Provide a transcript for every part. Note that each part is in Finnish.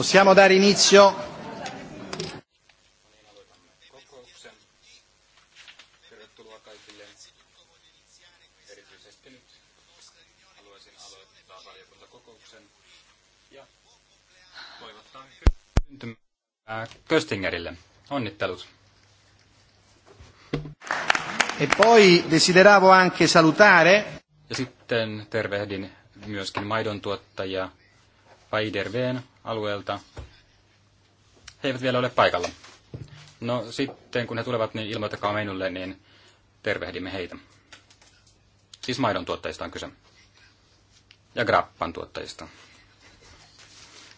Possiamo dare inizio? Köstingerille. Onnittelut. E poi desideravo anche salutare. Ja sitten tervehdin myöskin maidon tuottajia Paiderveen alueelta. He eivät vielä ole paikalla. No sitten, kun he tulevat, niin ilmoittakaa minulle, niin tervehdimme heitä. Siis maidon tuottajista on kyse. Ja grappan tuottajista.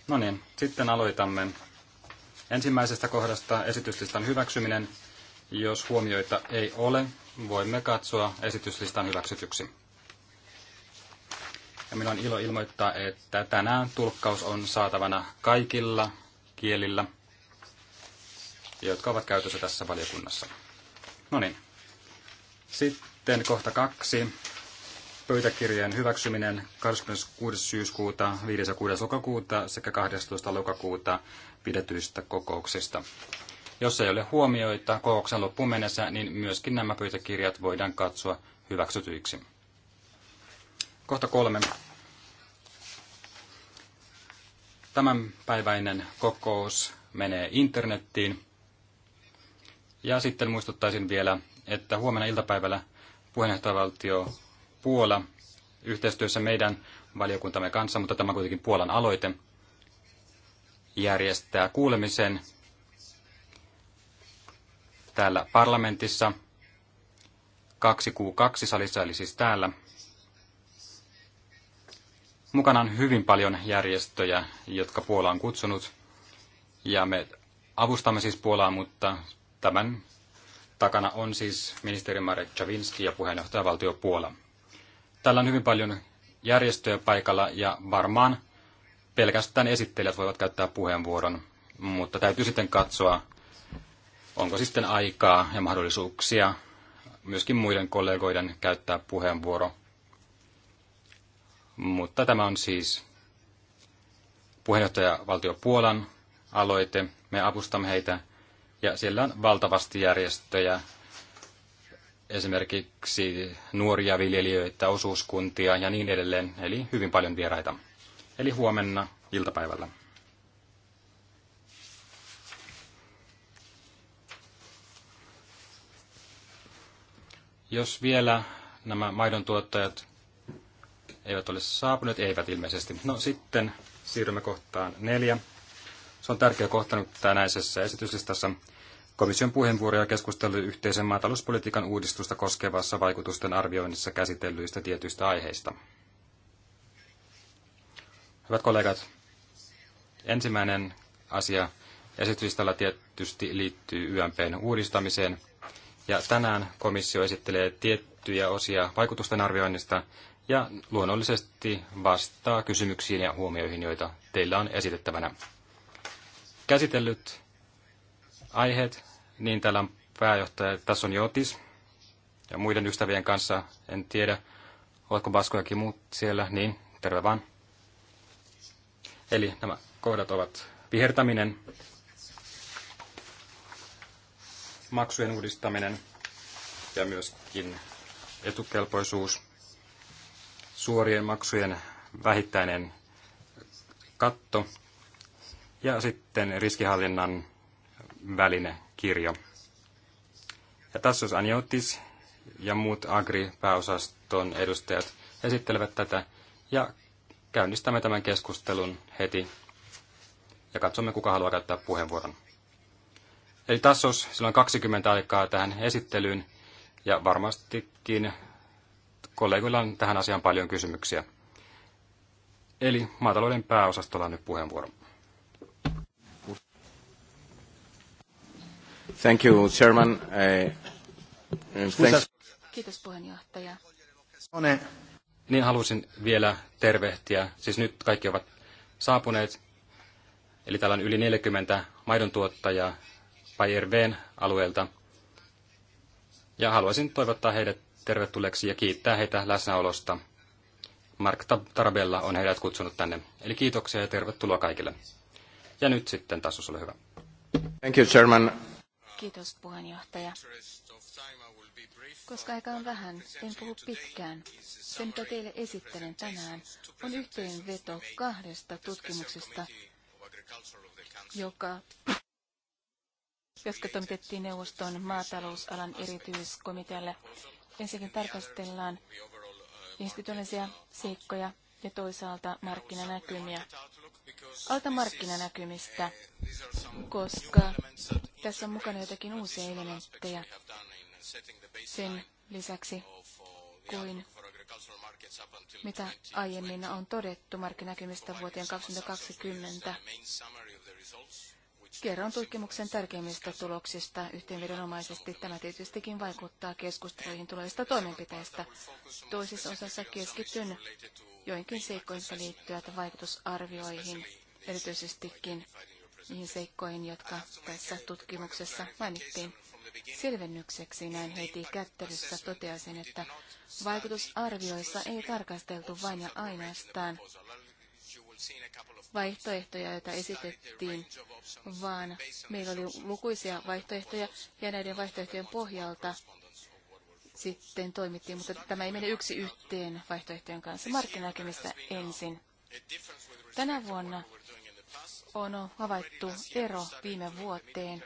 No niin, sitten aloitamme ensimmäisestä kohdasta esityslistan hyväksyminen. Jos huomioita ei ole, voimme katsoa esityslistan hyväksytyksi. Ja minulla on ilo ilmoittaa, että tänään tulkkaus on saatavana kaikilla kielillä, jotka ovat käytössä tässä valiokunnassa. No niin. Sitten kohta kaksi. Pöytäkirjeen hyväksyminen 26. syyskuuta, 5. ja 6. lokakuuta sekä 12. lokakuuta pidetyistä kokouksista. Jos ei ole huomioita kokouksen loppuun mennessä, niin myöskin nämä pöytäkirjat voidaan katsoa hyväksytyiksi. Kohta kolme. Tämänpäiväinen kokous menee internettiin. Ja sitten muistuttaisin vielä, että huomenna iltapäivällä puheenjohtajavaltio Puola yhteistyössä meidän valiokuntamme kanssa, mutta tämä on kuitenkin Puolan aloite, järjestää kuulemisen täällä parlamentissa 2Q2 salissa, eli siis täällä. Mukana on hyvin paljon järjestöjä, jotka Puola on kutsunut. Ja me avustamme siis Puolaa, mutta tämän takana on siis ministeri Marek Czavinski ja valtio Puola. Täällä on hyvin paljon järjestöjä paikalla ja varmaan pelkästään esittelijät voivat käyttää puheenvuoron, mutta täytyy sitten katsoa, onko sitten aikaa ja mahdollisuuksia myöskin muiden kollegoiden käyttää puheenvuoro. Mutta tämä on siis puheenjohtajavaltio Puolan aloite. Me avustamme heitä ja siellä on valtavasti järjestöjä, esimerkiksi nuoria viljelijöitä, osuuskuntia ja niin edelleen, eli hyvin paljon vieraita. Eli huomenna iltapäivällä. Jos vielä nämä maidon tuottajat eivät ole saapuneet, eivät ilmeisesti. No sitten siirrymme kohtaan neljä. Se on tärkeä kohta nyt tänäisessä esityslistassa. Komission ja keskustelu yhteisen maatalouspolitiikan uudistusta koskevassa vaikutusten arvioinnissa käsitellyistä tietyistä aiheista. Hyvät kollegat, ensimmäinen asia esityslistalla tietysti liittyy YMPn uudistamiseen. Ja tänään komissio esittelee tiettyjä osia vaikutusten arvioinnista, ja luonnollisesti vastaa kysymyksiin ja huomioihin, joita teillä on esitettävänä. Käsitellyt aiheet, niin täällä on pääjohtaja on Jotis ja muiden ystävien kanssa, en tiedä, ovatko Baskojakin muut siellä, niin terve vaan. Eli nämä kohdat ovat vihertäminen, maksujen uudistaminen ja myöskin etukelpoisuus – suorien maksujen vähittäinen katto ja sitten riskihallinnan välinekirjo. Ja on Aniotis ja muut Agri-pääosaston edustajat esittelevät tätä ja käynnistämme tämän keskustelun heti ja katsomme, kuka haluaa käyttää puheenvuoron. Eli tässä on silloin 20 aikaa tähän esittelyyn ja varmastikin kollegoilla on tähän asiaan paljon kysymyksiä. Eli maatalouden pääosastolla on nyt puheenvuoro. Thank you, Chairman. Eh, thanks. Kiitos puheenjohtaja. Niin halusin vielä tervehtiä. Siis nyt kaikki ovat saapuneet. Eli täällä on yli 40 tuottajaa Pajerveen alueelta. Ja haluaisin toivottaa heidät tervetulleeksi ja kiittää heitä läsnäolosta. Mark Tarabella on heidät kutsunut tänne. Eli kiitoksia ja tervetuloa kaikille. Ja nyt sitten taas ole hyvä. Thank you, Chairman. Kiitos puheenjohtaja. Koska aika on vähän, en puhu pitkään. Se, mitä teille esittelen tänään, on yhteenveto kahdesta tutkimuksesta, joka, jotka toimitettiin neuvoston maatalousalan erityiskomitealle. Ensinnäkin tarkastellaan institutionaalisia seikkoja ja toisaalta markkinanäkymiä. Alta markkinanäkymistä, koska tässä on mukana jotakin uusia elementtejä sen lisäksi kuin mitä aiemmin on todettu markkinäkymistä vuoteen 2020. Kerron tutkimuksen tärkeimmistä tuloksista yhteenvedonomaisesti. Tämä tietystikin vaikuttaa keskusteluihin tulevista toimenpiteistä. Toisessa osassa keskityn joinkin seikkoihin liittyvät vaikutusarvioihin, erityisestikin niihin seikkoihin, jotka tässä tutkimuksessa mainittiin. Selvennykseksi näin heti kättelyssä toteaisin, että vaikutusarvioissa ei tarkasteltu vain ja ainoastaan vaihtoehtoja, joita esitettiin, vaan meillä oli lukuisia vaihtoehtoja ja näiden vaihtoehtojen pohjalta sitten toimittiin, mutta tämä ei mene yksi yhteen vaihtoehtojen kanssa. Markkinäkemistä ensin. Tänä vuonna on havaittu ero viime vuoteen.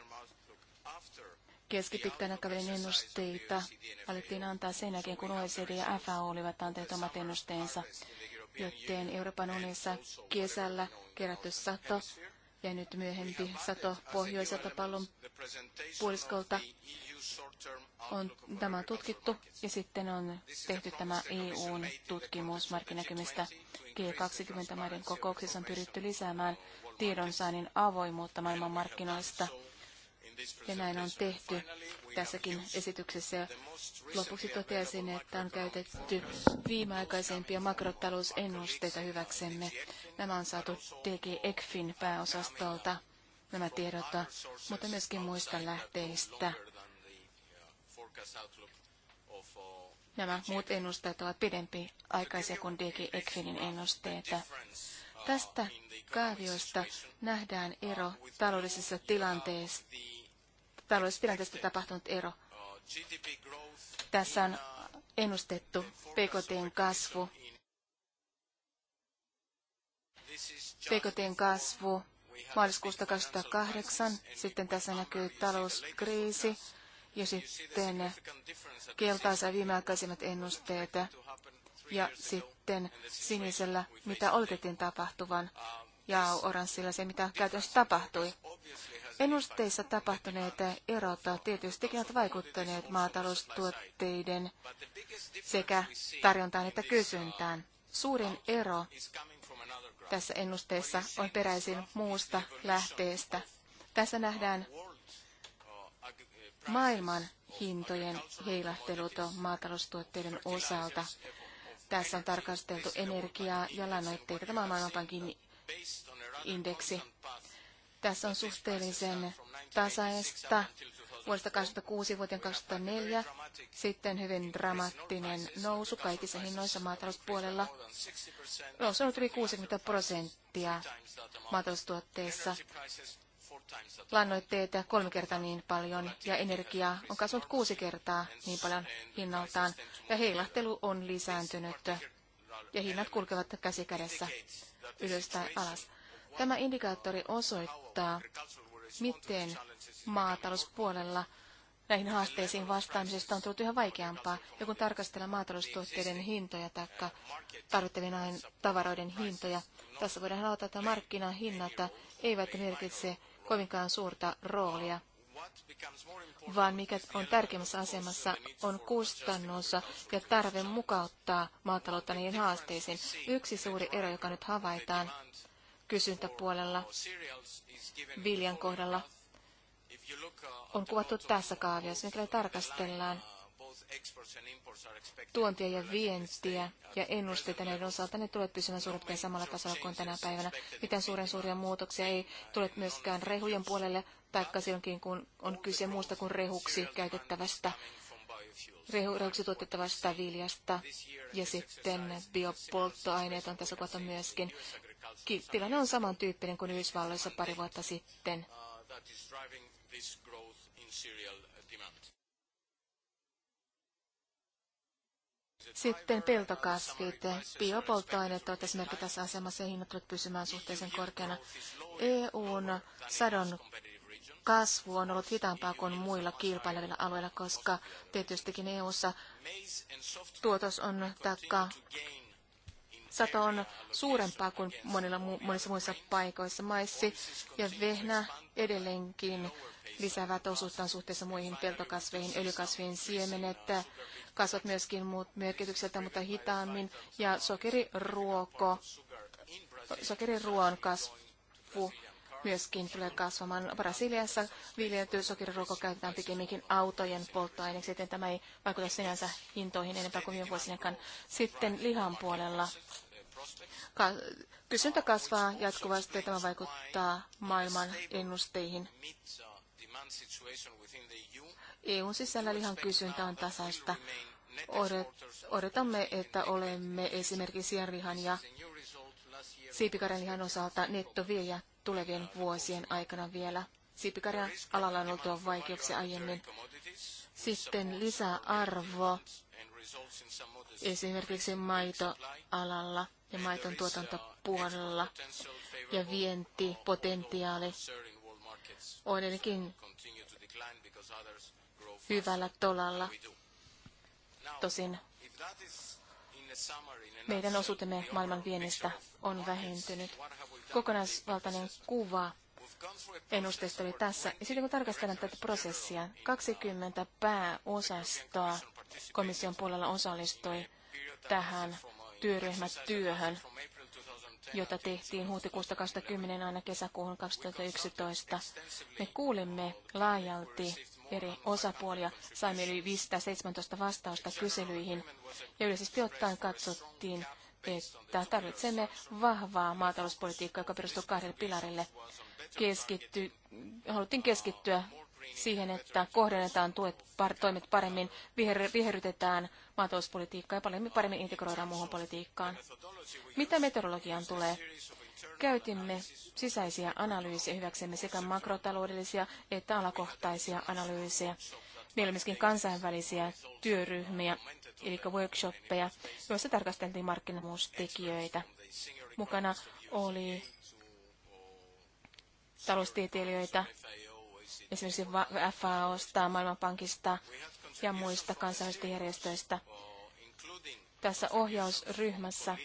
Keskipitkän aikavälin ennusteita alettiin antaa sen jälkeen, kun OECD ja FAO olivat antaneet omat ennusteensa joten Euroopan unionissa kesällä kerätty sato ja nyt myöhempi sato pohjoiselta pallon puoliskolta on tämä tutkittu ja sitten on tehty tämä EUn tutkimus markkinäkymistä. G20-maiden kokouksissa on pyritty lisäämään tiedonsaannin avoimuutta maailmanmarkkinoista. markkinoista ja näin on tehty tässäkin esityksessä. Lopuksi toteaisin, että on käytetty viimeaikaisempia makrotalousennusteita hyväksemme. Nämä on saatu DG ECFin pääosastolta, nämä tiedot, mutta myöskin muista lähteistä. Nämä muut ennusteet ovat pidempi aikaisia kuin DG ECFinin ennusteet. Tästä kaaviosta nähdään ero taloudellisessa tilanteessa taloudellisesta tilanteesta tapahtunut ero. Tässä on ennustettu PKTn kasvu. PKTn kasvu maaliskuusta 2008. Sitten tässä näkyy talouskriisi ja sitten keltaisen viimeaikaisimmat ennusteet ja sitten sinisellä, mitä oletettiin tapahtuvan ja oranssilla se, mitä käytännössä tapahtui. Ennusteissa tapahtuneet erot tietystikin ovat vaikuttaneet maataloustuotteiden sekä tarjontaan että kysyntään. Suurin ero tässä ennusteessa on peräisin muusta lähteestä. Tässä nähdään maailman hintojen heilahtelut maataloustuotteiden osalta. Tässä on tarkasteltu energiaa ja lannoitteita. Tämä on Maailmanpankin indeksi. Tässä on suhteellisen tasaista vuodesta 2006 vuoteen 2004, sitten hyvin dramaattinen nousu kaikissa hinnoissa maatalouspuolella. Nousu on yli 60 prosenttia maataloustuotteissa. Lannoitteita kolme kertaa niin paljon ja energiaa on kasvanut kuusi kertaa niin paljon hinnaltaan ja heilahtelu on lisääntynyt ja hinnat kulkevat käsi kädessä tai alas. Tämä indikaattori osoittaa, miten maatalouspuolella näihin haasteisiin vastaamisesta on tullut yhä vaikeampaa, ja kun tarkastellaan maataloustuotteiden hintoja tai tarvittavien tavaroiden hintoja, tässä voidaan aloittaa, että markkinahinnat eivät merkitse kovinkaan suurta roolia vaan mikä on tärkeimmässä asemassa on kustannus ja tarve mukauttaa maataloutta niihin haasteisiin. Yksi suuri ero, joka nyt havaitaan kysyntäpuolella viljan kohdalla, on kuvattu tässä kaaviossa, mikä tarkastellaan tuontia ja vientiä ja ennusteita näiden osalta, ne tulevat pysymään suurin piirtein samalla tasolla kuin tänä päivänä. Mitään suuren suuria muutoksia ei tule myöskään rehujen puolelle taikka silloinkin, kun on kyse muusta kuin rehuksi käytettävästä, rehu, rehuksi tuotettavasta viljasta. Ja sitten biopolttoaineet on tässä kohta myöskin. Tilanne on samantyyppinen kuin Yhdysvalloissa pari vuotta sitten. Sitten peltokasvit. Biopolttoaineet ovat esimerkiksi tässä asemassa ja hinnat pysymään suhteellisen korkeana. EUn sadon kasvu on ollut hitaampaa kuin muilla kilpailevilla alueilla, koska tietystikin EU-ssa tuotos on taikka sato on suurempaa kuin monilla, monissa muissa paikoissa. Maissi ja vehnä edelleenkin lisäävät osuuttaan suhteessa muihin peltokasveihin, öljykasvien siemenet, kasvat myöskin muut merkitykseltä, mutta hitaammin, ja sokeriruoko, sokeriruoan kasvu myöskin tulee kasvamaan. Brasiliassa viljelty sokeriruoko käytetään pikemminkin autojen polttoaineeksi, joten tämä ei vaikuta sinänsä hintoihin enempää kuin viime vuosinakaan. Sitten lihan puolella kysyntä kasvaa jatkuvasti ja tämä vaikuttaa maailman ennusteihin. EUn sisällä lihan kysyntä on tasaista. Odotamme, että olemme esimerkiksi sianlihan ja siipikarjanlihan osalta nettoviejä tulevien vuosien aikana vielä. Siipikarjan alalla on oltu vaikeuksia aiemmin. Sitten lisäarvo esimerkiksi maitoalalla ja maiton tuotantopuolella ja vientipotentiaali on edenkin hyvällä tolalla. Tosin meidän osuutemme maailman viennistä on vähentynyt kokonaisvaltainen kuva ennusteista oli tässä. Ja sitten kun tarkastellaan tätä prosessia, 20 pääosastoa komission puolella osallistui tähän työryhmätyöhön, jota tehtiin huhtikuusta 2010 aina kesäkuuhun 2011. Me kuulimme laajalti eri osapuolia, saimme yli 517 vastausta kyselyihin ja yleisesti ottaen katsottiin, että tarvitsemme vahvaa maatalouspolitiikkaa, joka perustuu kahdelle pilarille. Keskitty, haluttiin keskittyä siihen, että kohdennetaan tuet, par, toimet paremmin, viher, viherytetään maatalouspolitiikkaa ja paremmin, paremmin integroidaan muuhun politiikkaan. Mitä meteorologiaan tulee? Käytimme sisäisiä analyysejä hyväksemme sekä makrotaloudellisia että alakohtaisia analyysejä. Meillä oli myöskin kansainvälisiä työryhmiä, eli workshoppeja, joissa tarkasteltiin markkinamuustekijöitä. Mukana oli taloustieteilijöitä, esimerkiksi FAOsta, Maailmanpankista ja muista kansainvälisistä järjestöistä. Tässä ohjausryhmässä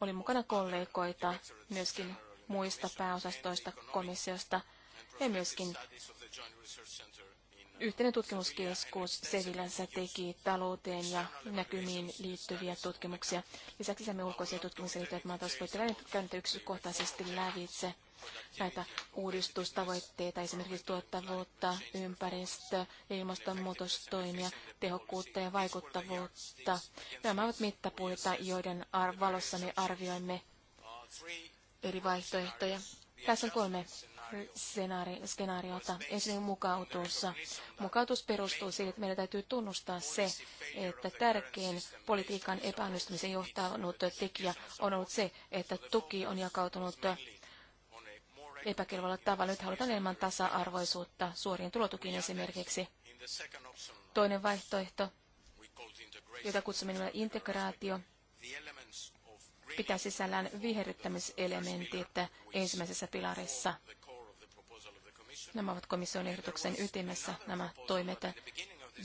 oli mukana kollegoita myöskin muista pääosastoista, komissiosta ja myöskin yhteinen tutkimuskeskus Sevillässä teki talouteen ja näkymiin liittyviä tutkimuksia. Lisäksi saimme ulkoisia tutkimuksia liittyvät maatalouspolitiikan käynnitä yksityiskohtaisesti lävitse näitä uudistustavoitteita, esimerkiksi tuottavuutta, ympäristö- ja ilmastonmuutostoimia, tehokkuutta ja vaikuttavuutta. Nämä ovat mittapuita, joiden valossa me arvioimme eri vaihtoehtoja. Tässä on kolme skenaari, skenaariota, ensin mukautus. Mukautus perustuu siihen, että meidän täytyy tunnustaa se, että tärkein politiikan epäonnistumisen johtanut tekijä on ollut se, että tuki on jakautunut epäkelvolla tavalla. Nyt halutaan enemmän tasa-arvoisuutta suorien tulotukiin esimerkiksi. Toinen vaihtoehto, jota kutsumme nimellä integraatio, pitää sisällään viherryttämiselementit ensimmäisessä pilarissa. Nämä ovat komission ehdotuksen ytimessä nämä toimet.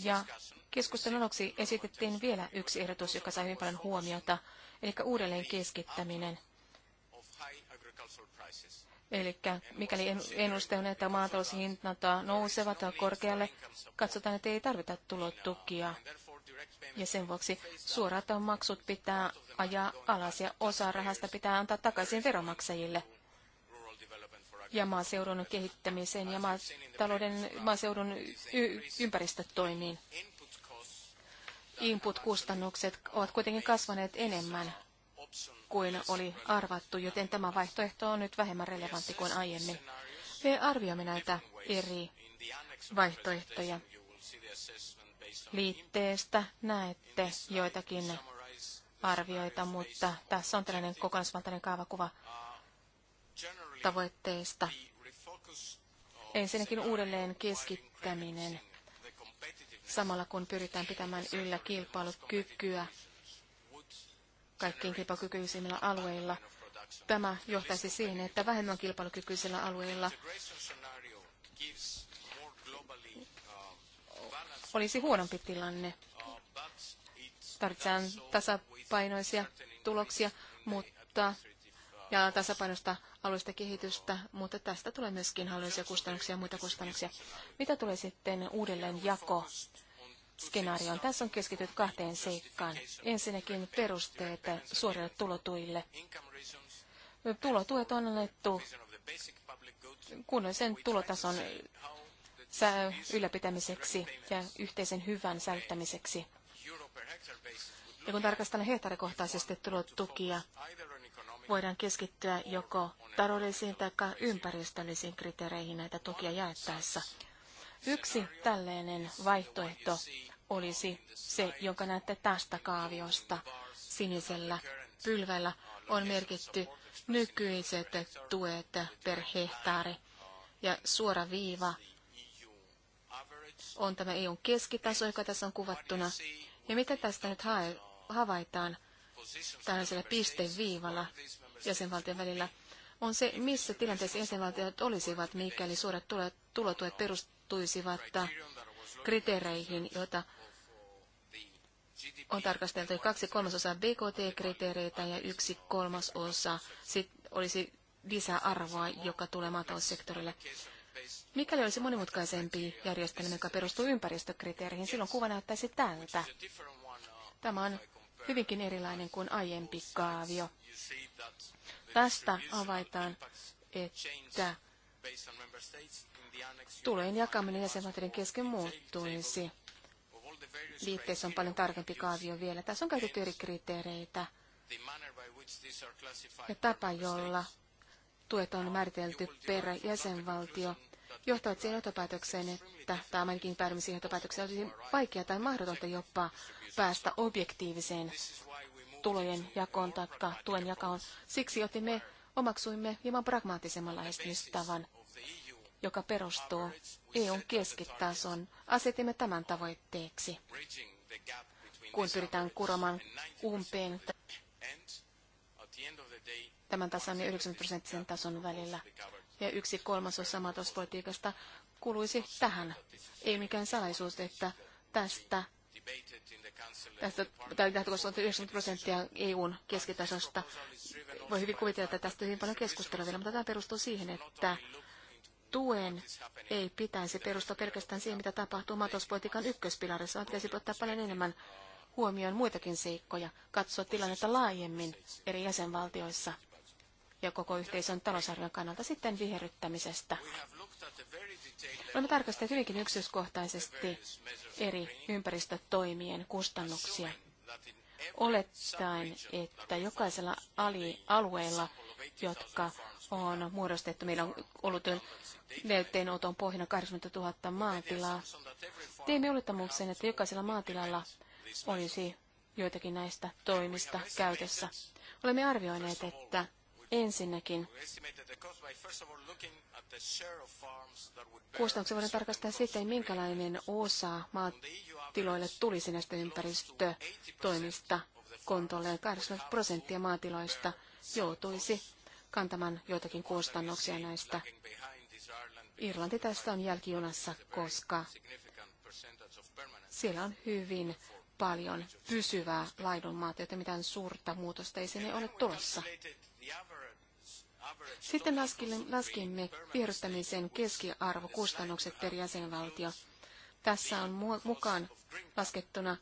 Ja keskustelun aluksi esitettiin vielä yksi ehdotus, joka sai hyvin paljon huomiota, eli uudelleen keskittäminen. Eli mikäli ennuste on, että maataloushinnat nousevat korkealle, katsotaan, että ei tarvita tulotukia. Ja sen vuoksi suorat maksut pitää ajaa alas ja osa rahasta pitää antaa takaisin veromaksajille ja maaseudun kehittämiseen ja maatalouden, maaseudun y- ympäristötoimiin. Input-kustannukset ovat kuitenkin kasvaneet enemmän kuin oli arvattu, joten tämä vaihtoehto on nyt vähemmän relevantti kuin aiemmin. Me arvioimme näitä eri vaihtoehtoja. Liitteestä näette joitakin arvioita, mutta tässä on tällainen kokonaisvaltainen kaavakuva tavoitteista. Ensinnäkin uudelleen keskittäminen samalla kun pyritään pitämään yllä kilpailukykyä kaikkiin kilpailukykyisimmillä alueilla. Tämä johtaisi siihen, että vähemmän kilpailukykyisillä alueilla olisi huonompi tilanne. Tarvitaan tasapainoisia tuloksia, mutta ja tasapainosta alueellista kehitystä, mutta tästä tulee myöskin hallinnollisia kustannuksia ja muita kustannuksia. Mitä tulee sitten uudelleen jako skenaarioon? Tässä on keskityt kahteen seikkaan. Ensinnäkin perusteet suorille tulotuille. Tulotuet on annettu kunnollisen tulotason ylläpitämiseksi ja yhteisen hyvän säilyttämiseksi. Ja kun tarkastellaan hehtaarikohtaisesti tulotukia, voidaan keskittyä joko taloudellisiin tai ympäristöllisiin kriteereihin näitä tukia jaettaessa. Yksi tällainen vaihtoehto olisi se, jonka näette tästä kaaviosta sinisellä pylvällä on merkitty nykyiset tuet per hehtaari. Ja suora viiva on tämä EUn keskitaso, joka tässä on kuvattuna. Ja mitä tästä nyt havaitaan? tällaisella pisteviivalla jäsenvaltion välillä, on se, missä tilanteessa jäsenvaltiot olisivat, mikäli suuret tulotuet perustuisivat kriteereihin, joita on tarkasteltu kaksi kolmasosaa BKT-kriteereitä ja yksi kolmasosa sit olisi lisäarvoa, joka tulee maataloussektorille. Mikäli olisi monimutkaisempi järjestelmä, joka perustuu ympäristökriteereihin, silloin kuva näyttäisi tältä. Tämä on hyvinkin erilainen kuin aiempi kaavio. Tästä avaitaan, että tulojen jakaminen jäsenvaltioiden kesken muuttuisi. Liitteessä on paljon tarkempi kaavio vielä. Tässä on käytetty eri kriteereitä ja tapa, jolla tuet on määritelty per jäsenvaltio, johtavat siihen johtopäätökseen, että tämä ainakin päädymme siihen johtopäätökseen, olisi vaikeaa tai mahdotonta jopa päästä objektiiviseen tulojen jakoon tai tuen jakoon. Siksi otimme, omaksuimme hieman pragmaattisemman lähestymistavan, joka perustuu EUn keskitason. Asetimme tämän tavoitteeksi, kun pyritään kuromaan umpeen tämän tasan ja 90 prosenttisen tason välillä. Ja yksi kolmasosa maatalouspolitiikasta kuluisi tähän. Ei mikään salaisuus, että tästä Tästä on 90 prosenttia EUn keskitasosta. Voi hyvin kuvitella, että tästä on hyvin paljon keskustelua vielä, mutta tämä perustuu siihen, että tuen ei pitäisi perustua pelkästään siihen, mitä tapahtuu maatalouspolitiikan ykköspilarissa, vaan pitäisi ottaa paljon enemmän huomioon muitakin seikkoja, katsoa tilannetta laajemmin eri jäsenvaltioissa ja koko yhteisön talousarvion kannalta sitten viherryttämisestä. Olemme tarkastaneet hyvinkin yksityiskohtaisesti eri ympäristötoimien kustannuksia, olettaen, että jokaisella alueella, jotka on muodostettu, meillä on ollut näytteenoton pohjana 80 000 maatilaa. teemme olettamuksen, että jokaisella maatilalla olisi joitakin näistä toimista käytössä. Olemme arvioineet, että ensinnäkin Kustannuksia voidaan tarkastaa sitä, minkälainen osa maatiloille tulisi näistä ympäristötoimista kontolle. 80 prosenttia maatiloista joutuisi kantamaan joitakin kustannuksia näistä. Irlanti tästä on jälkijunassa, koska siellä on hyvin paljon pysyvää laidunmaata, joten mitään suurta muutosta ei sinne ole tulossa. Sitten laskimme vierustamisen keskiarvokustannukset per jäsenvaltio. Tässä on mukaan laskettuna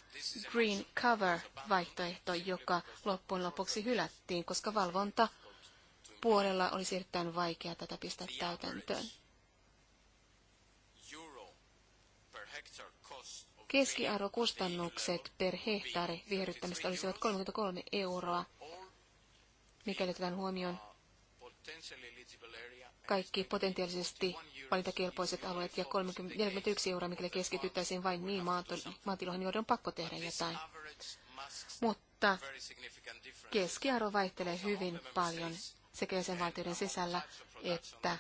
Green Cover-vaihtoehto, joka loppujen lopuksi hylättiin, koska valvonta puolella olisi erittäin vaikea tätä pistää täytäntöön. Keskiarvokustannukset per hehtaari viherryttämistä olisivat 33 euroa, mikäli otetaan huomioon kaikki potentiaalisesti valintakelpoiset alueet ja 30, 41 euroa, mikäli keskityttäisiin vain niin maatiloihin, joiden on pakko tehdä jotain. Mutta keskiarvo vaihtelee hyvin paljon sekä jäsenvaltioiden sisällä että,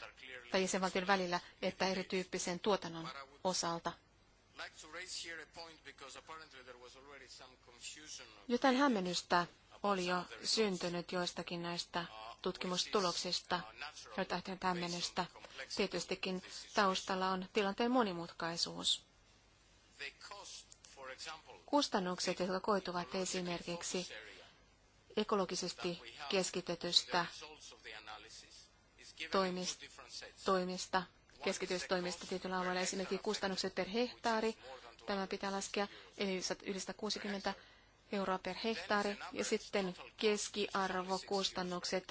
tai jäsenvaltioiden välillä että erityyppisen tuotannon osalta. Jotain hämmennystä oli jo syntynyt joistakin näistä tutkimustuloksista, joita tähtien tämmenestä Tietystikin taustalla on tilanteen monimutkaisuus. Kustannukset, jotka koituvat esimerkiksi ekologisesti keskitetystä toimista, toimista keskitystoimista tietyllä alueella, esimerkiksi kustannukset per hehtaari, tämä pitää laskea, eli yli 160 euroa per hehtaari ja sitten keskiarvokustannukset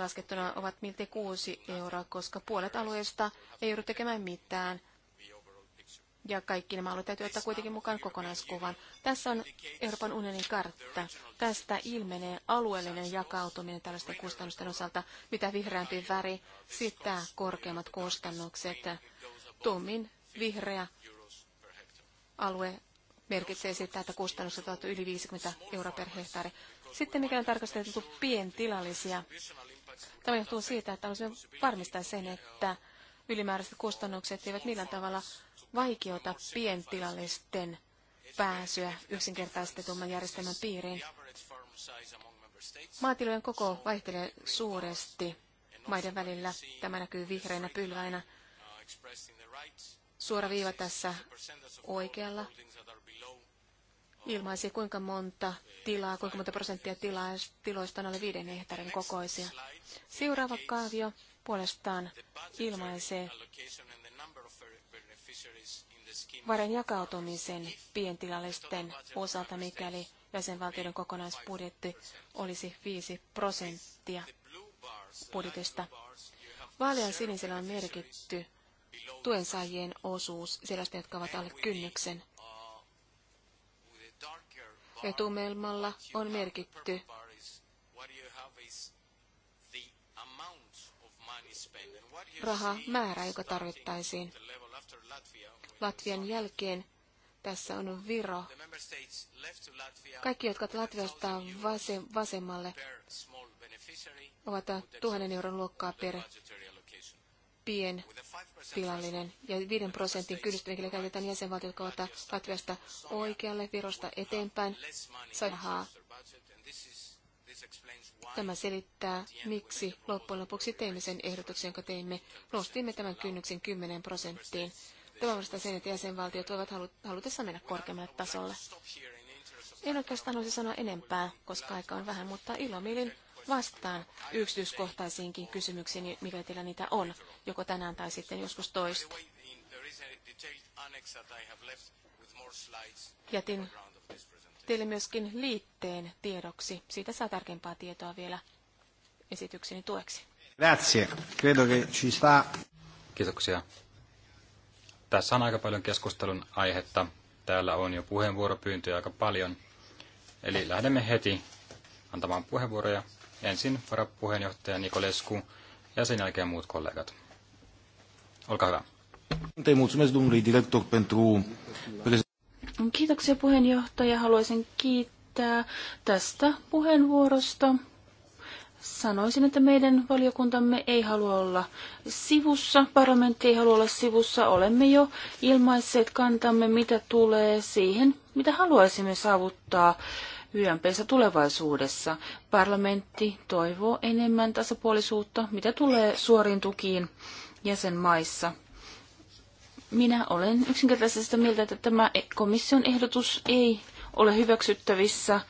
laskettuna ovat miltei 6 euroa, koska puolet alueesta ei joudu tekemään mitään. Ja kaikki nämä alueet täytyy ottaa kuitenkin mukaan kokonaiskuvan. Tässä on Euroopan unionin kartta. Tästä ilmenee alueellinen jakautuminen tällaisten kustannusten osalta. Mitä vihreämpi väri, sitä korkeammat kustannukset. Tummin vihreä alue merkitsee sitä, että kustannukset ovat yli 50 euroa per hehtaari. Sitten mikä on tarkasteltu pientilallisia. Tämä johtuu siitä, että haluaisimme varmistaa sen, että ylimääräiset kustannukset eivät millään tavalla vaikeuta pientilallisten pääsyä yksinkertaistetumman järjestelmän piiriin. Maatilojen koko vaihtelee suuresti maiden välillä. Tämä näkyy vihreinä pylväinä. Suora viiva tässä oikealla ilmaisi, kuinka monta tilaa, kuinka monta prosenttia tilaa, tiloista on alle viiden hehtaarin kokoisia. Seuraava kaavio puolestaan ilmaisee varen jakautumisen pientilallisten osalta, mikäli jäsenvaltioiden kokonaisbudjetti olisi 5 prosenttia budjetista. Vaalean sinisellä on merkitty tuensaajien osuus sellaista, jotka ovat alle kynnyksen etumelmalla on merkitty. määrä, joka tarvittaisiin. Latvian jälkeen tässä on Viro. Kaikki, jotka Latviasta vasemmalle, ovat tuhannen euron luokkaa per pien tilallinen ja 5 prosentin kynnysmerkillä käytetään jäsenvaltiot, jotka ovat Latviasta oikealle, Virosta eteenpäin, saadaan Tämä selittää, miksi loppujen lopuksi teimme sen ehdotuksen, jonka teimme. Nostimme tämän kynnyksen 10 prosenttiin. Tämä vastaa sen, että jäsenvaltiot voivat halutessa mennä korkeammalle tasolle. En oikeastaan olisi sanoa enempää, koska aika on vähän, mutta ilomielin vastaan yksityiskohtaisiinkin kysymyksiin, mikä teillä niitä on, joko tänään tai sitten joskus toista. Jätin teille myöskin liitteen tiedoksi. Siitä saa tarkempaa tietoa vielä esitykseni tueksi. Grazie. Credo che ci sta... Kiitoksia. Tässä on aika paljon keskustelun aihetta. Täällä on jo puheenvuoropyyntöjä aika paljon. Eli lähdemme heti antamaan puheenvuoroja Ensin varapuheenjohtaja Nikolescu ja sen jälkeen muut kollegat. Olkaa hyvä. Kiitoksia puheenjohtaja. Haluaisin kiittää tästä puheenvuorosta. Sanoisin, että meidän valiokuntamme ei halua olla sivussa, parlamentti ei halua olla sivussa. Olemme jo ilmaisseet kantamme, mitä tulee siihen, mitä haluaisimme saavuttaa YMPssä tulevaisuudessa. Parlamentti toivoo enemmän tasapuolisuutta, mitä tulee suoriin tukiin jäsenmaissa. Minä olen yksinkertaisesti sitä mieltä, että tämä komission ehdotus ei ole hyväksyttävissä.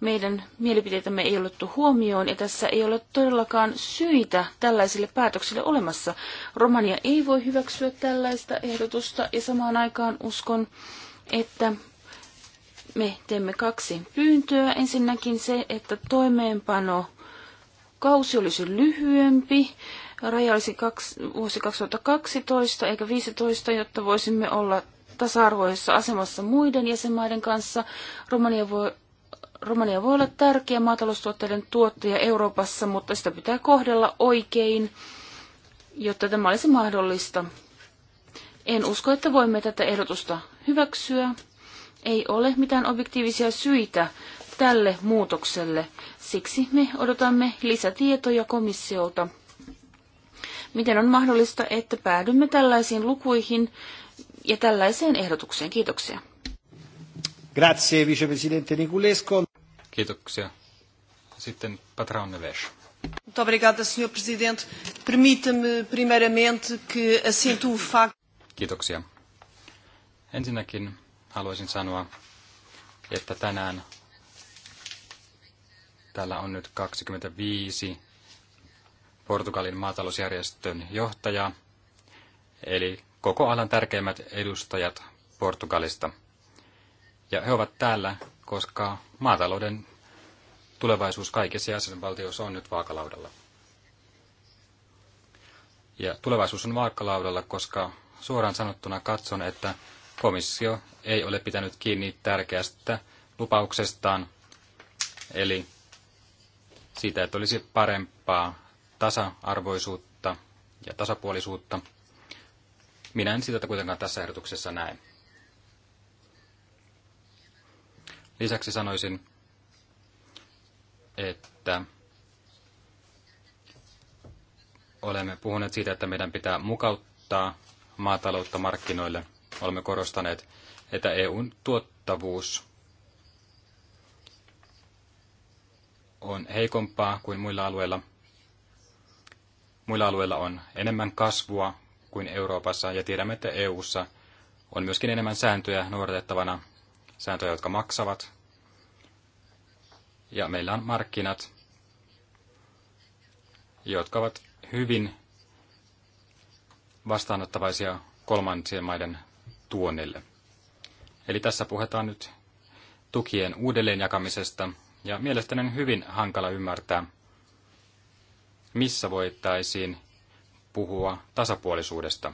Meidän mielipiteitämme ei ole huomioon ja tässä ei ole todellakaan syitä tällaisille päätöksille olemassa. Romania ei voi hyväksyä tällaista ehdotusta ja samaan aikaan uskon, että me teemme kaksi pyyntöä. Ensinnäkin se, että toimeenpano kausi olisi lyhyempi, raja olisi kaksi, vuosi 2012 eikä 2015, jotta voisimme olla tasa-arvoisessa asemassa muiden jäsenmaiden kanssa. Romania voi, Romania voi olla tärkeä maataloustuotteiden tuottaja Euroopassa, mutta sitä pitää kohdella oikein, jotta tämä olisi mahdollista. En usko, että voimme tätä ehdotusta hyväksyä. Ei ole mitään objektiivisia syitä tälle muutokselle. Siksi me odotamme lisätietoja komissiolta. Miten on mahdollista, että päädymme tällaisiin lukuihin ja tällaiseen ehdotukseen? Kiitoksia. Grazie, vicepresidente Niculesco. Kiitoksia. Sitten Patron Neves. Muito obrigada, senhor presidente. Permita-me primeiramente que acentue o facto... Kiitoksia. Ensinnäkin haluaisin sanoa, että tänään täällä on nyt 25 Portugalin maatalousjärjestön johtajaa, eli koko alan tärkeimmät edustajat Portugalista. Ja he ovat täällä, koska maatalouden tulevaisuus kaikissa jäsenvaltioissa on nyt vaakalaudalla. Ja tulevaisuus on vaakalaudalla, koska suoraan sanottuna katson, että komissio ei ole pitänyt kiinni tärkeästä lupauksestaan, eli siitä, että olisi parempaa tasa-arvoisuutta ja tasapuolisuutta. Minä en sitä kuitenkaan tässä ehdotuksessa näe. Lisäksi sanoisin, että olemme puhuneet siitä, että meidän pitää mukauttaa maataloutta markkinoille – olemme korostaneet, että EUn tuottavuus on heikompaa kuin muilla alueilla. Muilla alueilla on enemmän kasvua kuin Euroopassa ja tiedämme, että EUssa on myöskin enemmän sääntöjä noudatettavana, sääntöjä, jotka maksavat. Ja meillä on markkinat, jotka ovat hyvin vastaanottavaisia kolmansien maiden tuonnille. Eli tässä puhutaan nyt tukien uudelleenjakamisesta, ja mielestäni on hyvin hankala ymmärtää, missä voitaisiin puhua tasapuolisuudesta.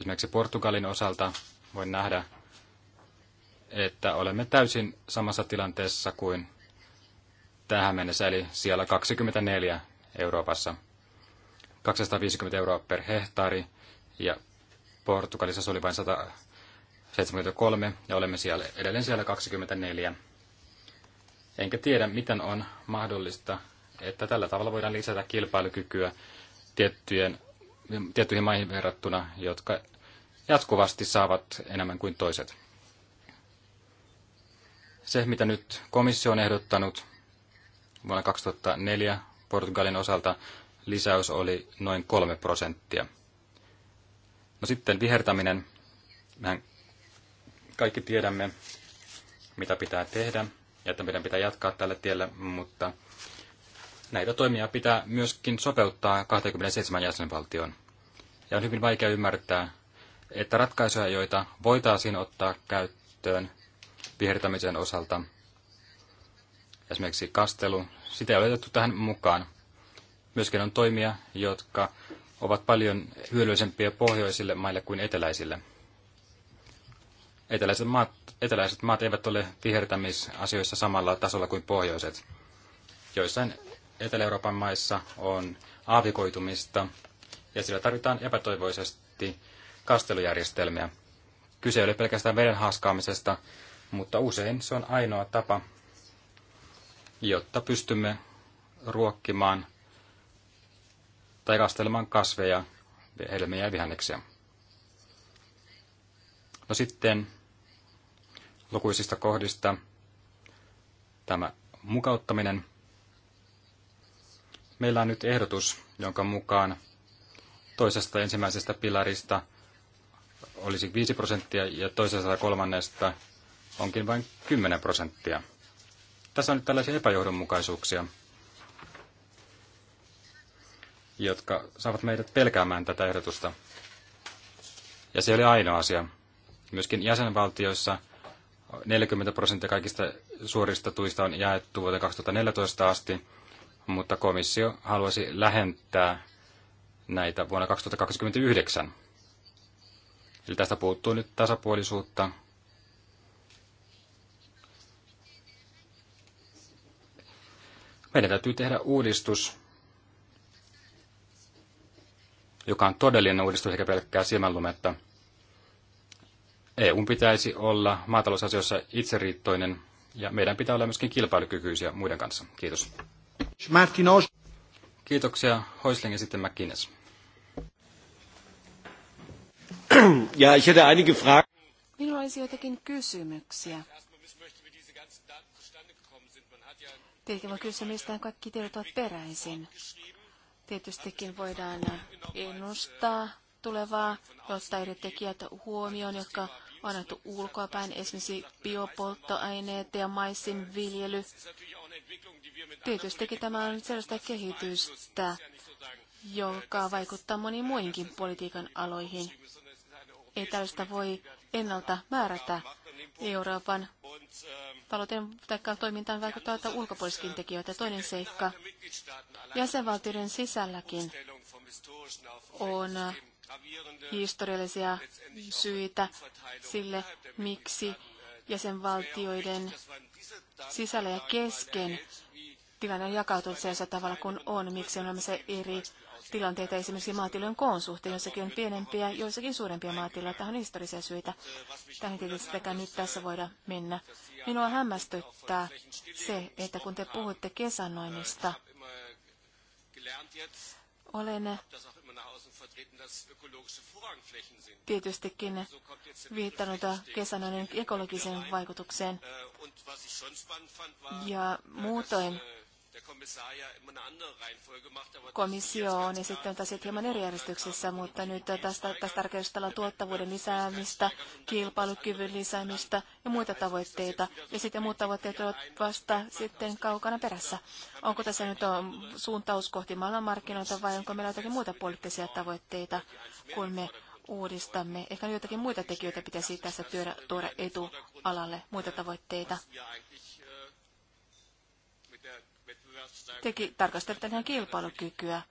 Esimerkiksi Portugalin osalta voin nähdä, että olemme täysin samassa tilanteessa kuin tähän mennessä, eli siellä 24 Euroopassa. 250 euroa per hehtaari ja Portugalissa se oli vain 173 ja olemme siellä, edelleen siellä 24. Enkä tiedä, miten on mahdollista, että tällä tavalla voidaan lisätä kilpailukykyä tiettyjen, tiettyihin maihin verrattuna, jotka jatkuvasti saavat enemmän kuin toiset. Se, mitä nyt komissio on ehdottanut vuonna 2004 Portugalin osalta, lisäys oli noin 3 prosenttia – No sitten vihertäminen. Mehän kaikki tiedämme, mitä pitää tehdä ja että meidän pitää jatkaa tälle tielle, mutta näitä toimia pitää myöskin sopeuttaa 27 jäsenvaltioon. Ja on hyvin vaikea ymmärtää, että ratkaisuja, joita voitaisiin ottaa käyttöön vihertämisen osalta, esimerkiksi kastelu, sitä ei ole otettu tähän mukaan. Myöskin on toimia, jotka ovat paljon hyödyllisempiä pohjoisille maille kuin eteläisille. Eteläiset maat, eteläiset maat eivät ole vihertämisasioissa samalla tasolla kuin pohjoiset. Joissain Etelä-Euroopan maissa on aavikoitumista ja sillä tarvitaan epätoivoisesti kastelujärjestelmiä. Kyse ei ole pelkästään veden haaskaamisesta, mutta usein se on ainoa tapa, jotta pystymme ruokkimaan – tai kastelemaan kasveja, helmiä ja vihanneksia. No sitten lukuisista kohdista tämä mukauttaminen. Meillä on nyt ehdotus, jonka mukaan toisesta ensimmäisestä pilarista olisi 5 prosenttia ja toisesta kolmannesta onkin vain 10 prosenttia. Tässä on nyt tällaisia epäjohdonmukaisuuksia jotka saavat meidät pelkäämään tätä ehdotusta. Ja se oli ainoa asia. Myöskin jäsenvaltioissa 40 prosenttia kaikista suorista tuista on jaettu vuoteen 2014 asti, mutta komissio haluaisi lähentää näitä vuonna 2029. Eli tästä puuttuu nyt tasapuolisuutta. Meidän täytyy tehdä uudistus joka on todellinen uudistus eikä pelkkää silmänlumetta. EUn pitäisi olla maatalousasioissa itseriittoinen ja meidän pitää olla myöskin kilpailukykyisiä muiden kanssa. Kiitos. Kiitoksia. Hoisling ja sitten McInnes. Ja, ich hätte einige Fragen. Minulla olisi joitakin kysymyksiä. Tietenkin voi kysyä, mistä kaikki tiedot ovat peräisin. Tietystikin voidaan ennustaa tulevaa, jotta eri tekijät huomioon, jotka on annettu ulkoapäin, esimerkiksi biopolttoaineet ja maisin viljely. Tietystikin tämä on sellaista kehitystä, joka vaikuttaa moniin muihinkin politiikan aloihin. Ei tällaista voi ennalta määrätä Euroopan talouteen tai toimintaan vaikuttaa ulkopuoliskin tekijöitä. Toinen seikka, Jäsenvaltioiden sisälläkin on historiallisia syitä sille, miksi jäsenvaltioiden sisällä ja kesken tilanne on jakautunut sellaisella tavalla kuin on, miksi on olemassa eri tilanteita esimerkiksi maatilojen koon suhteen, joissakin on pienempiä, joissakin suurempia maatiloja. Tähän on historiallisia syitä. Tähän sitäkään nyt tässä voida mennä. Minua hämmästyttää se, että kun te puhutte kesänoinnista, olen tietystikin viittanut kesänoiden ekologiseen vaikutukseen. Äh, ja äh, muutoin äh, Komissio on esittänyt asiat hieman eri järjestyksessä, mutta nyt tästä, tästä tarkastellaan tuottavuuden lisäämistä, kilpailukyvyn lisäämistä ja muita tavoitteita. Ja sitten muut tavoitteet ovat vasta sitten kaukana perässä. Onko tässä nyt on suuntaus kohti maailmanmarkkinoita vai onko meillä jotakin muita poliittisia tavoitteita, kun me uudistamme? Ehkä jotakin muita tekijöitä pitäisi tässä työdä, tuoda etualalle, muita tavoitteita. teki, ihan kilpailukykyä.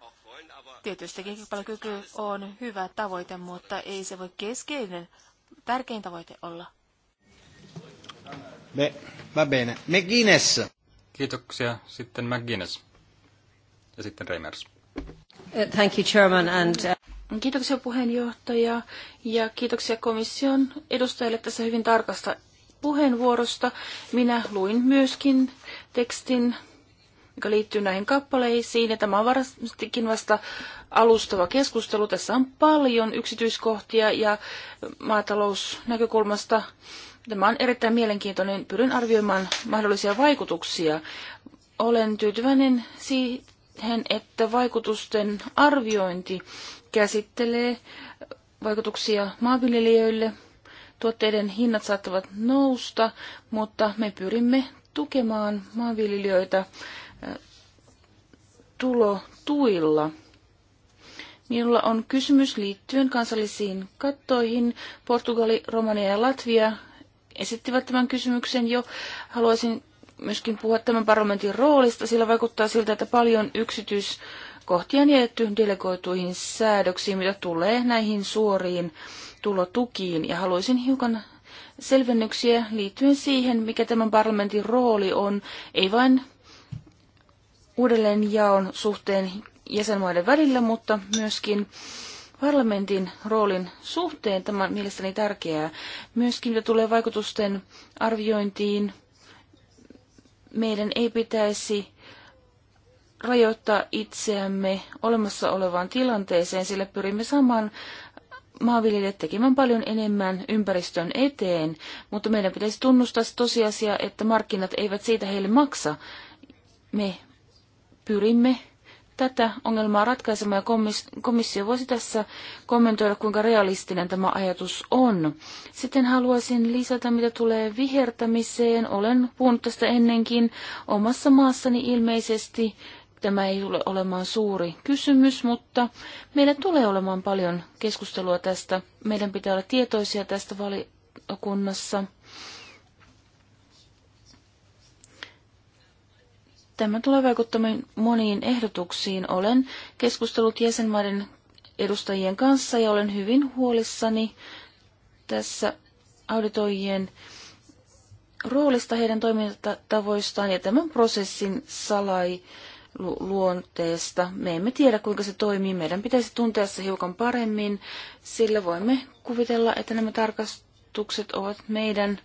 Tietysti kilpailukyky on hyvä tavoite, mutta ei se voi keskeinen, tärkein tavoite olla. Be, va bene. McGuinness. Kiitoksia. Sitten McGuinness. Ja sitten Reimers. Uh, thank you, Chairman. And, uh... Kiitoksia puheenjohtaja ja kiitoksia komission edustajille tässä hyvin tarkasta puheenvuorosta. Minä luin myöskin tekstin joka liittyy näihin kappaleisiin. Ja tämä on varmastikin vasta alustava keskustelu. Tässä on paljon yksityiskohtia ja maatalousnäkökulmasta tämä on erittäin mielenkiintoinen. Pyrin arvioimaan mahdollisia vaikutuksia. Olen tyytyväinen siihen, että vaikutusten arviointi käsittelee vaikutuksia maanviljelijöille. Tuotteiden hinnat saattavat nousta, mutta me pyrimme tukemaan maanviljelijöitä tulotuilla. Minulla on kysymys liittyen kansallisiin kattoihin. Portugali, Romania ja Latvia esittivät tämän kysymyksen jo. Haluaisin myöskin puhua tämän parlamentin roolista, sillä vaikuttaa siltä, että paljon yksityiskohtia on jätetty delegoituihin säädöksiin, mitä tulee näihin suoriin tulotukiin. Ja haluaisin hiukan selvennyksiä liittyen siihen, mikä tämän parlamentin rooli on, ei vain uudelleenjaon suhteen jäsenmaiden välillä, mutta myöskin parlamentin roolin suhteen. Tämä on mielestäni tärkeää. Myöskin mitä tulee vaikutusten arviointiin, meidän ei pitäisi rajoittaa itseämme olemassa olevaan tilanteeseen, sillä pyrimme saamaan maanviljelijät tekemään paljon enemmän ympäristön eteen, mutta meidän pitäisi tunnustaa se tosiasia, että markkinat eivät siitä heille maksa. Me pyrimme tätä ongelmaa ratkaisemaan ja komissio voisi tässä kommentoida, kuinka realistinen tämä ajatus on. Sitten haluaisin lisätä, mitä tulee vihertämiseen. Olen puhunut tästä ennenkin omassa maassani ilmeisesti. Tämä ei tule olemaan suuri kysymys, mutta meillä tulee olemaan paljon keskustelua tästä. Meidän pitää olla tietoisia tästä valiokunnassa. Tämä tulee vaikuttamaan moniin ehdotuksiin. Olen keskustellut jäsenmaiden edustajien kanssa ja olen hyvin huolissani tässä auditoijien roolista heidän toimintatavoistaan ja tämän prosessin salailuonteesta. Me emme tiedä, kuinka se toimii. Meidän pitäisi tuntea se hiukan paremmin, sillä voimme kuvitella, että nämä tarkastukset ovat meidän äh,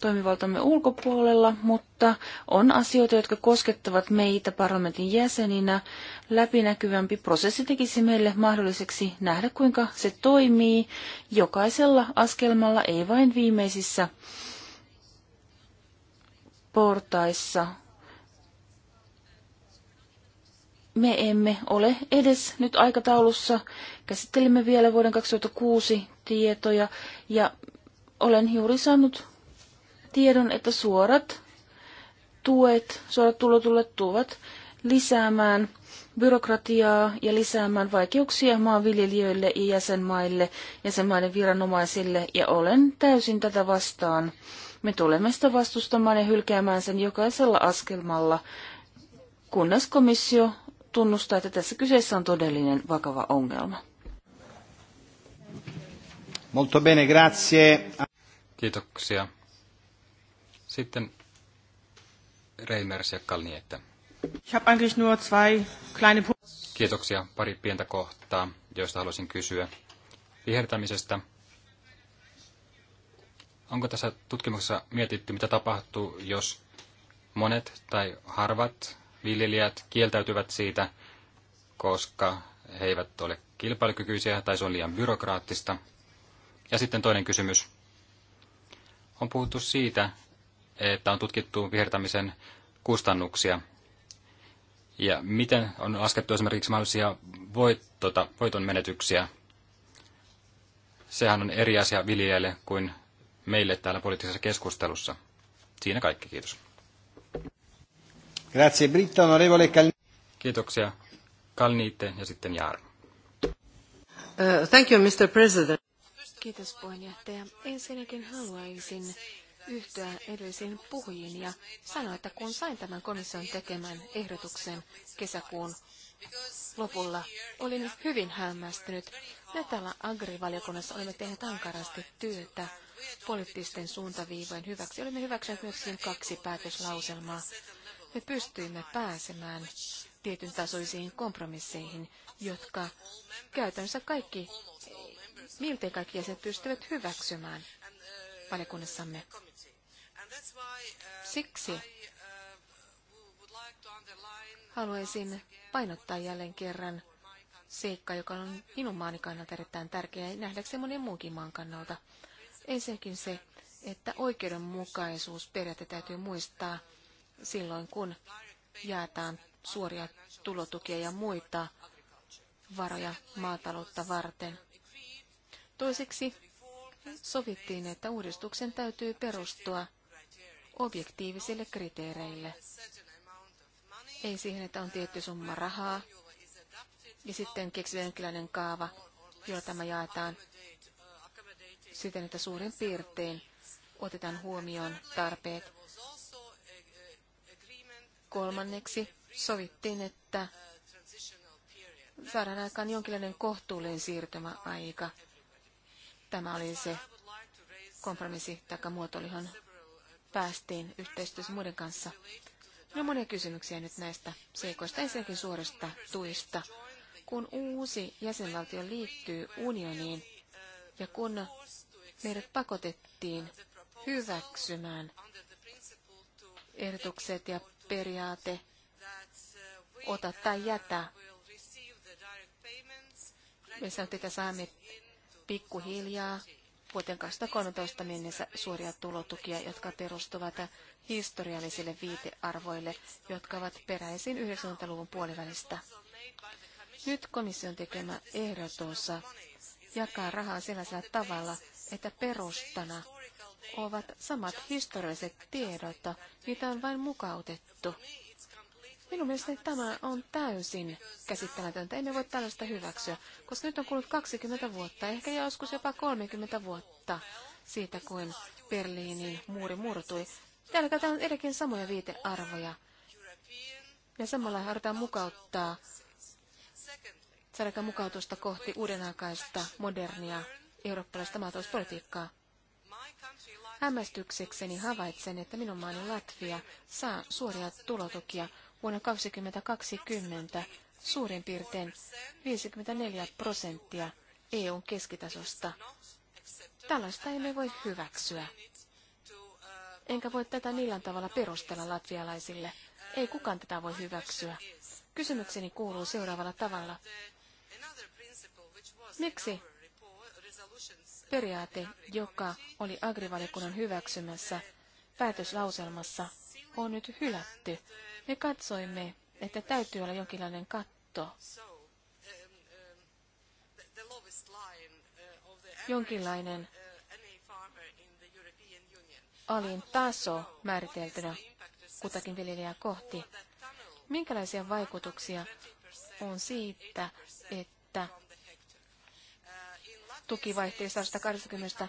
toimivaltamme ulkopuolella, mutta on asioita, jotka koskettavat meitä parlamentin jäseninä. Läpinäkyvämpi prosessi tekisi meille mahdolliseksi nähdä, kuinka se toimii jokaisella askelmalla, ei vain viimeisissä portaissa. Me emme ole edes nyt aikataulussa. Käsittelimme vielä vuoden 2006 tietoja ja olen juuri saanut tiedon, että suorat tuet, suorat tulotulot tuovat lisäämään byrokratiaa ja lisäämään vaikeuksia maanviljelijöille ja jäsenmaille, jäsenmaiden viranomaisille, ja olen täysin tätä vastaan. Me tulemme sitä vastustamaan ja hylkäämään sen jokaisella askelmalla, kunnes komissio tunnustaa, että tässä kyseessä on todellinen vakava ongelma. Molto bene, grazie. Kiitoksia sitten Reimers ja että... Ich habe eigentlich nur zwei kleine Kiitoksia. Pari pientä kohtaa, joista haluaisin kysyä. Vihertämisestä. Onko tässä tutkimuksessa mietitty, mitä tapahtuu, jos monet tai harvat viljelijät kieltäytyvät siitä, koska he eivät ole kilpailukykyisiä tai se on liian byrokraattista? Ja sitten toinen kysymys. On puhuttu siitä, että on tutkittu vihertämisen kustannuksia ja miten on laskettu esimerkiksi mahdollisia voittota, voiton menetyksiä. Sehän on eri asia viljelijälle kuin meille täällä poliittisessa keskustelussa. Siinä kaikki, kiitos. Grazie Britta, onorevole Kiitoksia Kalniitte ja sitten Jaar. Uh, thank you, Mr. President. Kiitos puheenjohtaja. Ensinnäkin haluaisin yhtyä edellisiin puhujiin ja sanoa, että kun sain tämän komission tekemän ehdotuksen kesäkuun lopulla, olin hyvin hämmästynyt. Me täällä agrivaliokunnassa olemme tehneet ankarasti työtä poliittisten suuntaviivojen hyväksi. olimme hyväksyneet myöskin kaksi päätöslauselmaa. Me pystyimme pääsemään tietyn tasoisiin kompromisseihin, jotka käytännössä kaikki, miltei kaikki jäsenet pystyvät hyväksymään valiokunnassamme. Siksi haluaisin painottaa jälleen kerran seikka, joka on minun maani kannalta erittäin tärkeä ja nähdäkseni monen muunkin maan kannalta. Ensinnäkin se, että oikeudenmukaisuusperiaate täytyy muistaa silloin, kun jaetaan suoria tulotukia ja muita varoja maataloutta varten. Toiseksi sovittiin, että uudistuksen täytyy perustua objektiivisille kriteereille. Ei siihen, että on tietty summa rahaa ja sitten keksitään jonkinlainen kaava, jolla tämä jaetaan siten, että suurin piirtein otetaan huomioon tarpeet. Kolmanneksi sovittiin, että saadaan aikaan jonkinlainen kohtuullinen siirtymäaika. Tämä oli se kompromissi tai muotoilihan päästiin yhteistyössä muiden kanssa. No monia kysymyksiä nyt näistä seikoista, ensinnäkin suorista tuista. Kun uusi jäsenvaltio liittyy unioniin ja kun meidät pakotettiin hyväksymään ehdotukset ja periaate ota tai jätä. Me sanottiin, että saamme pikkuhiljaa vuoteen 2013 mennessä suoria tulotukia, jotka perustuvat historiallisille viitearvoille, jotka ovat peräisin 90-luvun puolivälistä. Nyt komission tekemä ehdotus jakaa rahaa sellaisella tavalla, että perustana ovat samat historialliset tiedot, mitä on vain mukautettu. Minun mielestäni tämä on täysin käsittämätöntä. Emme voi tällaista hyväksyä, koska nyt on kulunut 20 vuotta, ehkä joskus jopa 30 vuotta siitä, kun Berliinin muuri murtui. Täällä käytetään edelleen samoja viitearvoja. Ja samalla halutaan mukauttaa, saada mukautusta kohti uudenaikaista, modernia, eurooppalaista maatalouspolitiikkaa. Hämmästyksekseni havaitsen, että minun maani Latvia saa suoria tulotukia vuonna 2020 suurin piirtein 54 prosenttia EUn keskitasosta. Tällaista emme voi hyväksyä. Enkä voi tätä millään tavalla perustella latvialaisille. Ei kukaan tätä voi hyväksyä. Kysymykseni kuuluu seuraavalla tavalla. Miksi periaate, joka oli agrivalikunnan hyväksymässä päätöslauselmassa, on nyt hylätty me katsoimme, että täytyy olla jonkinlainen katto, jonkinlainen alin taso määriteltynä kutakin viljelijää kohti. Minkälaisia vaikutuksia on siitä, että tuki vaihteli 120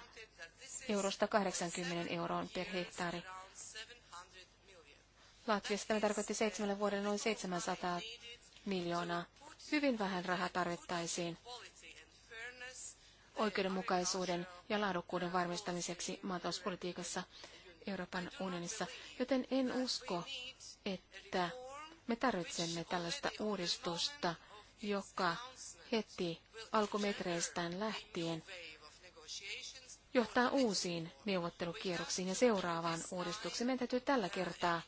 eurosta 80 euroon per hehtaari. Latviassa tämä tarkoitti seitsemälle vuodelle noin 700 miljoonaa. Hyvin vähän rahaa tarvittaisiin oikeudenmukaisuuden ja laadukkuuden varmistamiseksi maatalouspolitiikassa Euroopan unionissa, joten en usko, että me tarvitsemme tällaista uudistusta, joka heti alkumetreistään lähtien johtaa uusiin neuvottelukierroksiin ja seuraavaan uudistukseen. Meidän täytyy tällä kertaa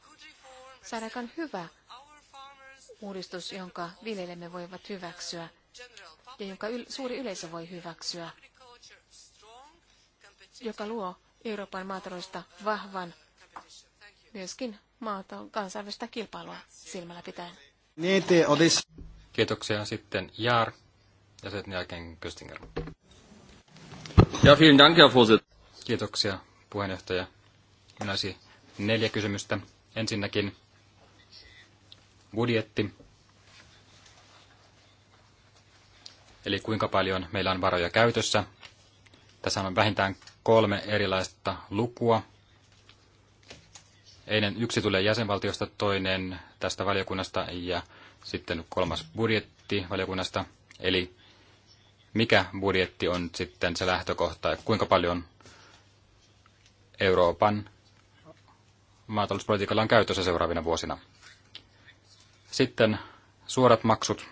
aikaan hyvä uudistus, jonka viljelemme voivat hyväksyä ja jonka yl- suuri yleisö voi hyväksyä, joka luo Euroopan maataloista vahvan myöskin maaton kansainvälistä kilpailua silmällä pitäen. Kiitoksia sitten Jaar ja sen jälkeen Köstinger. Ja, vielen dank, Kiitoksia puheenjohtaja. Minä olisi neljä kysymystä. Ensinnäkin budjetti, eli kuinka paljon meillä on varoja käytössä. Tässä on vähintään kolme erilaista lukua. Einen yksi tulee jäsenvaltiosta, toinen tästä valiokunnasta ja sitten kolmas budjetti valiokunnasta. Eli mikä budjetti on sitten se lähtökohta ja kuinka paljon Euroopan maatalouspolitiikalla on käytössä seuraavina vuosina. Sitten suorat maksut.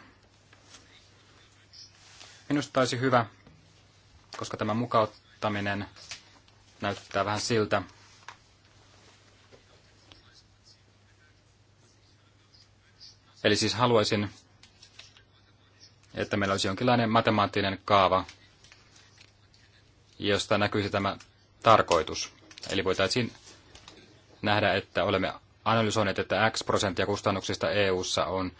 Minusta taisi hyvä, koska tämä mukauttaminen näyttää vähän siltä, Eli siis haluaisin, että meillä olisi jonkinlainen matemaattinen kaava, josta näkyisi tämä tarkoitus. Eli voitaisiin nähdä, että olemme analysoineet, että X prosenttia kustannuksista EU:ssa on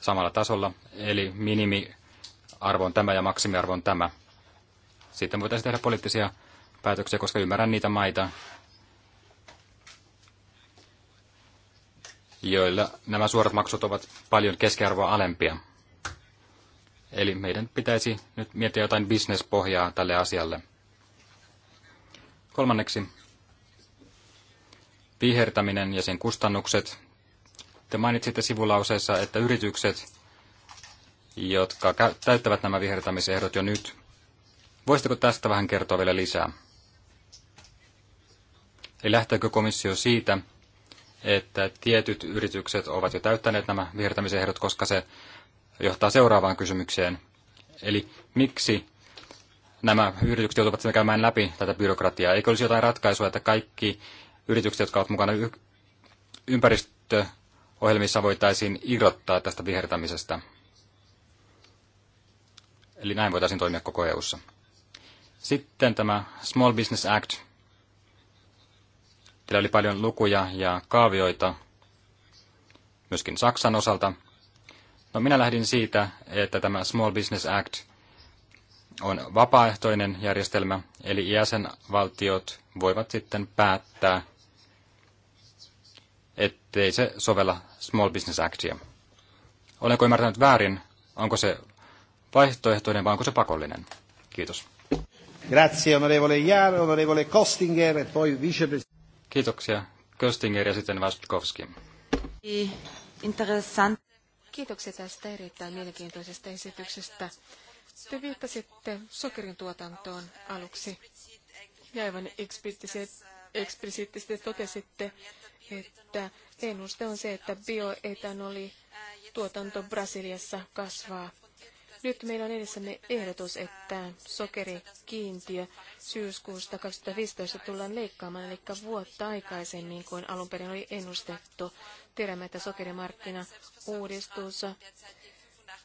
samalla tasolla, eli minimiarvo on tämä ja maksimiarvo on tämä. Sitten voitaisiin tehdä poliittisia päätöksiä, koska ymmärrän niitä maita, joilla nämä suorat maksut ovat paljon keskiarvoa alempia. Eli meidän pitäisi nyt miettiä jotain bisnespohjaa tälle asialle. Kolmanneksi, vihertäminen ja sen kustannukset. Te mainitsitte sivulauseessa, että yritykset, jotka täyttävät nämä vihertämisehdot jo nyt, voisitteko tästä vähän kertoa vielä lisää? Eli lähteekö komissio siitä, että tietyt yritykset ovat jo täyttäneet nämä vihertämisehdot, koska se johtaa seuraavaan kysymykseen. Eli miksi nämä yritykset joutuvat käymään läpi tätä byrokratiaa? Eikö olisi jotain ratkaisua, että kaikki yritykset, jotka ovat mukana y- ympäristöohjelmissa, voitaisiin irrottaa tästä vihertämisestä. Eli näin voitaisiin toimia koko EU:ssa. Sitten tämä Small Business Act. Teillä oli paljon lukuja ja kaavioita, myöskin Saksan osalta. No minä lähdin siitä, että tämä Small Business Act on vapaaehtoinen järjestelmä, eli jäsenvaltiot voivat sitten päättää, ettei se sovella Small Business Actia. Olenko ymmärtänyt väärin? Onko se vaihtoehtoinen vai onko se pakollinen? Kiitos. Grazie, onorevole Jaar, onorevole Kostinger, et poi vicepresidente. Kiitoksia, Köstinger ja sitten Vastkovski. Kiitoksia tästä erittäin mielenkiintoisesta esityksestä. Te viittasitte sokerin tuotantoon aluksi ja aivan eksplisiittisesti totesitte, että ennuste on se, että bioetanoli tuotanto Brasiliassa kasvaa. Nyt meillä on edessämme ehdotus, että sokerikiintiö syyskuusta 2015 tullaan leikkaamaan, eli vuotta aikaisemmin kuin alun perin oli ennustettu. Tiedämme, että sokerimarkkina uudistus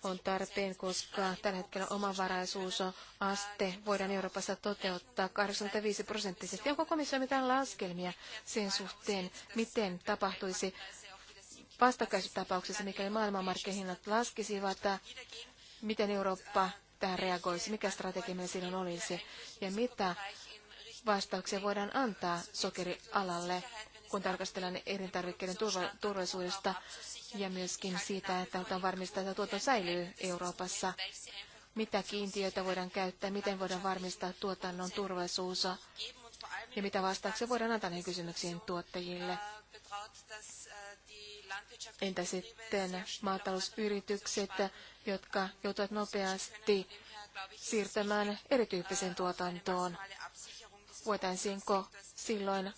on tarpeen, koska tällä hetkellä omavaraisuusaste voidaan Euroopassa toteuttaa 85 prosenttisesti. Onko komissio mitään laskelmia sen suhteen, miten tapahtuisi vastakkaisutapauksessa, mikäli maailmanmarkkinat laskisivat, miten Eurooppa tähän reagoisi, mikä strategia meillä silloin olisi ja mitä vastauksia voidaan antaa sokerialalle, kun tarkastellaan elintarvikkeiden turvallisuudesta ja myöskin siitä, että on varmistaa, että tuotanto säilyy Euroopassa. Mitä kiintiöitä voidaan käyttää, miten voidaan varmistaa tuotannon turvallisuus ja mitä vastauksia voidaan antaa näihin kysymyksiin tuottajille. Entä sitten maatalousyritykset, jotka joutuvat nopeasti siirtämään erityyppiseen tuotantoon? Voitaisiinko silloin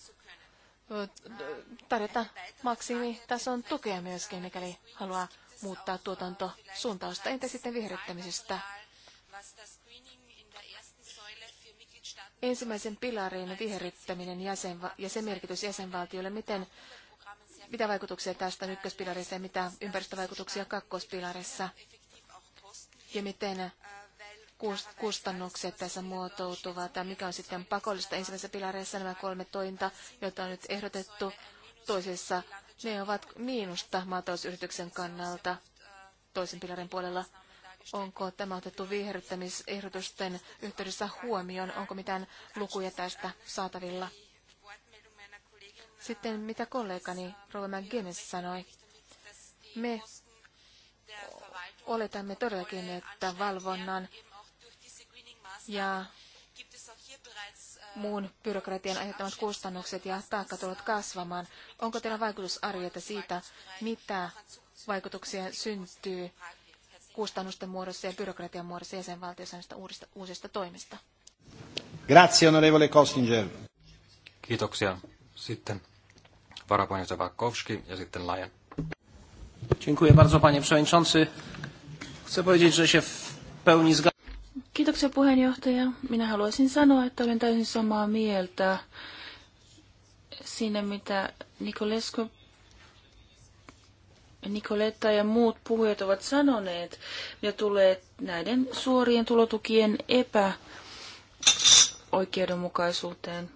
tarjota maksimitason tukea myöskin, mikäli haluaa muuttaa tuotantosuuntausta. Entä sitten viherryttämisestä? Ensimmäisen pilarin viherryttäminen jäsenva- ja sen merkitys jäsenvaltiolle, miten, mitä vaikutuksia tästä on ykköspilarissa ja mitä ympäristövaikutuksia kakkospilarissa ja miten kustannukset tässä muotoutuvat ja mikä on sitten pakollista ensimmäisessä pilareissa nämä kolme tointa, joita on nyt ehdotettu toisessa. Ne ovat miinusta maatalousyrityksen kannalta toisen pilarin puolella. Onko tämä otettu viherryttämisehdotusten yhteydessä huomioon? Onko mitään lukuja tästä saatavilla? Sitten mitä kollegani Rova McGinnis sanoi. Me oletamme todellakin, että valvonnan ja muun byrokratian aiheuttamat kustannukset ja taakka tulevat kasvamaan. Onko teillä vaikutusarvioita siitä, mitä vaikutuksia syntyy kustannusten muodossa ja byrokratian muodossa jäsenvaltiossa näistä uusista, uusista toimista? Grazie, onorevole Kostinger. Kiitoksia. Sitten varapuheenjohtaja Vakovski ja sitten Lajan. Dziękuję bardzo, panie przewodniczący. Chcę powiedzieć, że się w pełni zgadzam. Kiitoksia puheenjohtaja. Minä haluaisin sanoa, että olen täysin samaa mieltä siinä, mitä Nikolesko, Nikoletta ja muut puhujat ovat sanoneet, ja tulee näiden suorien tulotukien epäoikeudenmukaisuuteen.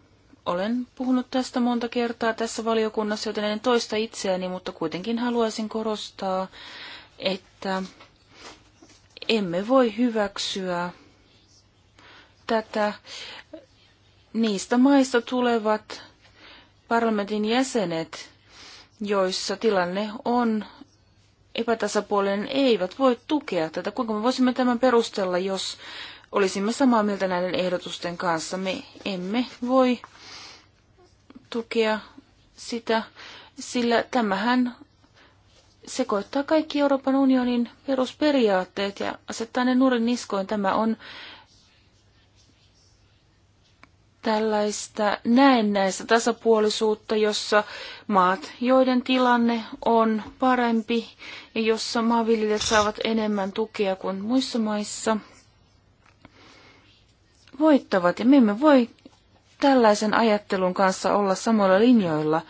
Olen puhunut tästä monta kertaa tässä valiokunnassa, joten en toista itseäni, mutta kuitenkin haluaisin korostaa, että emme voi hyväksyä tätä. Niistä maista tulevat parlamentin jäsenet, joissa tilanne on epätasapuolinen, eivät voi tukea tätä. Kuinka me voisimme tämän perustella, jos olisimme samaa mieltä näiden ehdotusten kanssa? Me emme voi tukea sitä, sillä tämähän sekoittaa kaikki Euroopan unionin perusperiaatteet ja asettaa ne nurin niskoin. Tämä on tällaista näennäistä tasapuolisuutta, jossa maat, joiden tilanne on parempi ja jossa maanviljelijät saavat enemmän tukea kuin muissa maissa, voittavat. Ja me emme voi tällaisen ajattelun kanssa olla samoilla linjoilla.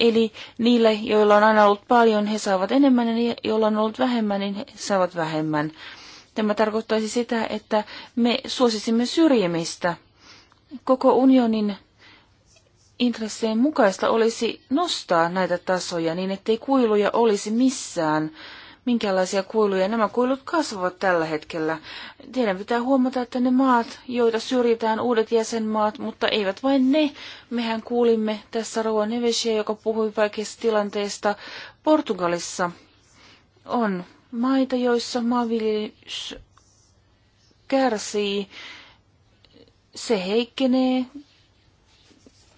Eli niille, joilla on aina ollut paljon, he saavat enemmän ja niille, joilla on ollut vähemmän, niin he saavat vähemmän. Tämä tarkoittaisi sitä, että me suosisimme syrjimistä. Koko unionin intressien mukaista olisi nostaa näitä tasoja niin, ettei kuiluja olisi missään minkälaisia kuiluja. Nämä kuilut kasvavat tällä hetkellä. Teidän pitää huomata, että ne maat, joita syrjitään, uudet jäsenmaat, mutta eivät vain ne. Mehän kuulimme tässä Roa Nevesia, joka puhui vaikeista tilanteista Portugalissa. On maita, joissa maanviljelys kärsii. Se heikkenee,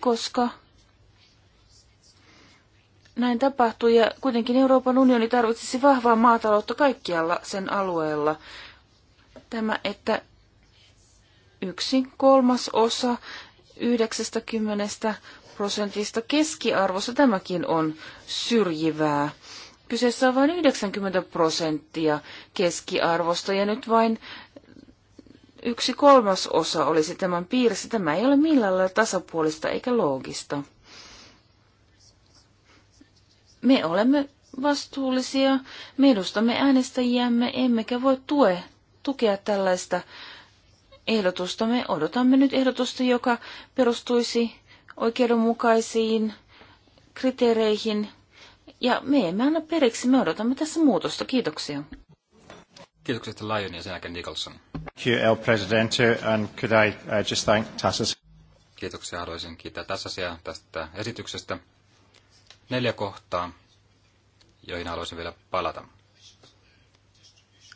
koska näin tapahtui ja kuitenkin Euroopan unioni tarvitsisi vahvaa maataloutta kaikkialla sen alueella. Tämä, että yksi kolmas osa 90 prosentista keskiarvossa tämäkin on syrjivää. Kyseessä on vain 90 prosenttia keskiarvosta ja nyt vain yksi kolmas osa olisi tämän piirissä. Tämä ei ole millään lailla tasapuolista eikä loogista. Me olemme vastuullisia, me edustamme äänestäjiämme, emmekä voi tue, tukea tällaista ehdotusta. Me odotamme nyt ehdotusta, joka perustuisi oikeudenmukaisiin kriteereihin. Ja me emme anna periksi, me odotamme tässä muutosta. Kiitoksia. Kiitokset Lion ja sen Nicholson. QL and could I uh, just thank Kiitoksia, haluaisin kiittää Tassasia tästä esityksestä neljä kohtaa, joihin haluaisin vielä palata.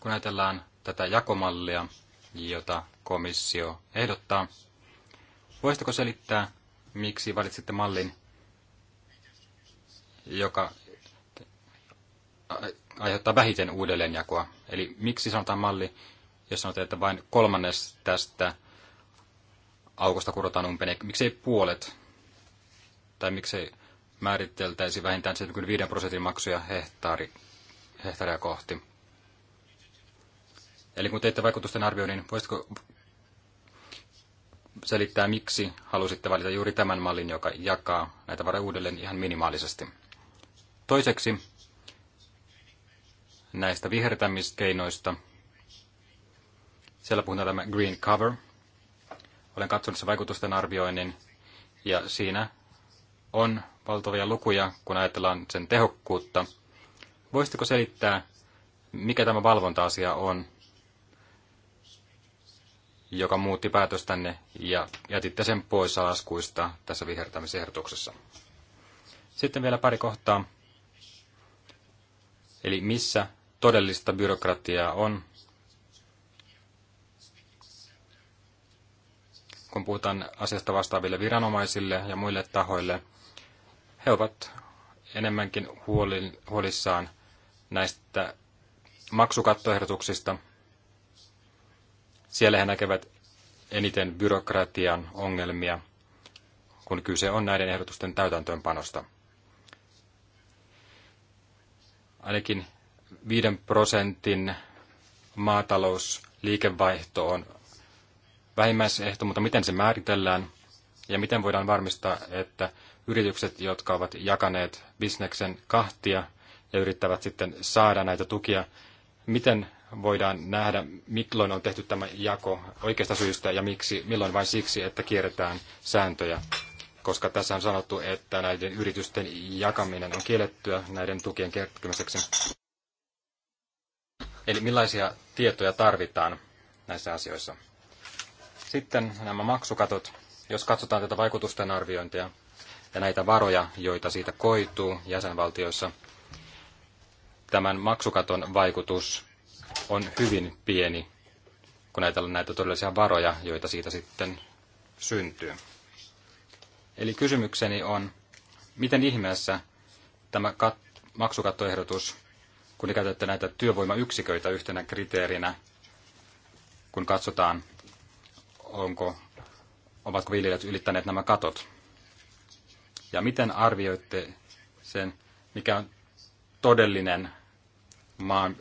Kun ajatellaan tätä jakomallia, jota komissio ehdottaa, voisitko selittää, miksi valitsitte mallin, joka aiheuttaa vähiten uudelleenjakoa? Eli miksi sanotaan malli, jos sanotaan, että vain kolmannes tästä aukosta kurotaan umpeen, miksei puolet, tai miksei määriteltäisi vähintään 75 prosentin maksuja hehtaari, hehtaaria kohti. Eli kun teitte vaikutusten arvioinnin, voisitko selittää, miksi halusitte valita juuri tämän mallin, joka jakaa näitä varoja uudelleen ihan minimaalisesti? Toiseksi näistä vihertämiskeinoista. Siellä puhutaan tämä green cover. Olen katsonut sen vaikutusten arvioinnin ja siinä on valtavia lukuja, kun ajatellaan sen tehokkuutta. Voisitteko selittää, mikä tämä valvonta-asia on, joka muutti päätöstänne ja jätitte sen pois laskuista tässä vihertämisehdotuksessa? Sitten vielä pari kohtaa. Eli missä todellista byrokratiaa on? Kun puhutaan asiasta vastaaville viranomaisille ja muille tahoille – he ovat enemmänkin huolissaan näistä maksukattoehdotuksista. Siellä he näkevät eniten byrokratian ongelmia, kun kyse on näiden ehdotusten täytäntöönpanosta. Ainakin 5 prosentin maatalousliikevaihto on vähimmäisehto, mutta miten se määritellään ja miten voidaan varmistaa, että yritykset, jotka ovat jakaneet bisneksen kahtia ja yrittävät sitten saada näitä tukia. Miten voidaan nähdä, milloin on tehty tämä jako oikeasta syystä ja miksi, milloin vain siksi, että kierretään sääntöjä? Koska tässä on sanottu, että näiden yritysten jakaminen on kiellettyä näiden tukien kertymiseksi. Eli millaisia tietoja tarvitaan näissä asioissa? Sitten nämä maksukatot. Jos katsotaan tätä vaikutusten arviointia, ja näitä varoja, joita siitä koituu jäsenvaltioissa, tämän maksukaton vaikutus on hyvin pieni, kun ajatellaan näitä todellisia varoja, joita siitä sitten syntyy. Eli kysymykseni on, miten ihmeessä tämä kat- maksukattoehdotus, kun te käytätte näitä työvoimayksiköitä yhtenä kriteerinä, kun katsotaan, onko, ovatko viljelijät ylittäneet nämä katot. Ja miten arvioitte sen, mikä on todellinen maan,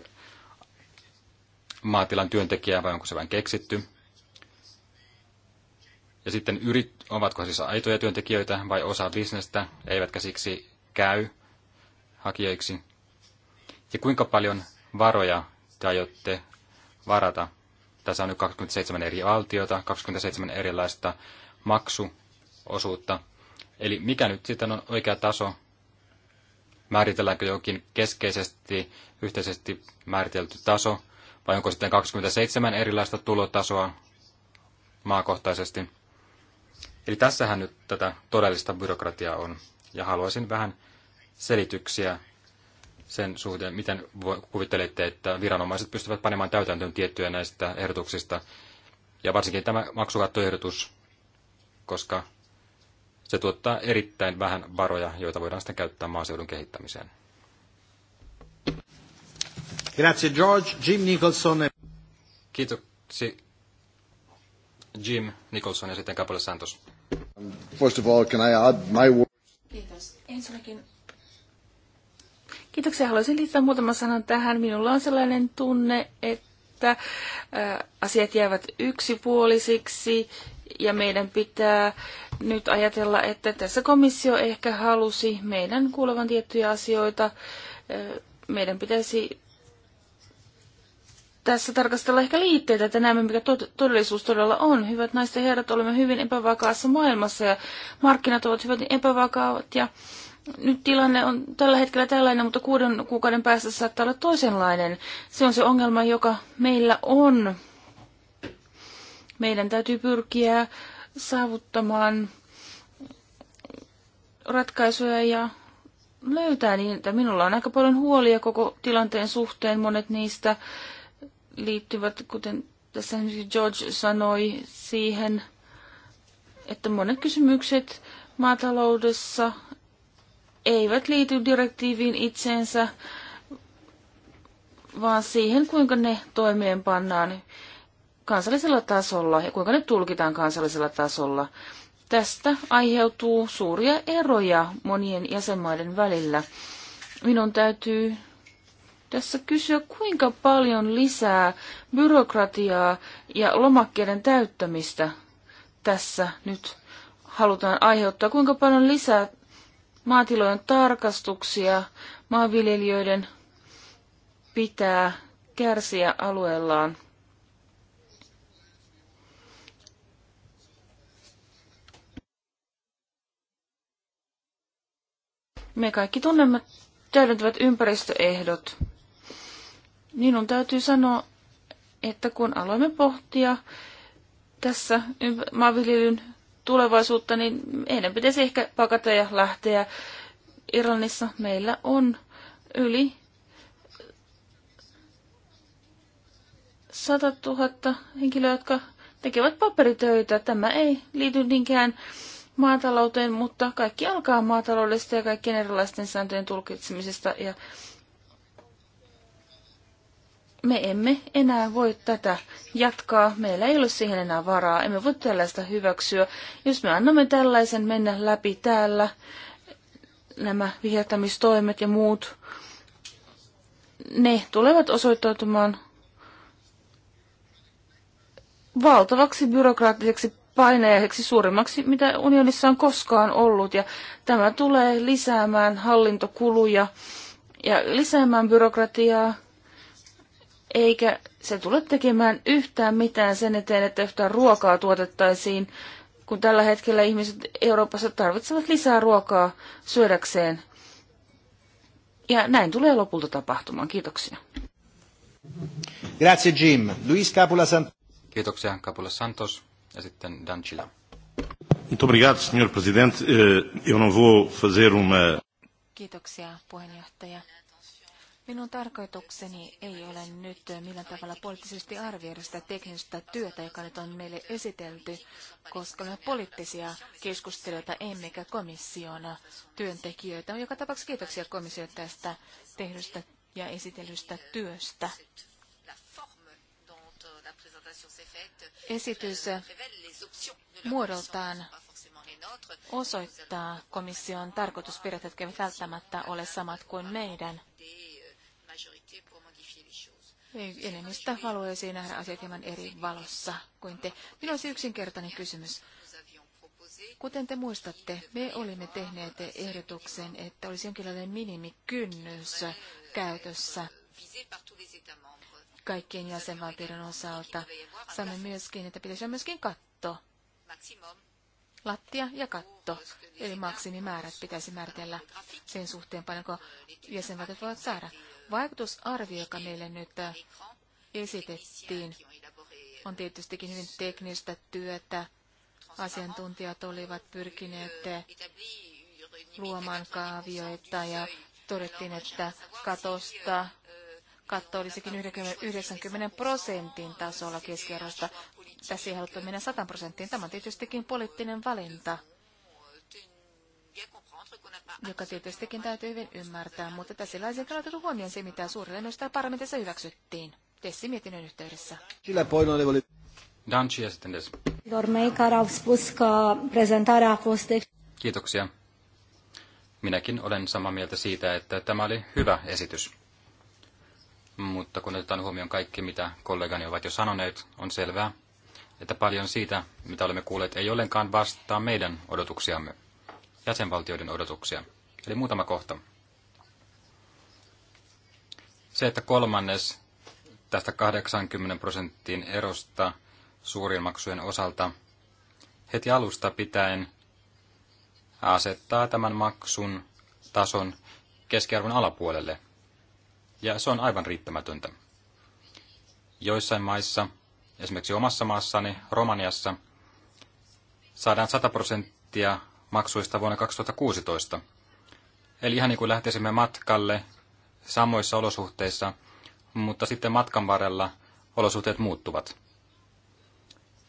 maatilan työntekijä vai onko se vain keksitty? Ja sitten yrit, ovatko siis aitoja työntekijöitä vai osa bisnestä, eivätkä siksi käy hakijoiksi? Ja kuinka paljon varoja te aiotte varata? Tässä on nyt 27 eri valtiota, 27 erilaista maksuosuutta. Eli mikä nyt sitten on oikea taso? Määritelläänkö jokin keskeisesti, yhteisesti määritelty taso? Vai onko sitten 27 erilaista tulotasoa maakohtaisesti? Eli tässähän nyt tätä todellista byrokratiaa on. Ja haluaisin vähän selityksiä sen suhteen, miten kuvittelette, että viranomaiset pystyvät panemaan täytäntöön tiettyjä näistä ehdotuksista. Ja varsinkin tämä maksukattoehdotus, koska se tuottaa erittäin vähän varoja, joita voidaan sitten käyttää maaseudun kehittämiseen. Grazie George. Jim Nicholson. Kiitoksi Jim Nicholson ja sitten Kapole Santos. First of all, can I add my word? Kiitos. Ensinnäkin Kiitoksia. Haluaisin liittää muutaman sanan tähän. Minulla on sellainen tunne, että asiat jäävät yksipuolisiksi ja meidän pitää nyt ajatella, että tässä komissio ehkä halusi meidän kuulevan tiettyjä asioita. Meidän pitäisi tässä tarkastella ehkä liitteitä, että näemme mikä todellisuus todella on. Hyvät naiset ja herrat, olemme hyvin epävakaassa maailmassa ja markkinat ovat hyvin epävakaat ja nyt tilanne on tällä hetkellä tällainen, mutta kuuden kuukauden päästä saattaa olla toisenlainen. Se on se ongelma, joka meillä on. Meidän täytyy pyrkiä saavuttamaan ratkaisuja ja löytää niitä. Minulla on aika paljon huolia koko tilanteen suhteen. Monet niistä liittyvät, kuten tässä George sanoi, siihen, että monet kysymykset maataloudessa eivät liity direktiiviin itseensä, vaan siihen, kuinka ne toimeenpannaan kansallisella tasolla ja kuinka ne tulkitaan kansallisella tasolla. Tästä aiheutuu suuria eroja monien jäsenmaiden välillä. Minun täytyy tässä kysyä, kuinka paljon lisää byrokratiaa ja lomakkeiden täyttämistä tässä nyt halutaan aiheuttaa, kuinka paljon lisää maatilojen tarkastuksia maanviljelijöiden pitää kärsiä alueellaan. Me kaikki tunnemme täydentävät ympäristöehdot. Niin on täytyy sanoa, että kun aloimme pohtia tässä maanviljelyn tulevaisuutta, niin meidän pitäisi ehkä pakata ja lähteä. Irlannissa meillä on yli 100 000 henkilöä, jotka tekevät paperitöitä. Tämä ei liity niinkään maatalouteen, mutta kaikki alkaa maataloudesta ja kaikkien erilaisten sääntöjen tulkitsemisesta ja me emme enää voi tätä jatkaa, meillä ei ole siihen enää varaa, emme voi tällaista hyväksyä. Jos me annamme tällaisen mennä läpi täällä, nämä vihertämistoimet ja muut, ne tulevat osoittautumaan valtavaksi byrokraattiseksi painajaiseksi suurimmaksi, mitä unionissa on koskaan ollut. Ja tämä tulee lisäämään hallintokuluja ja lisäämään byrokratiaa, eikä se tule tekemään yhtään mitään sen eteen, että yhtään ruokaa tuotettaisiin, kun tällä hetkellä ihmiset Euroopassa tarvitsevat lisää ruokaa syödäkseen. Ja näin tulee lopulta tapahtumaan. Kiitoksia. Grazie Jim. Luis Capula Santos. Kiitoksia Capula Santos. Ja sitten Dancila. Muito obrigado, senhor presidente. Eh, eu não vou fazer uma... Kiitoksia, puheenjohtaja. Minun tarkoitukseni ei ole nyt millään tavalla poliittisesti arvioida sitä teknistä työtä, joka nyt on meille esitelty, koska me poliittisia keskusteluita emmekä komissiona työntekijöitä. Joka tapauksessa kiitoksia komissiolle tästä tehdystä ja esitellystä työstä. Esitys muodoltaan osoittaa komission tarkoituspirjat, jotka eivät välttämättä ole samat kuin meidän. Enemmistö haluaisi nähdä asiat hieman eri valossa kuin te. Minulla olisi yksinkertainen kysymys. Kuten te muistatte, me olimme tehneet ehdotuksen, että olisi jonkinlainen minimikynnys käytössä kaikkien jäsenvaltioiden osalta. Saamme myöskin, että pitäisi olla myöskin katto. Lattia ja katto, eli maksimimäärät pitäisi määritellä sen suhteen, paljonko jäsenvaltiot voivat saada. Vaikutusarvio, joka meille nyt äh, esitettiin, on tietystikin hyvin teknistä työtä. Asiantuntijat olivat pyrkineet äh, luomaan kaavioita ja todettiin, että katosta katto olisikin 90 prosentin tasolla keskiarvosta. Tässä ei haluttu mennä 100 prosenttiin. Tämä on tietystikin poliittinen valinta joka tietystikin täytyy hyvin ymmärtää, mutta tässä laisen otettu huomioon se, mitä suurelle nostaa parlamentissa hyväksyttiin. Tessi mietinnön yhteydessä. Sillä poinoille oli... Danci ja sitten des. Kiitoksia. Minäkin olen samaa mieltä siitä, että tämä oli hyvä esitys. Mutta kun otetaan huomioon kaikki, mitä kollegani ovat jo sanoneet, on selvää, että paljon siitä, mitä olemme kuulleet, ei ollenkaan vastaa meidän odotuksiamme, jäsenvaltioiden odotuksia. Eli muutama kohta. Se, että kolmannes tästä 80 prosenttiin erosta suurin maksujen osalta heti alusta pitäen asettaa tämän maksun tason keskiarvon alapuolelle ja se on aivan riittämätöntä. Joissain maissa, esimerkiksi omassa maassani, Romaniassa, saadaan 100 prosenttia maksuista vuonna 2016. Eli ihan niin kuin lähtisimme matkalle samoissa olosuhteissa, mutta sitten matkan varrella olosuhteet muuttuvat.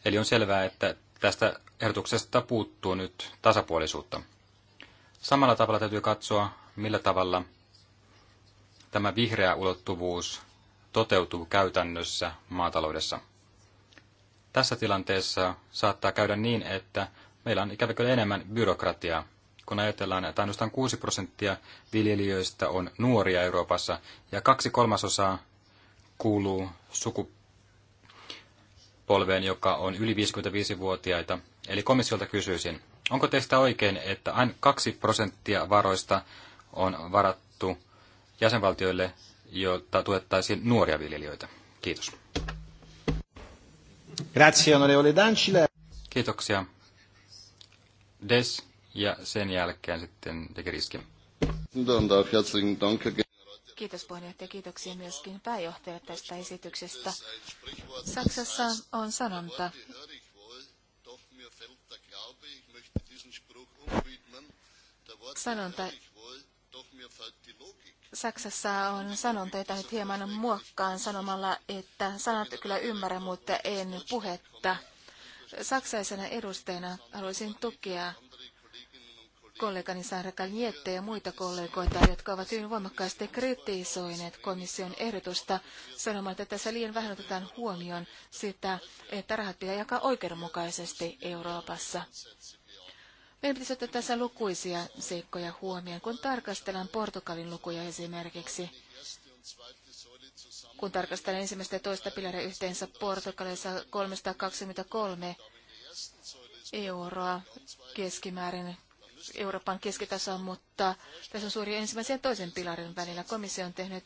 Eli on selvää, että tästä ehdotuksesta puuttuu nyt tasapuolisuutta. Samalla tavalla täytyy katsoa, millä tavalla tämä vihreä ulottuvuus toteutuu käytännössä maataloudessa. Tässä tilanteessa saattaa käydä niin, että meillä on ikävä kyllä enemmän byrokratiaa. Kun ajatellaan, että ainoastaan 6 prosenttia viljelijöistä on nuoria Euroopassa ja kaksi kolmasosaa kuuluu sukupolveen, joka on yli 55-vuotiaita. Eli komissiolta kysyisin, onko teistä oikein, että aina 2 prosenttia varoista on varattu jäsenvaltioille, jotta tuettaisiin nuoria viljelijöitä. Kiitos. Kiitoksia. Des ja sen jälkeen sitten Degeriski. Kiitos puheenjohtaja, kiitoksia myöskin pääjohtajalle tästä esityksestä. Saksassa on sanonta. Sanonta, Saksassa on sanonta, jota nyt hieman muokkaan sanomalla, että sanat kyllä ymmärrän, mutta en puhetta. Saksaisena edustajana haluaisin tukea kollegani Saara Kaljette ja muita kollegoita, jotka ovat hyvin voimakkaasti kritisoineet komission ehdotusta sanomalla, että tässä liian vähän otetaan huomioon sitä, että rahat pitää jakaa oikeudenmukaisesti Euroopassa. Meidän pitäisi ottaa tässä lukuisia seikkoja huomioon, kun tarkastellaan Portugalin lukuja esimerkiksi. Kun tarkastellaan ensimmäistä ja toista pilaria yhteensä Portugalissa 323 euroa keskimäärin Euroopan keskitasoon, mutta tässä on suuri ensimmäisen ja toisen pilarin välillä. Komissio on tehnyt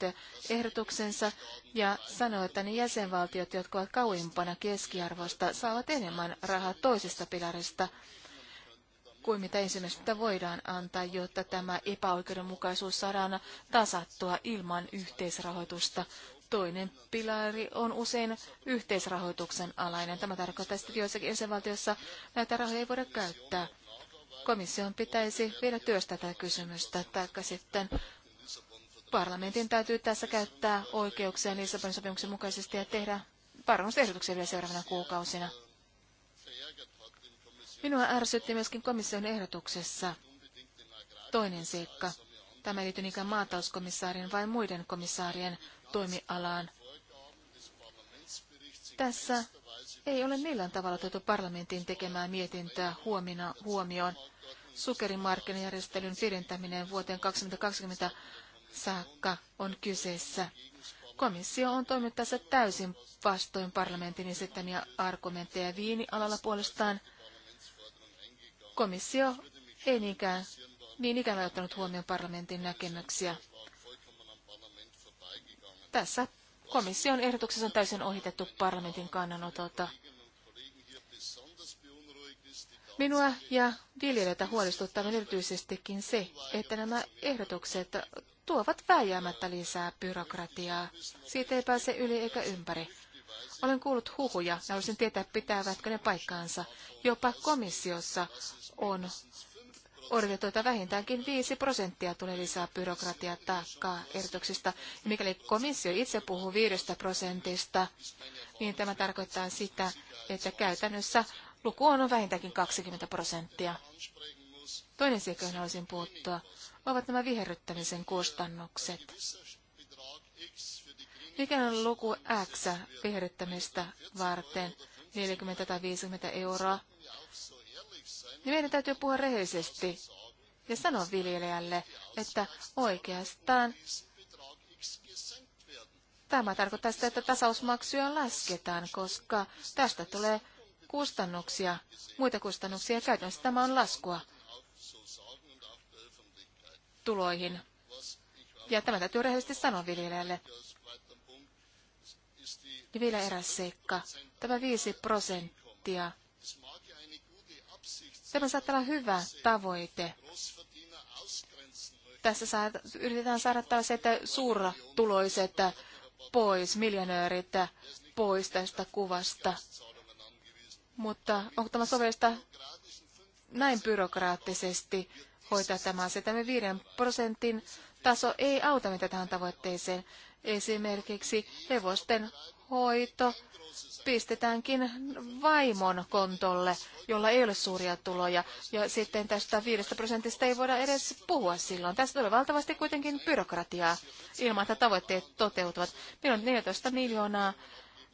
ehdotuksensa ja sanoo, että ne jäsenvaltiot, jotka ovat kauimpana keskiarvosta, saavat enemmän rahaa toisesta pilarista kuin mitä ensimmäistä voidaan antaa, jotta tämä epäoikeudenmukaisuus saadaan tasattua ilman yhteisrahoitusta. Toinen pilari on usein yhteisrahoituksen alainen. Tämä tarkoittaa, että joissakin jäsenvaltioissa näitä rahoja ei voida käyttää. Komission pitäisi vielä työstää tätä kysymystä, taikka sitten parlamentin täytyy tässä käyttää oikeuksia Lissabonin sopimuksen mukaisesti ja tehdä parannusehdotuksia vielä seuraavana kuukausina. Minua ärsytti myöskin komission ehdotuksessa toinen seikka. Tämä ei liity niinkään maatauskomissaarien vai muiden komissaarien toimialaan. Tässä ei ole millään tavalla otettu parlamentin tekemää mietintöä huomina, huomioon. Sukerimarkkinajärjestelyn pidentäminen vuoteen 2020 saakka on kyseessä. Komissio on toiminut tässä täysin vastoin parlamentin esittämiä argumentteja viinialalla puolestaan – Komissio ei niinkään niin ikään ottanut huomioon parlamentin näkemyksiä. Tässä komission ehdotuksessa on täysin ohitettu parlamentin kannanotolta. Minua ja viljelijöitä huolestuttaa erityisestikin se, että nämä ehdotukset tuovat vääjäämättä lisää byrokratiaa. Siitä ei pääse yli eikä ympäri. Olen kuullut huhuja ja haluaisin tietää, pitävätkö ne paikkaansa. Jopa komissiossa on odotettu, että vähintäänkin 5 prosenttia tulee lisää byrokratiaa taakkaa ehdotuksista. Ja mikäli komissio itse puhuu 5 prosentista, niin tämä tarkoittaa sitä, että käytännössä luku on vähintäänkin 20 prosenttia. Toinen seikka, johon haluaisin puuttua, ovat nämä viherryttämisen kustannukset. Mikä on luku X viherryttämistä varten? 40 tai 50 euroa niin meidän täytyy puhua rehellisesti ja sanoa viljelijälle, että oikeastaan tämä tarkoittaa sitä, että tasausmaksuja lasketaan, koska tästä tulee kustannuksia, muita kustannuksia ja käytännössä tämä on laskua tuloihin. Ja tämä täytyy rehellisesti sanoa viljelijälle. Ja vielä eräs seikka. Tämä 5 prosenttia Tämä saattaa olla hyvä tavoite. Tässä saa, yritetään saada tällaiset suurtuloiset pois, miljonöörit pois tästä kuvasta. Mutta onko tämä sovellista näin byrokraattisesti hoitaa tämä asia? Tämä 5 prosentin taso ei auta meitä tähän tavoitteeseen. Esimerkiksi hevosten hoito pistetäänkin vaimon kontolle, jolla ei ole suuria tuloja, ja sitten tästä viidestä prosentista ei voida edes puhua silloin. Tästä tulee valtavasti kuitenkin byrokratiaa ilman, että tavoitteet toteutuvat. Meillä on 14 miljoonaa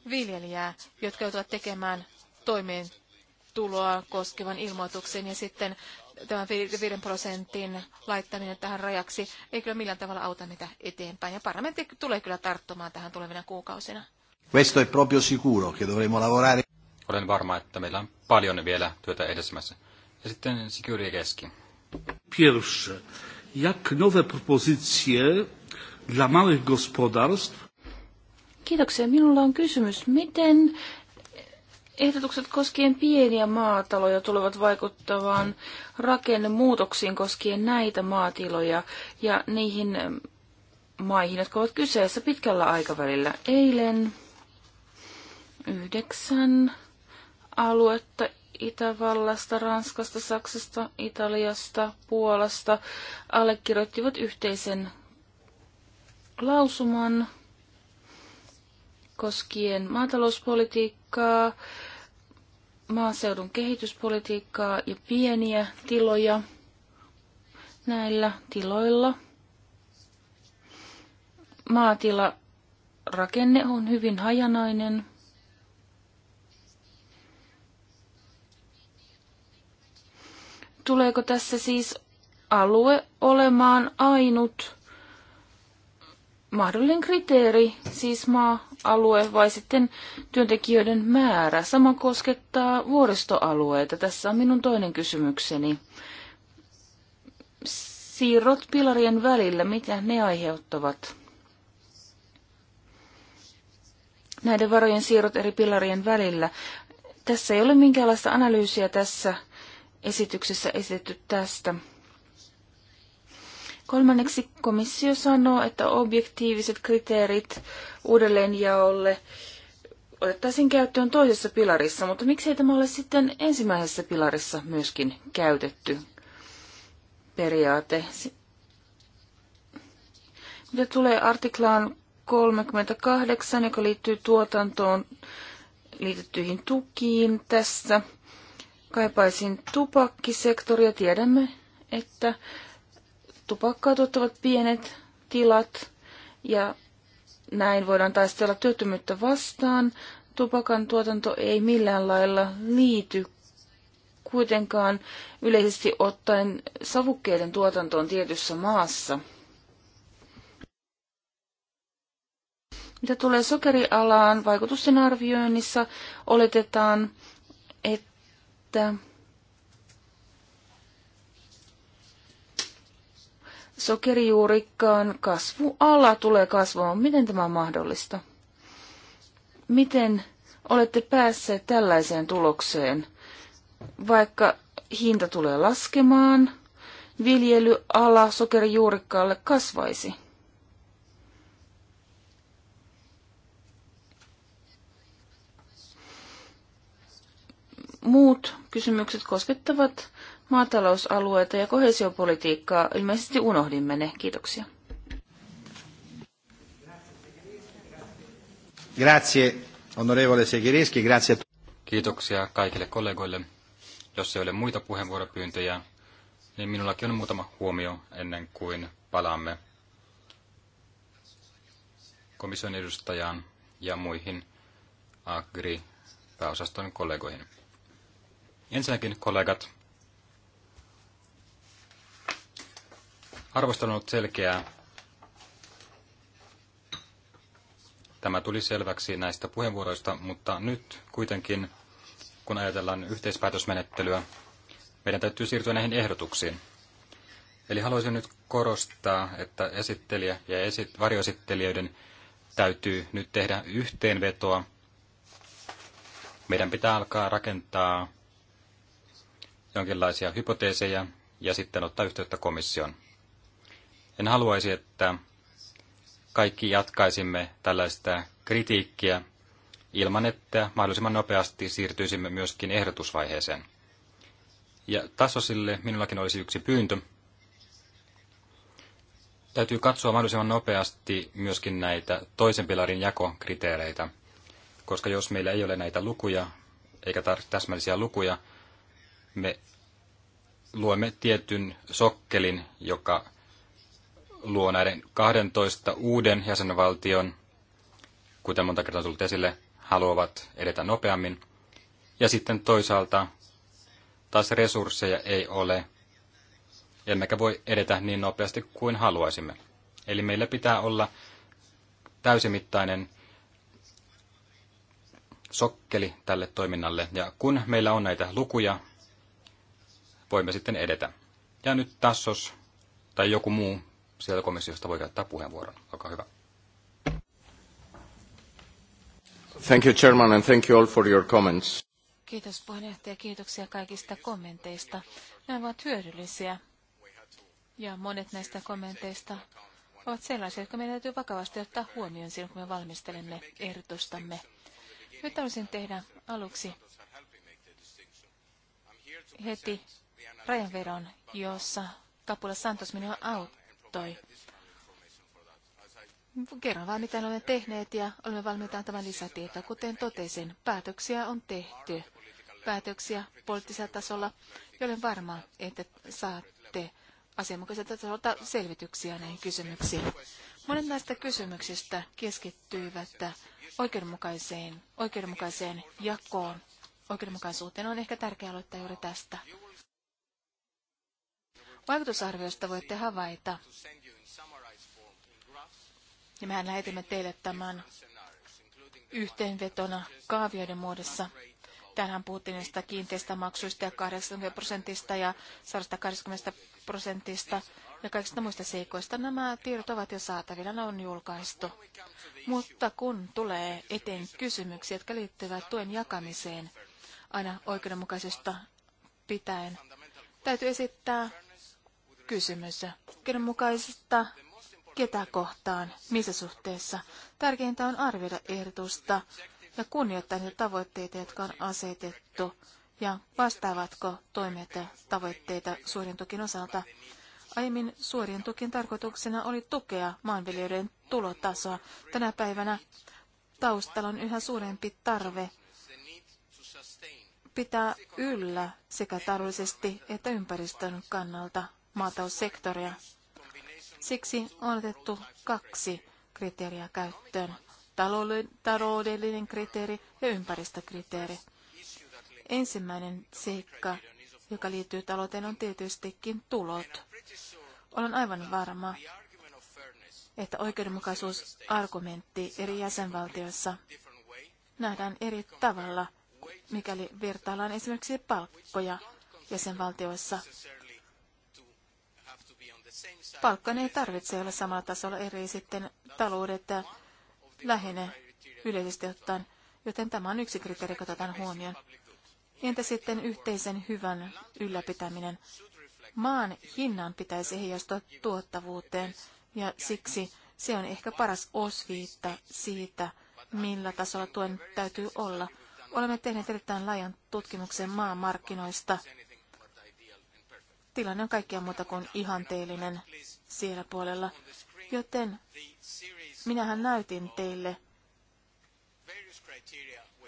viljelijää, jotka joutuvat tekemään toimeentuloa koskevan ilmoituksen, ja sitten tämän 5 prosentin laittaminen tähän rajaksi ei kyllä millään tavalla auta niitä eteenpäin. Ja parlamentti tulee kyllä tarttumaan tähän tulevina kuukausina. Questo è proprio sicuro che dovremo lavorare. Olen varma, että meillä on paljon vielä työtä edessämässä. Ja sitten Security Keski. Pierwsze, jak nowe propozycje dla małych gospodarstw Kiitoksia. Minulla on kysymys, miten Ehdotukset koskien pieniä maataloja tulevat vaikuttavaan rakennemuutoksiin koskien näitä maatiloja ja niihin ähm, maihin, jotka ovat kyseessä pitkällä aikavälillä. Eilen yhdeksän aluetta Itävallasta, Ranskasta, Saksasta, Italiasta, Puolasta allekirjoittivat yhteisen lausuman koskien maatalouspolitiikkaa, maaseudun kehityspolitiikkaa ja pieniä tiloja näillä tiloilla. maatila rakenne on hyvin hajanainen. Tuleeko tässä siis alue olemaan ainut mahdollinen kriteeri, siis maa-alue vai sitten työntekijöiden määrä. Sama koskettaa vuoristoalueita. Tässä on minun toinen kysymykseni. Siirrot pilarien välillä, mitä ne aiheuttavat? Näiden varojen siirrot eri pilarien välillä. Tässä ei ole minkäänlaista analyysiä tässä esityksessä esitetty tästä. Kolmanneksi komissio sanoo, että objektiiviset kriteerit uudelleenjaolle otettaisiin käyttöön toisessa pilarissa, mutta miksei tämä ole sitten ensimmäisessä pilarissa myöskin käytetty periaate? Mitä tulee artiklaan 38, joka liittyy tuotantoon liitettyihin tukiin tässä, kaipaisin tupakkisektoria. Tiedämme, että tupakkaa tuottavat pienet tilat ja näin voidaan taistella työttömyyttä vastaan. Tupakan tuotanto ei millään lailla liity kuitenkaan yleisesti ottaen savukkeiden tuotantoon tietyssä maassa. Mitä tulee sokerialaan, vaikutusten arvioinnissa oletetaan, että sokerijuurikkaan kasvuala tulee kasvamaan. Miten tämä on mahdollista? Miten olette päässeet tällaiseen tulokseen? Vaikka hinta tulee laskemaan, viljelyala sokerijuurikkaalle kasvaisi. Muut kysymykset koskettavat maatalousalueita ja kohesiopolitiikkaa. Ilmeisesti unohdimme ne. Kiitoksia. Grazie, onorevole Segireski. Grazie. Kiitoksia kaikille kollegoille. Jos ei ole muita puheenvuoropyyntöjä, niin minullakin on muutama huomio ennen kuin palaamme komission edustajaan ja muihin Agri-pääosaston kollegoihin. Ensinnäkin kollegat, arvostelu on ollut selkeää. Tämä tuli selväksi näistä puheenvuoroista, mutta nyt kuitenkin, kun ajatellaan yhteispäätösmenettelyä, meidän täytyy siirtyä näihin ehdotuksiin. Eli haluaisin nyt korostaa, että esittelijä ja esit- varjoesittelijöiden täytyy nyt tehdä yhteenvetoa. Meidän pitää alkaa rakentaa jonkinlaisia hypoteeseja ja sitten ottaa yhteyttä komission. En haluaisi, että kaikki jatkaisimme tällaista kritiikkiä ilman, että mahdollisimman nopeasti siirtyisimme myöskin ehdotusvaiheeseen. Ja tasosille minullakin olisi yksi pyyntö. Täytyy katsoa mahdollisimman nopeasti myöskin näitä toisen pilarin jakokriteereitä, koska jos meillä ei ole näitä lukuja, eikä täsmällisiä lukuja, me luomme tietyn sokkelin, joka luo näiden 12 uuden jäsenvaltion, kuten monta kertaa tullut esille, haluavat edetä nopeammin. Ja sitten toisaalta taas resursseja ei ole, emmekä voi edetä niin nopeasti kuin haluaisimme. Eli meillä pitää olla täysimittainen sokkeli tälle toiminnalle, ja kun meillä on näitä lukuja, voimme sitten edetä. Ja nyt Tassos tai joku muu sieltä komissiosta voi käyttää puheenvuoron. Olkaa hyvä. Thank you, Chairman, and thank you all for your comments. Kiitos puheenjohtaja, kiitoksia kaikista kommenteista. Nämä ovat hyödyllisiä. Ja monet näistä kommenteista ovat sellaisia, jotka meidän täytyy vakavasti ottaa huomioon silloin, kun me valmistelemme ehdotustamme. Nyt haluaisin tehdä aluksi heti rajanveron, jossa Kapula Santos minua auttaa kertoi. Kerron vain, mitä olemme tehneet ja olemme valmiita antamaan lisätietoa. Kuten totesin, päätöksiä on tehty. Päätöksiä poliittisella tasolla, joiden varma, että saatte asianmukaiselta tasolta selvityksiä näihin kysymyksiin. Monet näistä kysymyksistä keskittyivät oikeudenmukaiseen, oikeudenmukaiseen jakoon. Oikeudenmukaisuuteen on ehkä tärkeää aloittaa juuri tästä. Vaikutusarviosta voitte havaita. Ja mehän lähetimme teille tämän yhteenvetona kaavioiden muodossa. Tähän puhuttiin näistä kiinteistä maksuista ja 80 prosentista ja 180 prosentista ja kaikista muista seikoista. Nämä tiedot ovat jo saatavilla, ne on julkaistu. Mutta kun tulee eteen kysymyksiä, jotka liittyvät tuen jakamiseen aina oikeudenmukaisesta pitäen, täytyy esittää kysymys. Kenenmukaisesta ketä kohtaan, missä suhteessa. Tärkeintä on arvioida ehdotusta ja kunnioittaa niitä tavoitteita, jotka on asetettu, ja vastaavatko toimet ja tavoitteita suorien tukin osalta. Aiemmin suorien tukin tarkoituksena oli tukea maanviljelijöiden tulotasoa. Tänä päivänä taustalla on yhä suurempi tarve pitää yllä sekä taloudellisesti että ympäristön kannalta maataloussektoria. Siksi on otettu kaksi kriteeriä käyttöön, taloudellinen kriteeri ja ympäristökriteeri. Ensimmäinen seikka, joka liittyy talouteen, on tietystikin tulot. Olen aivan varma, että oikeudenmukaisuusargumentti eri jäsenvaltioissa nähdään eri tavalla, mikäli vertaillaan esimerkiksi palkkoja jäsenvaltioissa. Palkkan ei tarvitse olla samalla tasolla eri sitten taloudet lähine yleisesti ottaen, joten tämä on yksi kriteeri, joka otetaan huomioon. Entä sitten yhteisen hyvän ylläpitäminen? Maan hinnan pitäisi heijastua tuottavuuteen, ja siksi se on ehkä paras osviitta siitä, millä tasolla tuen täytyy olla. Olemme tehneet erittäin laajan tutkimuksen maamarkkinoista tilanne on kaikkea muuta kuin ihanteellinen siellä puolella. Joten minähän näytin teille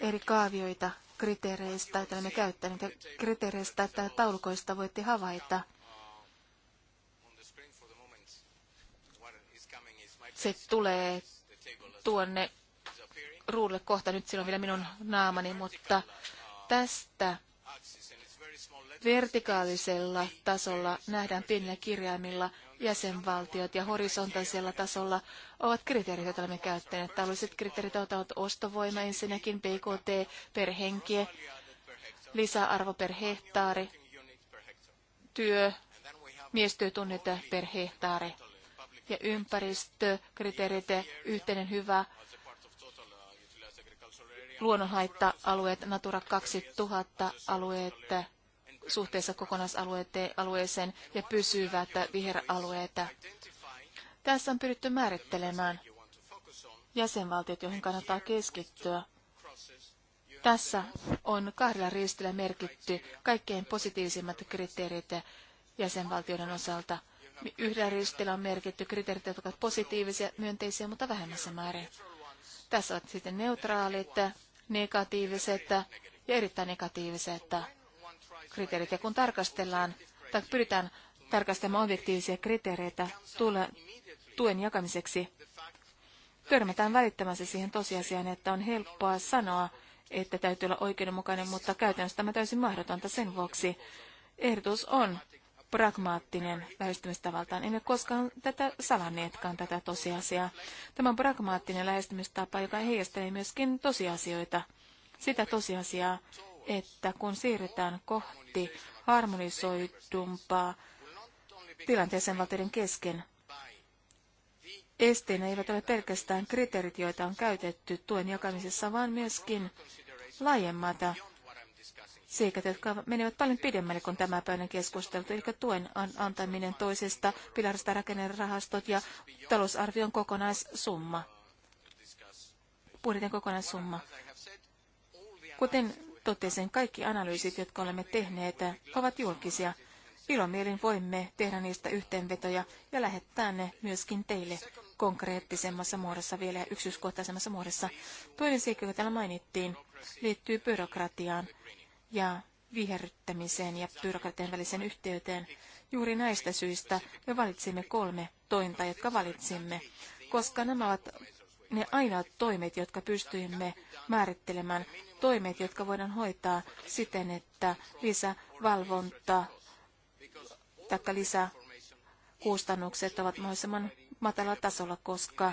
eri kaavioita kriteereistä, joita me käyttäen niitä kriteereistä tai taulukoista voitte havaita. Se tulee tuonne ruudulle kohta, nyt silloin vielä minun naamani, mutta tästä Vertikaalisella tasolla nähdään pienillä kirjaimilla jäsenvaltiot ja horisontaalisella tasolla ovat kriteerit, joita olemme käyttäneet. Taloudelliset kriteerit ovat ostovoima ensinnäkin, BKT per henkiä, lisäarvo per hehtaari, työ, miestyötunnit per hehtaari ja ympäristökriteerit, yhteinen hyvä, luonnonhaitta-alueet, Natura 2000-alueet suhteessa kokonaisalueeseen ja pysyvät viheralueita. Tässä on pyritty määrittelemään jäsenvaltiot, joihin kannattaa keskittyä. Tässä on kahdella ristillä merkitty kaikkein positiivisimmat kriteerit jäsenvaltioiden osalta. Yhdellä ristillä on merkitty kriteerit, jotka ovat positiivisia, myönteisiä, mutta vähemmässä määrin. Tässä ovat sitten neutraalit, negatiiviset ja erittäin negatiiviset kriteerit. Ja kun tarkastellaan tai pyritään tarkastamaan objektiivisia kriteereitä tuen jakamiseksi, törmätään välittämässä siihen tosiasiaan, että on helppoa sanoa, että täytyy olla oikeudenmukainen, mutta käytännössä tämä täysin mahdotonta sen vuoksi. Ehdotus on pragmaattinen lähestymistavaltaan. Emme koskaan tätä salanneetkaan tätä tosiasiaa. Tämä on pragmaattinen lähestymistapa, joka heijastelee myöskin tosiasioita. Sitä tosiasiaa, että kun siirretään kohti harmonisoidumpaa tilanteeseen valtioiden kesken, esteenä eivät ole pelkästään kriteerit, joita on käytetty tuen jakamisessa, vaan myöskin laajemmat seikat, jotka menevät paljon pidemmälle kuin tämä päivän keskustelu, eli tuen antaminen toisesta, pilarista rakennerahastot ja talousarvion kokonaissumma, budjetin kokonaissumma. Kuten totesin, kaikki analyysit, jotka olemme tehneet, ovat julkisia. Ilomielin voimme tehdä niistä yhteenvetoja ja lähettää ne myöskin teille konkreettisemmassa muodossa vielä ja yksityiskohtaisemmassa muodossa. Toinen seikka, joka täällä mainittiin, liittyy byrokratiaan ja viherryttämiseen ja byrokratian väliseen yhteyteen. Juuri näistä syistä me valitsimme kolme tointa, jotka valitsimme, koska nämä ovat ne ainoat toimet, jotka pystyimme määrittelemään toimet, jotka voidaan hoitaa siten, että lisävalvonta tai lisäkustannukset ovat mahdollisimman matalalla tasolla, koska,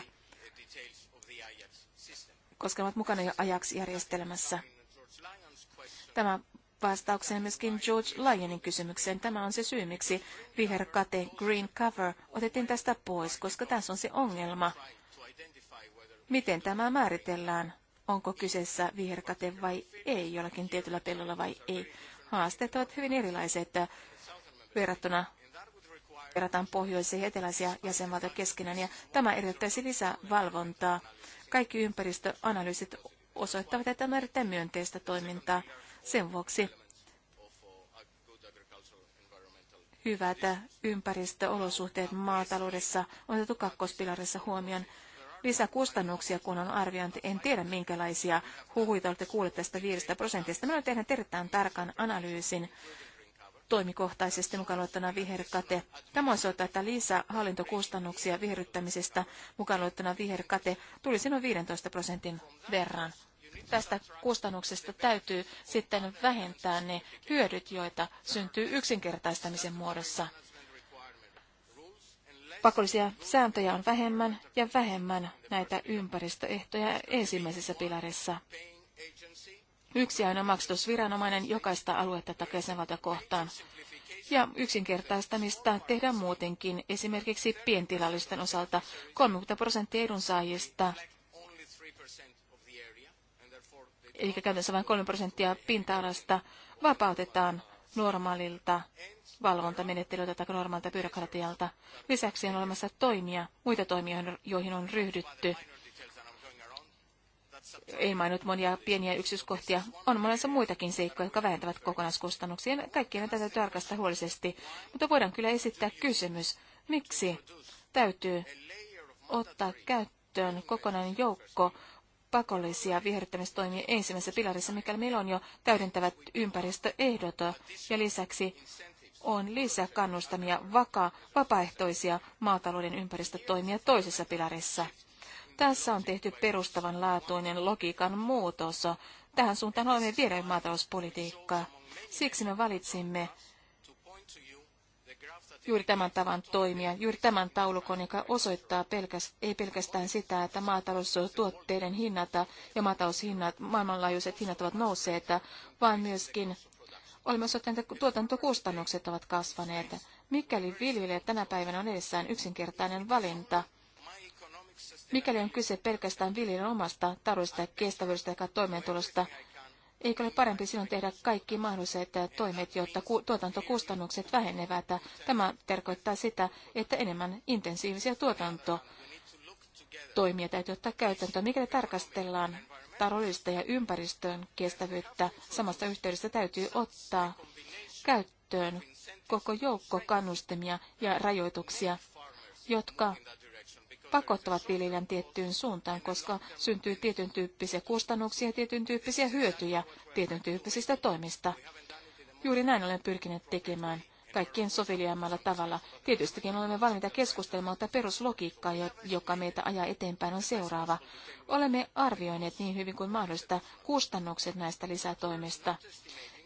koska ovat mukana jo ajaksi järjestelmässä. Tämä vastaukseen myöskin George Lyonin kysymykseen. Tämä on se syy, miksi viherkate Green Cover otettiin tästä pois, koska tässä on se ongelma. Miten tämä määritellään? onko kyseessä viherkate vai ei jollakin tietyllä pellolla vai ei. Haasteet ovat hyvin erilaiset verrattuna verrataan pohjoisia ja eteläisiä jäsenvaltioita keskenään, ja tämä edellyttäisi lisää valvontaa. Kaikki ympäristöanalyysit osoittavat, että tämä erittäin myönteistä toimintaa. Sen vuoksi hyvät ympäristöolosuhteet maataloudessa on otettu kakkospilarissa huomioon lisäkustannuksia, kun on arviointi. En tiedä, minkälaisia huhuita olette kuulleet tästä 5 prosentista. Minä tehdään erittäin tarkan analyysin toimikohtaisesti mukaan luettuna viherkate. Tämä on soittaa, että lisää hallintokustannuksia viherryttämisestä mukaan luettuna viherkate tulisi noin 15 prosentin verran. Tästä kustannuksesta täytyy sitten vähentää ne hyödyt, joita syntyy yksinkertaistamisen muodossa. Pakollisia sääntöjä on vähemmän ja vähemmän näitä ympäristöehtoja ensimmäisessä pilarissa. Yksi aina maksatusviranomainen jokaista aluetta tai kohtaan. Ja yksinkertaistamista tehdään muutenkin esimerkiksi pientilallisten osalta 30 prosenttia edunsaajista eli käytännössä vain 3 prosenttia pinta-alasta vapautetaan normaalilta valvontamenettelyltä tai normaalta byrokratialta. Lisäksi on olemassa toimia, muita toimia, joihin on ryhdytty. Ei mainut monia pieniä yksityiskohtia. On monensa muitakin seikkoja, jotka vähentävät kokonaiskustannuksia. Kaikkia näitä täytyy tarkastaa huolisesti. Mutta voidaan kyllä esittää kysymys, miksi täytyy ottaa käyttöön kokonainen joukko pakollisia viherryttämistoimia ensimmäisessä pilarissa, mikäli meillä on jo täydentävät ympäristöehdot ja lisäksi on lisää kannustamia vaka, vapaaehtoisia maatalouden ympäristötoimia toisessa pilarissa. Tässä on tehty perustavanlaatuinen logiikan muutos. Tähän suuntaan olemme vielä maatalouspolitiikkaa. Siksi me valitsimme juuri tämän tavan toimia, juuri tämän taulukon, joka osoittaa ei pelkästään sitä, että maataloustuotteiden hinnat ja maataloushinnat, maailmanlaajuiset hinnat ovat nousseet, vaan myöskin Olemme että tuotantokustannukset ovat kasvaneet. Mikäli viljelijä tänä päivänä on edessään yksinkertainen valinta, mikäli on kyse pelkästään viljelijän omasta taloudellisesta kestävyydestä ja toimeentulosta, Eikö ole parempi silloin tehdä kaikki mahdolliset toimet, jotta tuotantokustannukset vähenevät? Tämä tarkoittaa sitä, että enemmän intensiivisiä tuotantotoimia täytyy ottaa käytäntöön. Mikäli tarkastellaan taloudellista ja ympäristön kestävyyttä samassa yhteydessä täytyy ottaa käyttöön koko joukko kannustimia ja rajoituksia, jotka pakottavat viljelijän tiettyyn suuntaan, koska syntyy tietyn tyyppisiä kustannuksia ja tietyn tyyppisiä hyötyjä tietyn tyyppisistä toimista. Juuri näin olen pyrkinyt tekemään kaikkien soveliaimmalla tavalla. Tietystikin olemme valmiita keskustelemaan, mutta peruslogiikka, joka meitä ajaa eteenpäin, on seuraava. Olemme arvioineet niin hyvin kuin mahdollista kustannukset näistä lisätoimista.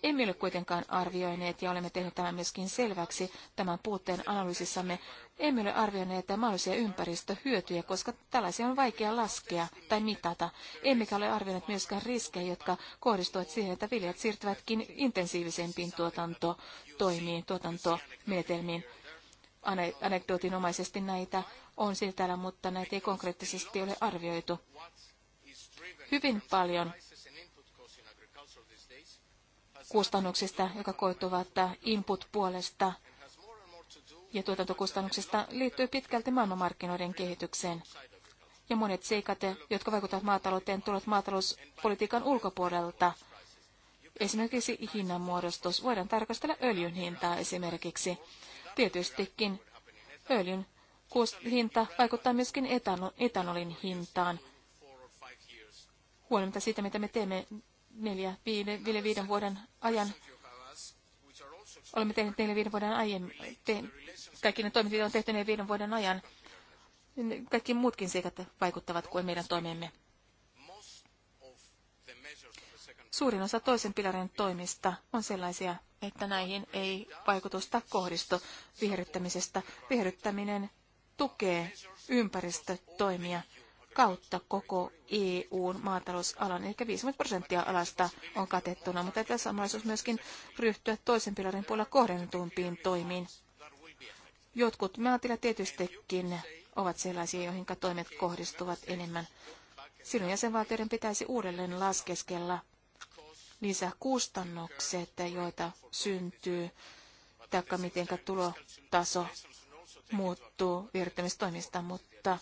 Emme ole kuitenkaan arvioineet, ja olemme tehneet tämän myöskin selväksi tämän puutteen analyysissamme, emme ole arvioineet mahdollisia ympäristöhyötyjä, koska tällaisia on vaikea laskea tai mitata. Emmekä ole arvioineet myöskään riskejä, jotka kohdistuvat siihen, että viljat siirtyvätkin intensiivisempiin tuotantotoimiin, tuotantomenetelmiin. Anekdootinomaisesti näitä on siellä, mutta näitä ei konkreettisesti ole arvioitu. Hyvin paljon kustannuksista, joka koituvat input-puolesta ja tuotantokustannuksista, liittyy pitkälti maailmanmarkkinoiden kehitykseen. Ja monet seikat, jotka vaikuttavat maatalouteen, tulevat maatalouspolitiikan ulkopuolelta. Esimerkiksi hinnanmuodostus. Voidaan tarkastella öljyn hintaa esimerkiksi. Tietystikin öljyn hinta vaikuttaa myöskin etanolin hintaan. Huolimatta siitä, mitä me teemme neljä, viiden, viiden, viiden vuoden ajan. Olemme tehneet neljä viiden vuoden ajan. Te, kaikki ne toimet, on tehty neljä viiden vuoden ajan. Niin kaikki muutkin seikat vaikuttavat kuin meidän toimemme. Suurin osa toisen pilarin toimista on sellaisia, että näihin ei vaikutusta kohdistu viherryttämisestä. Viherryttäminen tukee ympäristötoimia kautta koko EUn maatalousalan, eli 50 prosenttia alasta on katettuna, mutta tässä on mahdollisuus myöskin ryhtyä toisen pilarin puolella kohdennetumpiin toimiin. Jotkut maatilat tietystikin ovat sellaisia, joihin toimet kohdistuvat enemmän. Silloin jäsenvaltioiden pitäisi uudelleen laskeskella lisäkustannukset, joita syntyy, taikka miten tulotaso muuttuu vierittämistoimista, mutta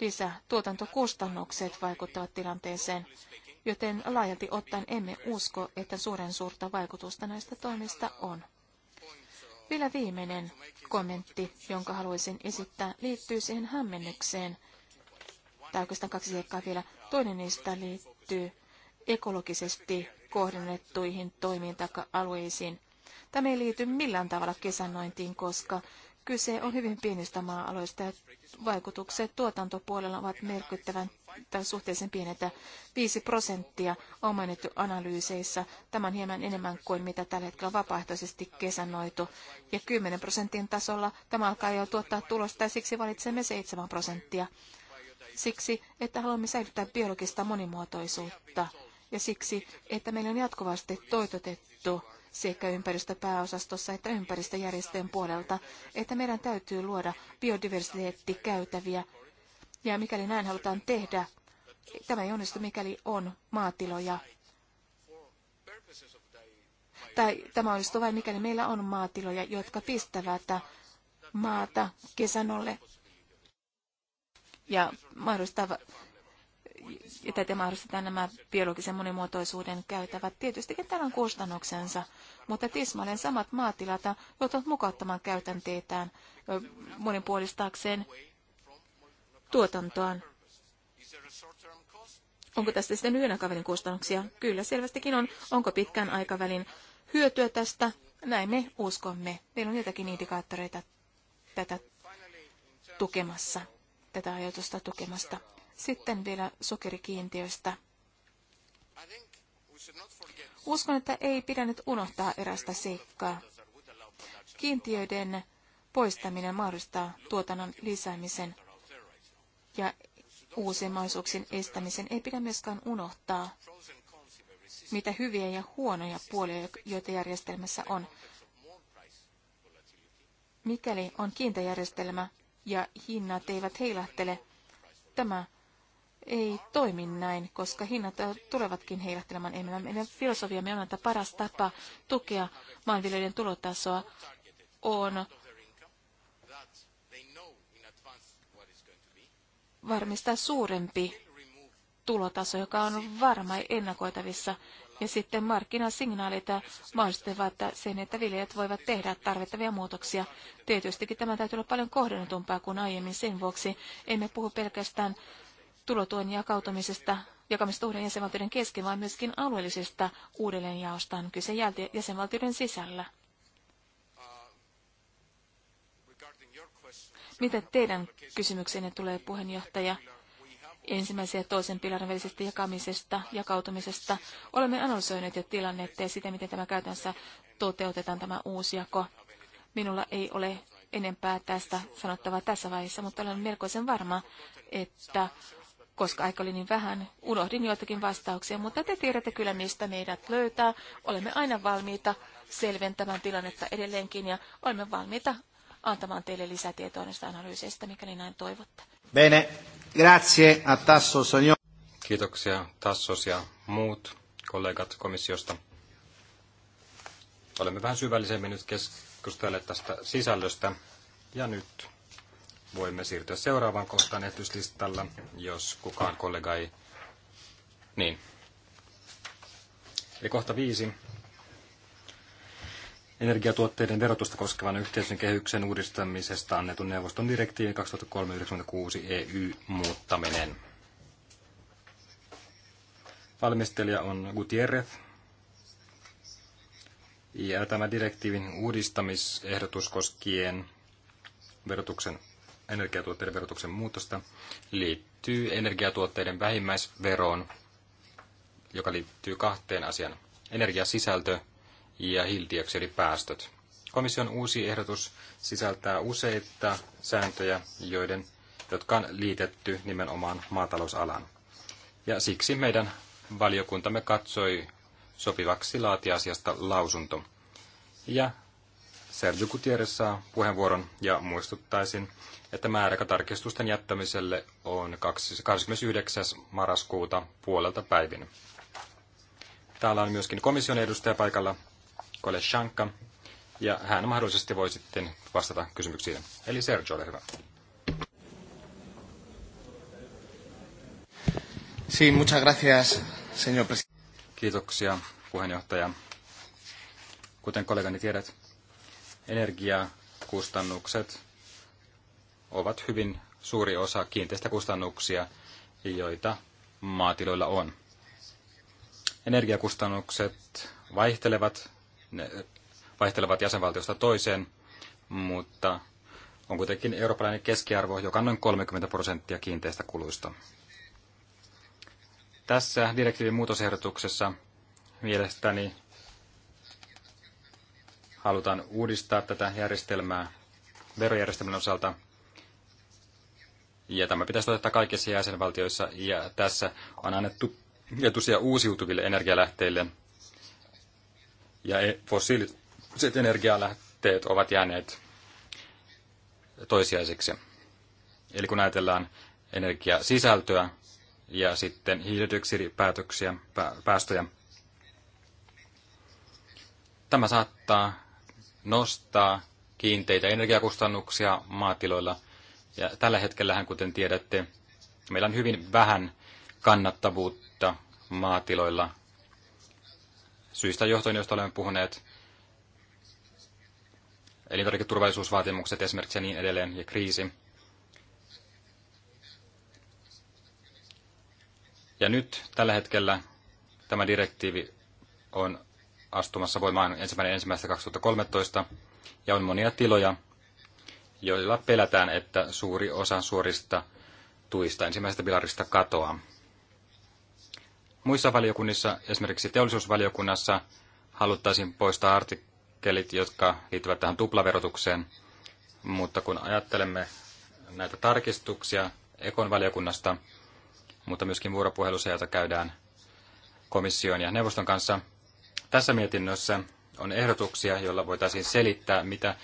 lisätuotantokustannukset vaikuttavat tilanteeseen, joten laajalti ottaen emme usko, että suuren suurta vaikutusta näistä toimista on. Vielä viimeinen kommentti, jonka haluaisin esittää, liittyy siihen hämmennykseen. Tai oikeastaan kaksi seikkaa vielä. Toinen niistä liittyy ekologisesti kohdennettuihin toimiin alueisiin. Tämä ei liity millään tavalla kesänointiin, koska Kyse on hyvin pienistä maa-aloista ja vaikutukset tuotantopuolella ovat merkittävän tai suhteellisen pienet. 5 prosenttia on mainittu analyyseissä. Tämän hieman enemmän kuin mitä tällä hetkellä vapaaehtoisesti kesänoitu. Ja 10 prosentin tasolla tämä alkaa jo tuottaa tulosta ja siksi valitsemme 7 prosenttia. Siksi, että haluamme säilyttää biologista monimuotoisuutta ja siksi, että meillä on jatkuvasti toitotettu sekä ympäristöpääosastossa että ympäristöjärjestöjen puolelta, että meidän täytyy luoda biodiversiteettikäytäviä. Ja mikäli näin halutaan tehdä, tämä ei onnistu, mikäli on maatiloja. Tai tämä onnistuu vain, mikäli meillä on maatiloja, jotka pistävät maata kesänolle ja mahdollistavat täten mahdollistetaan nämä biologisen monimuotoisuuden käytävät. Tietystikin täällä on kustannuksensa, mutta tismalleen samat maatilat joutuvat mukauttamaan käytänteitään monipuolistaakseen tuotantoaan. Onko tästä sitten yhden aikavälin kustannuksia? Kyllä, selvästikin on. Onko pitkän aikavälin hyötyä tästä? Näin me uskomme. Meillä on jotakin indikaattoreita tätä tukemassa, tätä ajatusta tukemasta. Sitten vielä sokerikiintiöstä. Uskon, että ei pidä nyt unohtaa erästä seikkaa. Kiintiöiden poistaminen mahdollistaa tuotannon lisäämisen ja uusien mahdollisuuksien estämisen ei pidä myöskään unohtaa, mitä hyviä ja huonoja puolia, joita järjestelmässä on. Mikäli on kiintäjärjestelmä ja hinnat eivät heilahtele, tämä ei toimi näin, koska hinnat tulevatkin heilahtelemaan enemmän. Meidän filosofiamme on, että paras tapa tukea maanviljelijöiden tulotasoa on varmistaa suurempi tulotaso, joka on varma ja ennakoitavissa. Ja sitten markkinasignaalit mahdollistavat sen, että viljelijät voivat tehdä tarvittavia muutoksia. Tietystikin tämä täytyy olla paljon kohdennetumpaa kuin aiemmin sen vuoksi. Emme puhu pelkästään tulotuen jakautumisesta jakamista uuden jäsenvaltioiden kesken, vaan myöskin alueellisesta uudelleenjaostaan kyse jäsenvaltioiden sisällä. Mitä teidän kysymyksenne tulee, puheenjohtaja? ensimmäisen ja toisen pilarin välisestä jakamisesta, jakautumisesta. Olemme analysoineet jo tilannetta ja sitä, miten tämä käytännössä toteutetaan tämä uusi jako. Minulla ei ole enempää tästä sanottavaa tässä vaiheessa, mutta olen melkoisen varma, että koska aika oli niin vähän, unohdin joitakin vastauksia, mutta te tiedätte kyllä, mistä meidät löytää. Olemme aina valmiita selventämään tilannetta edelleenkin ja olemme valmiita antamaan teille lisätietoa näistä analyyseistä, mikäli näin toivotte. Bene, grazie a Tasso Sogno. Kiitoksia Tassos ja muut kollegat komissiosta. Olemme vähän syvällisemmin nyt keskustelleet tästä sisällöstä ja nyt voimme siirtyä seuraavaan kohtaan ehdotuslistalla, jos kukaan kollega ei... Niin. Eli kohta viisi. Energiatuotteiden verotusta koskevan yhteisön kehyksen uudistamisesta annetun neuvoston direktiivin 2003-96 EY muuttaminen. Valmistelija on Gutierrez. Ja tämä direktiivin uudistamisehdotus koskien verotuksen energiatuotteiden verotuksen muutosta liittyy energiatuotteiden vähimmäisveroon, joka liittyy kahteen asiaan, energiasisältö ja hiilidioksidipäästöt. Komission uusi ehdotus sisältää useita sääntöjä, joiden, jotka on liitetty nimenomaan maatalousalaan. Ja siksi meidän valiokuntamme katsoi sopivaksi laatia asiasta lausunto. Ja Sergio Gutierrez saa puheenvuoron ja muistuttaisin, että määräkatarkistusten jättämiselle on 29. marraskuuta puolelta päivin. Täällä on myöskin komission edustaja paikalla, Kole Shanka, ja hän mahdollisesti voi sitten vastata kysymyksiin. Eli Sergio, ole hyvä. Sí, muchas gracias, señor presidente. Kiitoksia, puheenjohtaja. Kuten kollegani tiedät, energiakustannukset ovat hyvin suuri osa kiinteistökustannuksia, joita maatiloilla on. Energiakustannukset vaihtelevat, ne vaihtelevat jäsenvaltiosta toiseen, mutta on kuitenkin eurooppalainen keskiarvo, joka on noin 30 prosenttia kiinteistä kuluista. Tässä direktiivin muutosehdotuksessa mielestäni halutaan uudistaa tätä järjestelmää verojärjestelmän osalta. Ja tämä pitäisi toteuttaa kaikissa jäsenvaltioissa, ja tässä on annettu etusia uusiutuville energialähteille. Ja e- fossiiliset energialähteet ovat jääneet toisiaiseksi. Eli kun ajatellaan energiasisältöä ja sitten hiilidioksidipäästöjä, päästöjä, tämä saattaa nostaa kiinteitä energiakustannuksia maatiloilla. Ja tällä hetkellähän, kuten tiedätte, meillä on hyvin vähän kannattavuutta maatiloilla syistä johtuen, joista olemme puhuneet. Elintarviketurvallisuusvaatimukset esimerkiksi ja niin edelleen ja kriisi. Ja nyt tällä hetkellä tämä direktiivi on astumassa voimaan ensimmäinen ensimmäistä 2013, ja on monia tiloja, joilla pelätään, että suuri osa suorista tuista ensimmäisestä pilarista katoaa. Muissa valiokunnissa, esimerkiksi teollisuusvaliokunnassa, haluttaisiin poistaa artikkelit, jotka liittyvät tähän tuplaverotukseen, mutta kun ajattelemme näitä tarkistuksia Ekon valiokunnasta, mutta myöskin vuoropuhelussa, jota käydään komission ja neuvoston kanssa, tässä mietinnössä on ehdotuksia, joilla voitaisiin selittää, mitä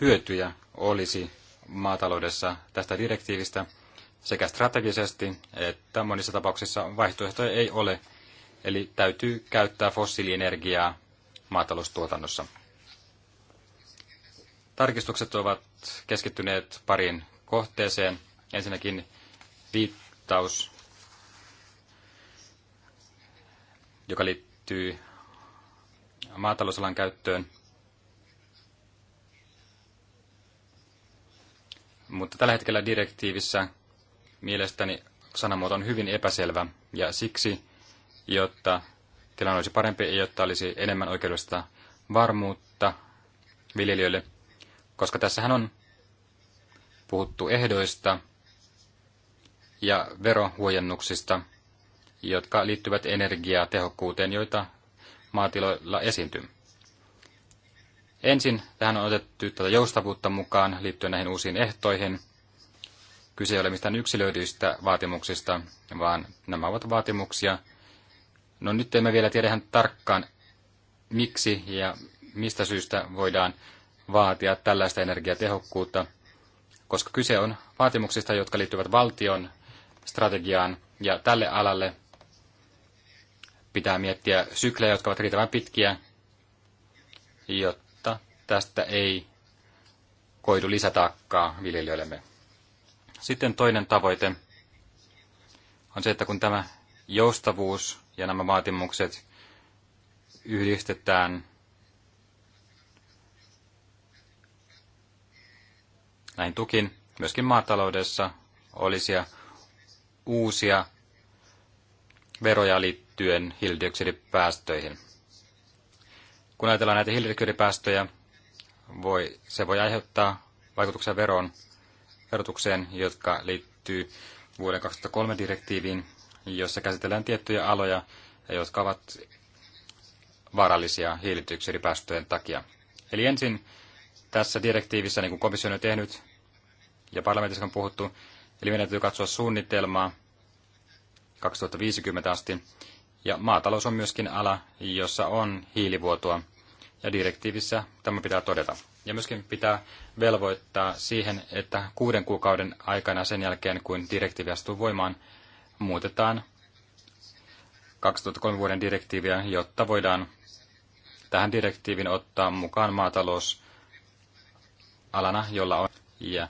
hyötyjä olisi maataloudessa tästä direktiivistä sekä strategisesti että monissa tapauksissa vaihtoehtoja ei ole, eli täytyy käyttää fossiilienergiaa maataloustuotannossa. Tarkistukset ovat keskittyneet pariin kohteeseen. Ensinnäkin viittaus, joka liittyy maatalousalan käyttöön. Mutta tällä hetkellä direktiivissä mielestäni sanamuoto on hyvin epäselvä ja siksi, jotta tilanne olisi parempi ja jotta olisi enemmän oikeudellista varmuutta viljelijöille, koska tässähän on puhuttu ehdoista ja verohuojennuksista, jotka liittyvät energiatehokkuuteen, joita maatiloilla esiintyy. Ensin tähän on otettu tätä joustavuutta mukaan liittyen näihin uusiin ehtoihin. Kyse ei ole mistään yksilöidyistä vaatimuksista, vaan nämä ovat vaatimuksia. No nyt emme vielä tiedä ihan tarkkaan, miksi ja mistä syystä voidaan vaatia tällaista energiatehokkuutta, koska kyse on vaatimuksista, jotka liittyvät valtion strategiaan, ja tälle alalle Pitää miettiä syklejä, jotka ovat riittävän pitkiä, jotta tästä ei koidu lisätaakkaa viljelijöillemme. Sitten toinen tavoite on se, että kun tämä joustavuus ja nämä vaatimukset yhdistetään näin tukin, myöskin maataloudessa olisi uusia veroja liittyen liittyen hiilidioksidipäästöihin. Kun ajatellaan näitä hiilidioksidipäästöjä, voi, se voi aiheuttaa vaikutuksia veroon, verotukseen, jotka liittyy vuoden 2003 direktiiviin, jossa käsitellään tiettyjä aloja, jotka ovat vaarallisia hiilidioksidipäästöjen takia. Eli ensin tässä direktiivissä, niin kuin komissio on tehnyt ja parlamentissa on puhuttu, eli meidän täytyy katsoa suunnitelmaa 2050 asti ja maatalous on myöskin ala, jossa on hiilivuotoa. Ja direktiivissä tämä pitää todeta. Ja myöskin pitää velvoittaa siihen, että kuuden kuukauden aikana sen jälkeen, kun direktiivi astuu voimaan, muutetaan 2003 vuoden direktiiviä, jotta voidaan tähän direktiivin ottaa mukaan maatalous alana, jolla on ja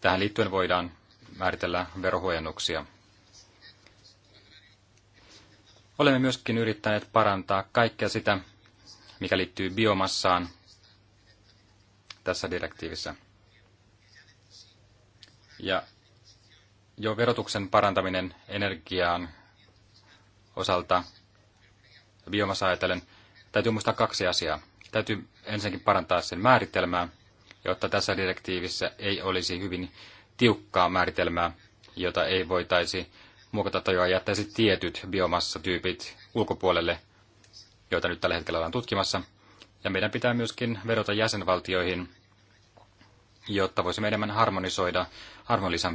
tähän liittyen voidaan määritellä verohuojennuksia. Olemme myöskin yrittäneet parantaa kaikkea sitä, mikä liittyy biomassaan tässä direktiivissä. Ja jo verotuksen parantaminen energiaan osalta biomassa ajatellen, täytyy muistaa kaksi asiaa. Täytyy ensinnäkin parantaa sen määritelmää, jotta tässä direktiivissä ei olisi hyvin tiukkaa määritelmää, jota ei voitaisi muokata tai jättäisi tietyt biomassatyypit ulkopuolelle, joita nyt tällä hetkellä ollaan tutkimassa. Ja meidän pitää myöskin vedota jäsenvaltioihin, jotta voisimme enemmän harmonisoida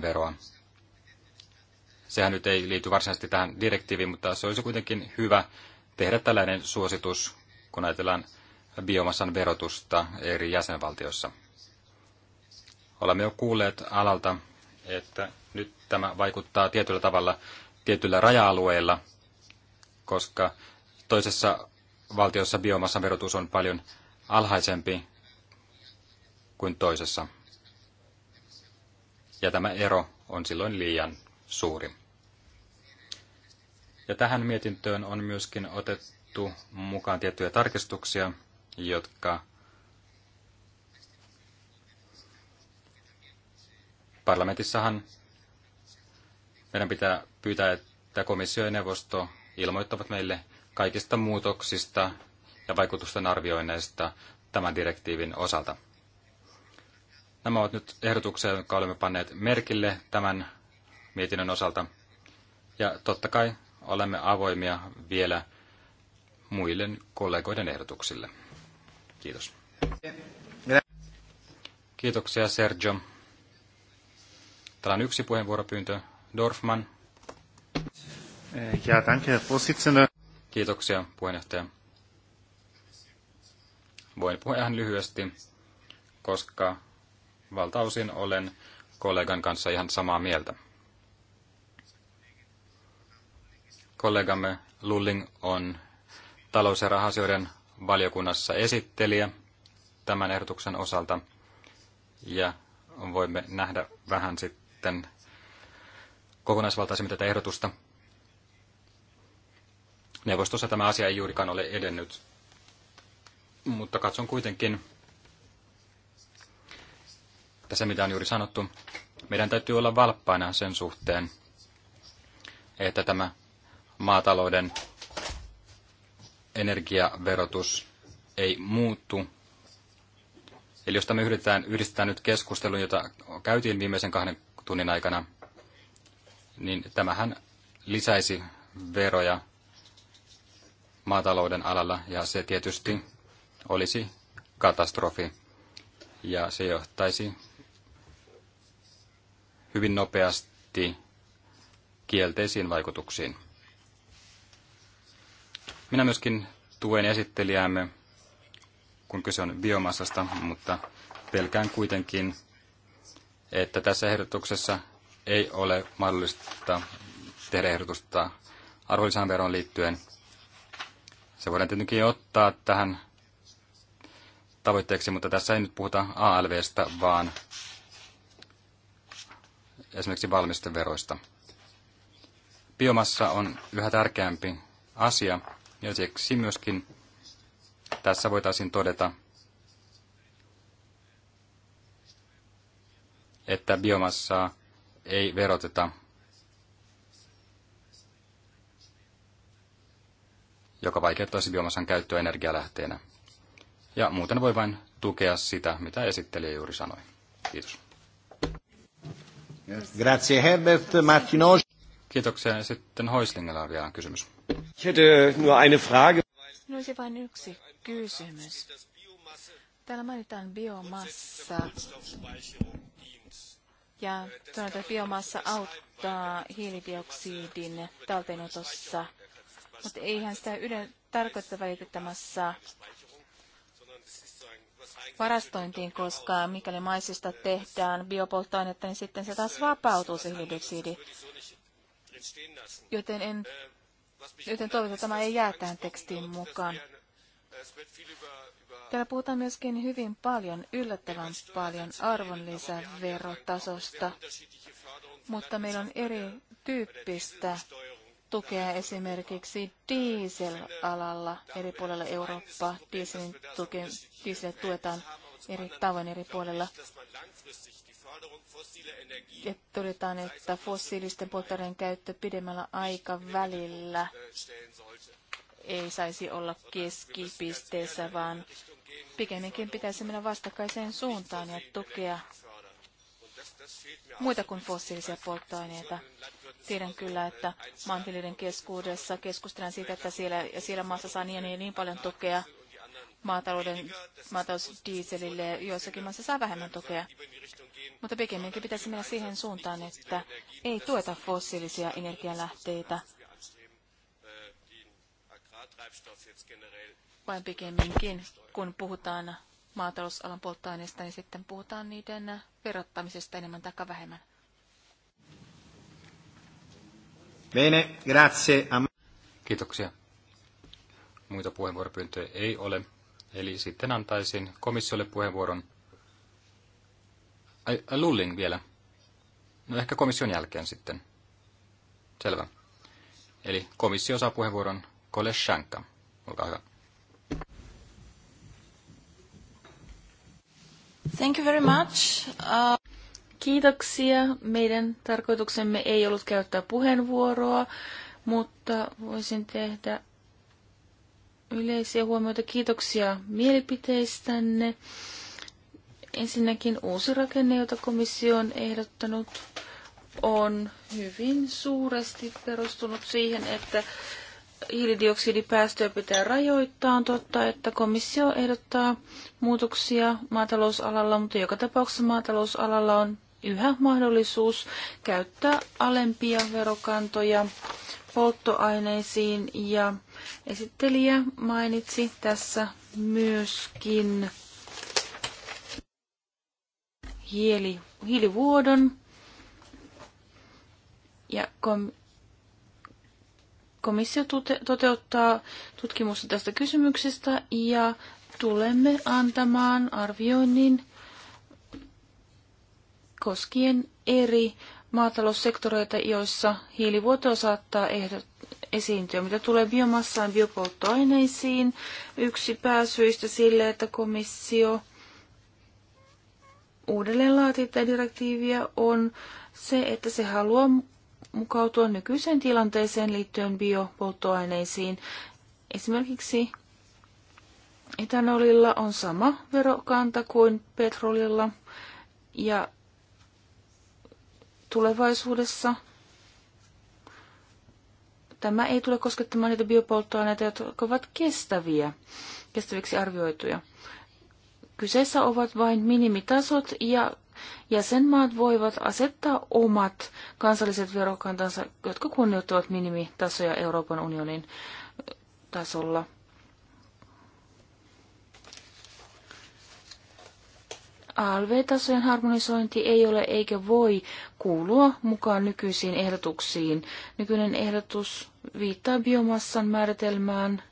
veroa. Sehän nyt ei liity varsinaisesti tähän direktiiviin, mutta se olisi kuitenkin hyvä tehdä tällainen suositus, kun ajatellaan biomassan verotusta eri jäsenvaltioissa. Olemme jo kuulleet alalta, että nyt tämä vaikuttaa tietyllä tavalla tietyillä raja-alueilla, koska toisessa valtiossa biomassan verotus on paljon alhaisempi kuin toisessa. Ja tämä ero on silloin liian suuri. Ja tähän mietintöön on myöskin otettu mukaan tiettyjä tarkistuksia, jotka Parlamentissahan meidän pitää pyytää, että komissio ja neuvosto ilmoittavat meille kaikista muutoksista ja vaikutusten arvioinneista tämän direktiivin osalta. Nämä ovat nyt ehdotuksia, jotka olemme panneet merkille tämän mietinnön osalta. Ja totta kai olemme avoimia vielä muille kollegoiden ehdotuksille. Kiitos. Kiitoksia Sergio. Täällä on yksi puheenvuoropyyntö. Dorfman. Ja, danke, Kiitoksia, puheenjohtaja. Voin puhua ihan lyhyesti, koska valtaosin olen kollegan kanssa ihan samaa mieltä. Kollegamme Lulling on talous- ja rahasioiden valiokunnassa esittelijä tämän ehdotuksen osalta, ja voimme nähdä vähän sitten, sitten kokonaisvaltaisemmin tätä ehdotusta. Neuvostossa tämä asia ei juurikaan ole edennyt, mutta katson kuitenkin tässä, mitä on juuri sanottu. Meidän täytyy olla valppaina sen suhteen, että tämä maatalouden energiaverotus ei muuttu. Eli jos tämä yhdistetään, yhdistetään nyt keskustelun, jota käytiin viimeisen kahden tunnin aikana, niin tämähän lisäisi veroja maatalouden alalla ja se tietysti olisi katastrofi ja se johtaisi hyvin nopeasti kielteisiin vaikutuksiin. Minä myöskin tuen esittelijäämme, kun kyse on biomassasta, mutta pelkään kuitenkin, että tässä ehdotuksessa ei ole mahdollista tehdä ehdotusta arvonlisäveroon liittyen. Se voidaan tietenkin ottaa tähän tavoitteeksi, mutta tässä ei nyt puhuta ALVstä, vaan esimerkiksi valmisteveroista. Biomassa on yhä tärkeämpi asia, ja siksi myöskin tässä voitaisiin todeta, että biomassaa ei veroteta, joka vaikeuttaisi biomassan käyttöä energialähteenä. Ja muuten voi vain tukea sitä, mitä esittelijä juuri sanoi. Kiitos. Grazie Herbert Martino. Kiitoksia. Sitten Hoislingella on vielä kysymys. Ich hätte äh, nur eine Frage. No se vain yksi kysymys. Täällä mainitaan biomassa ja toisaalta biomassa auttaa hiilidioksidin talteenotossa, mutta eihän sitä ylen tarkoittaa välitettämässä varastointiin, koska mikäli maisista tehdään biopolttoainetta, niin sitten se taas vapautuu se hiilidioksidi. Joten, en, joten toivon, että tämä ei jää tähän tekstiin mukaan. Täällä puhutaan myöskin hyvin paljon, yllättävän paljon arvonlisäverotasosta, mutta meillä on eri tyyppistä tukea esimerkiksi dieselalalla eri puolella Eurooppaa. Dieselin tuke, diesel tuetaan eri tavoin eri puolella. Ja todetaan, että fossiilisten polttoaineiden käyttö pidemmällä aikavälillä ei saisi olla keskipisteessä, vaan Pikemminkin pitäisi mennä vastakkaiseen suuntaan ja tukea muita kuin fossiilisia polttoaineita. Tiedän kyllä, että maanviljelijöiden keskuudessa keskustellaan siitä, että siellä, ja siellä maassa saa niin, niin, niin paljon tukea maatalouden, maatalousdiiselille, joissakin maissa saa vähemmän tukea. Mutta pikemminkin pitäisi mennä siihen suuntaan, että ei tueta fossiilisia energialähteitä vai pikemminkin, kun puhutaan maatalousalan polttoaineista, niin sitten puhutaan niiden verottamisesta enemmän tai vähemmän. Bene, grazie. Kiitoksia. Muita puheenvuoropyyntöjä ei ole, eli sitten antaisin komissiolle puheenvuoron. Ai, ai äh, Lulling vielä. No ehkä komission jälkeen sitten. Selvä. Eli komissio saa puheenvuoron Koleshanka. Olkaa hyvä. Thank you very much. Uh... Kiitoksia. Meidän tarkoituksemme ei ollut käyttää puheenvuoroa, mutta voisin tehdä yleisiä huomioita. Kiitoksia mielipiteistänne. Ensinnäkin uusi rakenne, jota komissio on ehdottanut, on hyvin suuresti perustunut siihen, että hiilidioksidipäästöjä pitää rajoittaa. On totta, että komissio ehdottaa muutoksia maatalousalalla, mutta joka tapauksessa maatalousalalla on yhä mahdollisuus käyttää alempia verokantoja polttoaineisiin ja esittelijä mainitsi tässä myöskin hiili, hiilivuodon ja kom- Komissio tute- toteuttaa tutkimusta tästä kysymyksestä ja tulemme antamaan arvioinnin koskien eri maataloussektoreita, joissa hiilivuoto saattaa ehdot, esiintyä. Mitä tulee biomassaan biopolttoaineisiin, yksi pääsyistä sille, että komissio uudelleen laatii tätä direktiiviä, on se, että se haluaa mukautua nykyiseen tilanteeseen liittyen biopolttoaineisiin. Esimerkiksi etanolilla on sama verokanta kuin petrolilla ja tulevaisuudessa tämä ei tule koskettamaan niitä biopolttoaineita, jotka ovat kestäviä, kestäviksi arvioituja. Kyseessä ovat vain minimitasot ja jäsenmaat voivat asettaa omat kansalliset verokantansa, jotka kunnioittavat minimitasoja Euroopan unionin tasolla. ALV-tasojen harmonisointi ei ole eikä voi kuulua mukaan nykyisiin ehdotuksiin. Nykyinen ehdotus viittaa biomassan määritelmään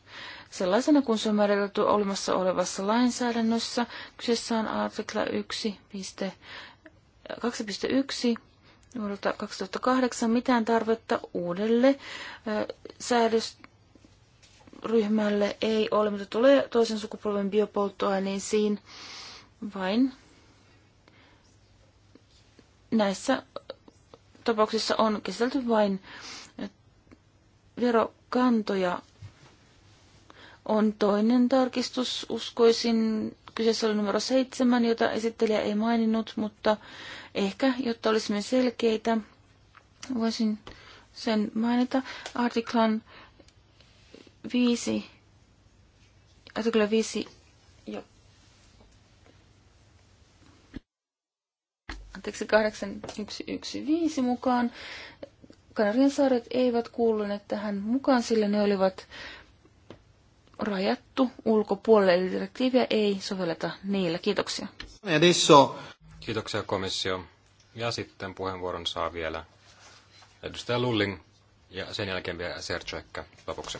sellaisena kuin se on määritelty olemassa olevassa lainsäädännössä. Kyseessä on artikla 2.1 vuodelta 2008 mitään tarvetta uudelle säädösryhmälle ei ole, mitä tulee toisen sukupolven biopolttoaineisiin, vain näissä tapauksissa on käsitelty vain verokantoja on toinen tarkistus, uskoisin. Kyseessä oli numero seitsemän, jota esittelijä ei maininnut, mutta ehkä, jotta olisimme selkeitä, voisin sen mainita. Artiklan 5, artikla 5 jo. Anteeksi, 8115 mukaan Kanarian saaret eivät kuuluneet tähän mukaan, sillä ne olivat rajattu ulkopuolelle, eli direktiiviä ei sovelleta niillä. Kiitoksia. Kiitoksia komissio. Ja sitten puheenvuoron saa vielä edustaja Lulling ja sen jälkeen vielä Sergioekka lopuksi.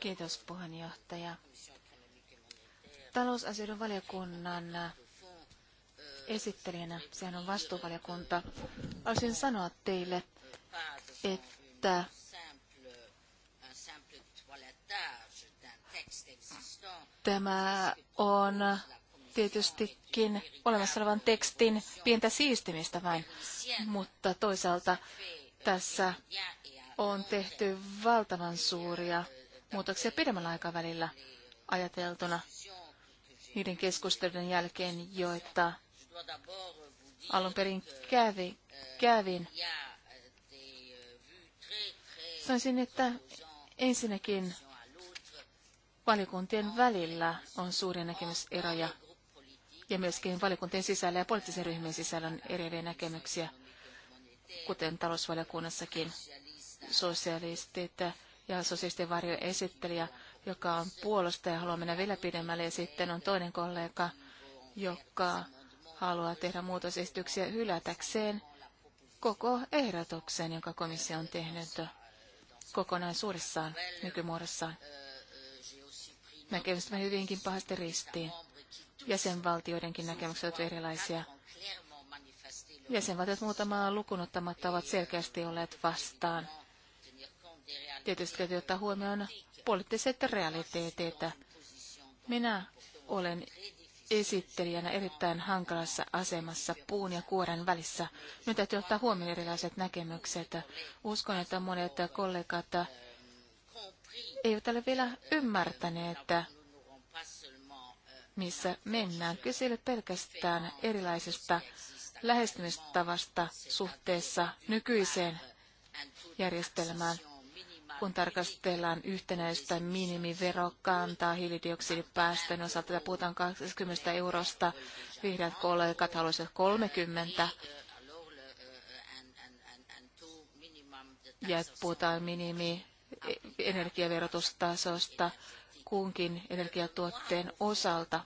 Kiitos puheenjohtaja. Talousasioiden valiokunnan esittelijänä, sehän on vastuuvaliokunta, olisin sanoa teille, että Tämä on tietystikin olemassa olevan tekstin pientä siistimistä vain, mutta toisaalta tässä on tehty valtavan suuria muutoksia pidemmällä aikavälillä ajateltuna niiden keskustelujen jälkeen, joita alun perin kävi, kävin. Sanoisin, että ensinnäkin valiokuntien välillä on suuria näkemyseroja ja myöskin valiokuntien sisällä ja poliittisen ryhmien sisällä on eriäviä näkemyksiä, kuten talousvaliokunnassakin sosialistit ja sosialistien varjoesittelijä, joka on puolustaja ja haluaa mennä vielä pidemmälle, ja sitten on toinen kollega, joka haluaa tehdä muutosesityksiä hylätäkseen koko ehdotuksen, jonka komissio on tehnyt kokonaisuudessaan, nykymuodossaan näkemykset ovat hyvinkin pahasti ristiin. Jäsenvaltioidenkin näkemykset ovat erilaisia. Jäsenvaltiot muutamaa lukunottamatta ovat selkeästi olleet vastaan. Tietysti täytyy ottaa huomioon poliittiset realiteetit. Minä olen esittelijänä erittäin hankalassa asemassa puun ja kuoren välissä. Nyt täytyy ottaa huomioon erilaiset näkemykset. Uskon, että monet kollegat eivät ole vielä ymmärtäneet, missä mennään. Kyse pelkästään erilaisesta lähestymistavasta suhteessa nykyiseen järjestelmään, kun tarkastellaan yhtenäistä minimiverokantaa hiilidioksidipäästöjen osalta. Ja puhutaan 20 eurosta. Vihreät kollegat haluaisivat 30 ja puhutaan minimi energiaverotustasosta kunkin energiatuotteen osalta.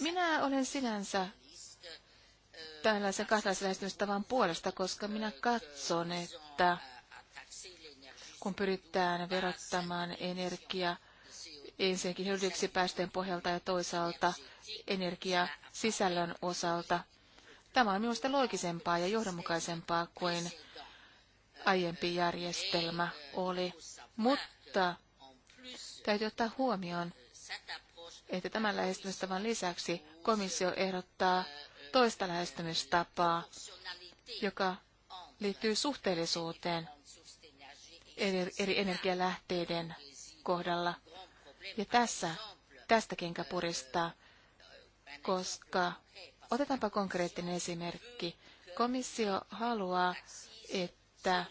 Minä olen sinänsä tällaisen kahtalaislähestymistavan puolesta, koska minä katson, että kun pyritään verottamaan energiaa ensinnäkin hiilidioksidipäästöjen pohjalta ja toisaalta energia sisällön osalta. Tämä on minusta loogisempaa ja johdonmukaisempaa kuin aiempi järjestelmä oli, mutta täytyy ottaa huomioon, että tämän lähestymistavan lisäksi komissio ehdottaa toista lähestymistapaa, joka liittyy suhteellisuuteen eri energialähteiden kohdalla. Ja tässä, tästä kenkä puristaa, koska otetaanpa konkreettinen esimerkki. Komissio haluaa, että että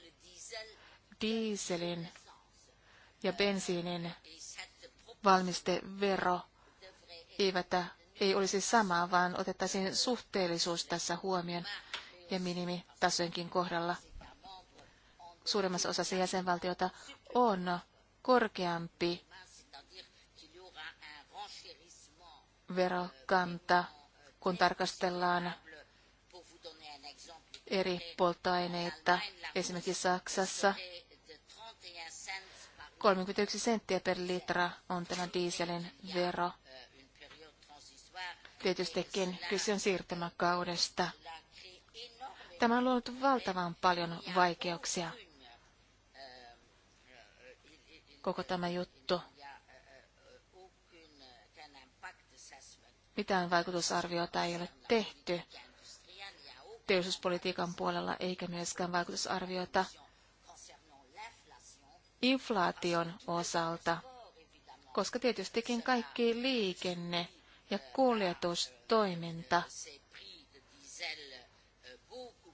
dieselin ja bensiinin valmistevero eivät, ei olisi sama, vaan otettaisiin suhteellisuus tässä huomioon ja minimitasojenkin kohdalla. Suurimmassa osassa jäsenvaltiota on korkeampi verokanta, kun tarkastellaan eri polttoaineita. Esimerkiksi Saksassa 31 senttiä per litra on tämä dieselin vero. Tietystikin kyse on siirtymäkaudesta. Tämä on luonut valtavan paljon vaikeuksia. Koko tämä juttu. Mitään vaikutusarviota ei ole tehty teollisuuspolitiikan puolella eikä myöskään vaikutusarviota inflaation osalta, koska tietystikin kaikki liikenne ja kuljetustoiminta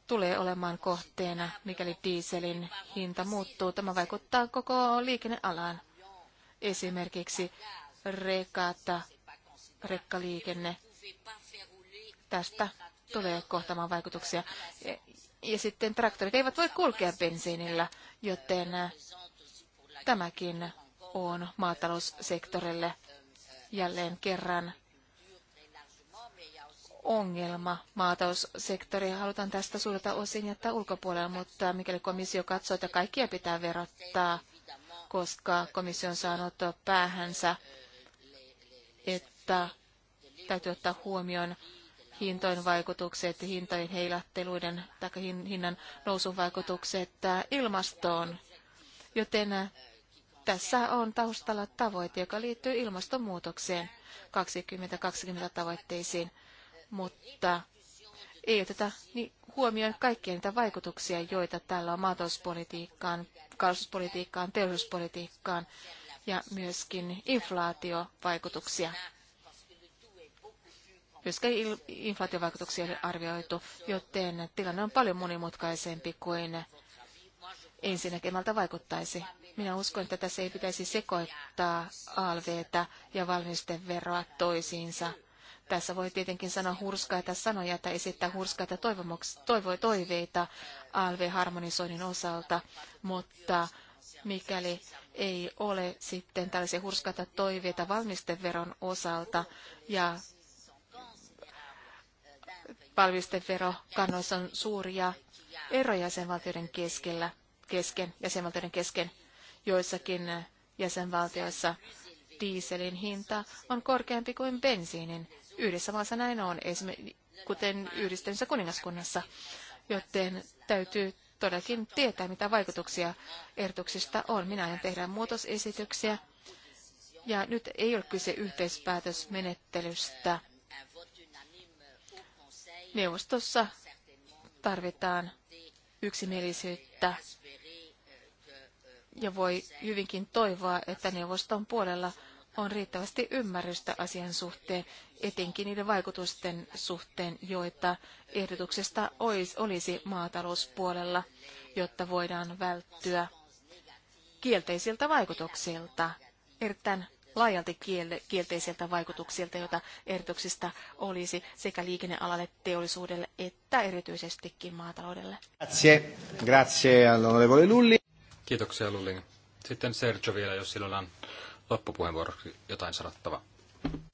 tulee olemaan kohteena, mikäli dieselin hinta muuttuu. Tämä vaikuttaa koko liikennealaan. Esimerkiksi rekata, rekkaliikenne. Tästä tulee kohtaamaan vaikutuksia. Ja sitten traktorit eivät voi kulkea bensiinillä, joten äh, tämäkin on maataloussektorille jälleen kerran ongelma. Maataloussektori halutaan tästä suurta osin jättää ulkopuolella, mutta mikäli komissio katsoo, että kaikkia pitää verottaa, koska komissio on saanut päähänsä, että täytyy ottaa huomioon hintojen vaikutukset, hintojen heilahteluiden tai hinnan nousun vaikutukset äh, ilmastoon. Joten äh, tässä on taustalla tavoite, joka liittyy ilmastonmuutokseen 2020 tavoitteisiin, mutta ei oteta huomioon kaikkia niitä vaikutuksia, joita tällä on maatalouspolitiikkaan, kalastuspolitiikkaan, teollisuuspolitiikkaan ja myöskin inflaatiovaikutuksia. Myöskään inflaatiovaikutuksia ei ole arvioitu, joten tilanne on paljon monimutkaisempi kuin ensinnäkemältä vaikuttaisi. Minä uskon, että tässä ei pitäisi sekoittaa alveita ja valmisteveroa toisiinsa. Tässä voi tietenkin sanoa hurskaita sanoja tai esittää hurskaita toiveita alv-harmonisoinnin osalta, mutta mikäli ei ole sitten tällaisia hurskaita toiveita valmisteveron osalta ja kannoissa on suuria eroja jäsenvaltioiden keskellä, kesken, jäsenvaltioiden kesken. Joissakin jäsenvaltioissa dieselin hinta on korkeampi kuin bensiinin. Yhdessä maassa näin on, esimerkiksi kuten yhdistyneessä kuningaskunnassa, joten täytyy todellakin tietää, mitä vaikutuksia ehdotuksista on. Minä aion tehdä muutosesityksiä. Ja nyt ei ole kyse yhteispäätösmenettelystä Neuvostossa tarvitaan yksimielisyyttä ja voi hyvinkin toivoa, että neuvoston puolella on riittävästi ymmärrystä asian suhteen, etenkin niiden vaikutusten suhteen, joita ehdotuksesta olisi maatalouspuolella, jotta voidaan välttyä kielteisiltä vaikutuksilta, erittäin laajalti kielteisiltä vaikutuksilta, joita ehdotuksista olisi sekä liikennealalle, teollisuudelle että erityisestikin maataloudelle. Grazie. Grazie all'onorevole Lulli. Kiitoksia Lulling. Sitten Sergio vielä, jos sillä on loppupuheenvuoroksi jotain sanottavaa.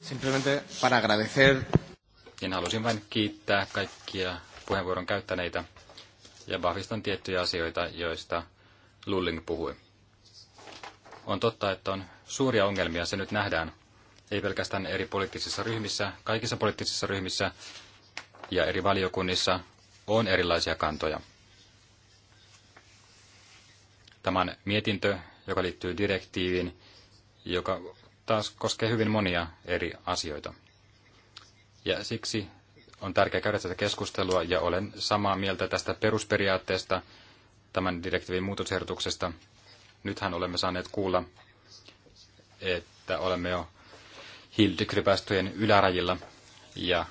Simplemente para agradecer. Niin halusin vain kiittää kaikkia puheenvuoron käyttäneitä ja vahvistan tiettyjä asioita, joista Lulling puhui. On totta, että on suuria ongelmia, se nyt nähdään. Ei pelkästään eri poliittisissa ryhmissä, kaikissa poliittisissa ryhmissä ja eri valiokunnissa on erilaisia kantoja. Tämän mietintö, joka liittyy direktiiviin, joka taas koskee hyvin monia eri asioita. Ja siksi on tärkeää käydä tätä keskustelua ja olen samaa mieltä tästä perusperiaatteesta, tämän direktiivin muutosehdotuksesta Nythän olemme saaneet kuulla, että olemme jo hiilidioksidipäästöjen ylärajilla ja